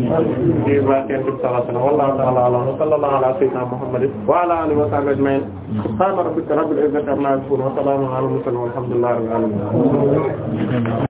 S1: ci barkeen bi sallallahu alayhi wallahu ta'aala a'lam wa sallallahu ala sayyidina muhammadin wa ala alihi wa sahbihi ajma'in subhaana rabbika rabbil izzati amma yasifun wa salaamun ala al-mursalin walhamdulillahi rabbil alamin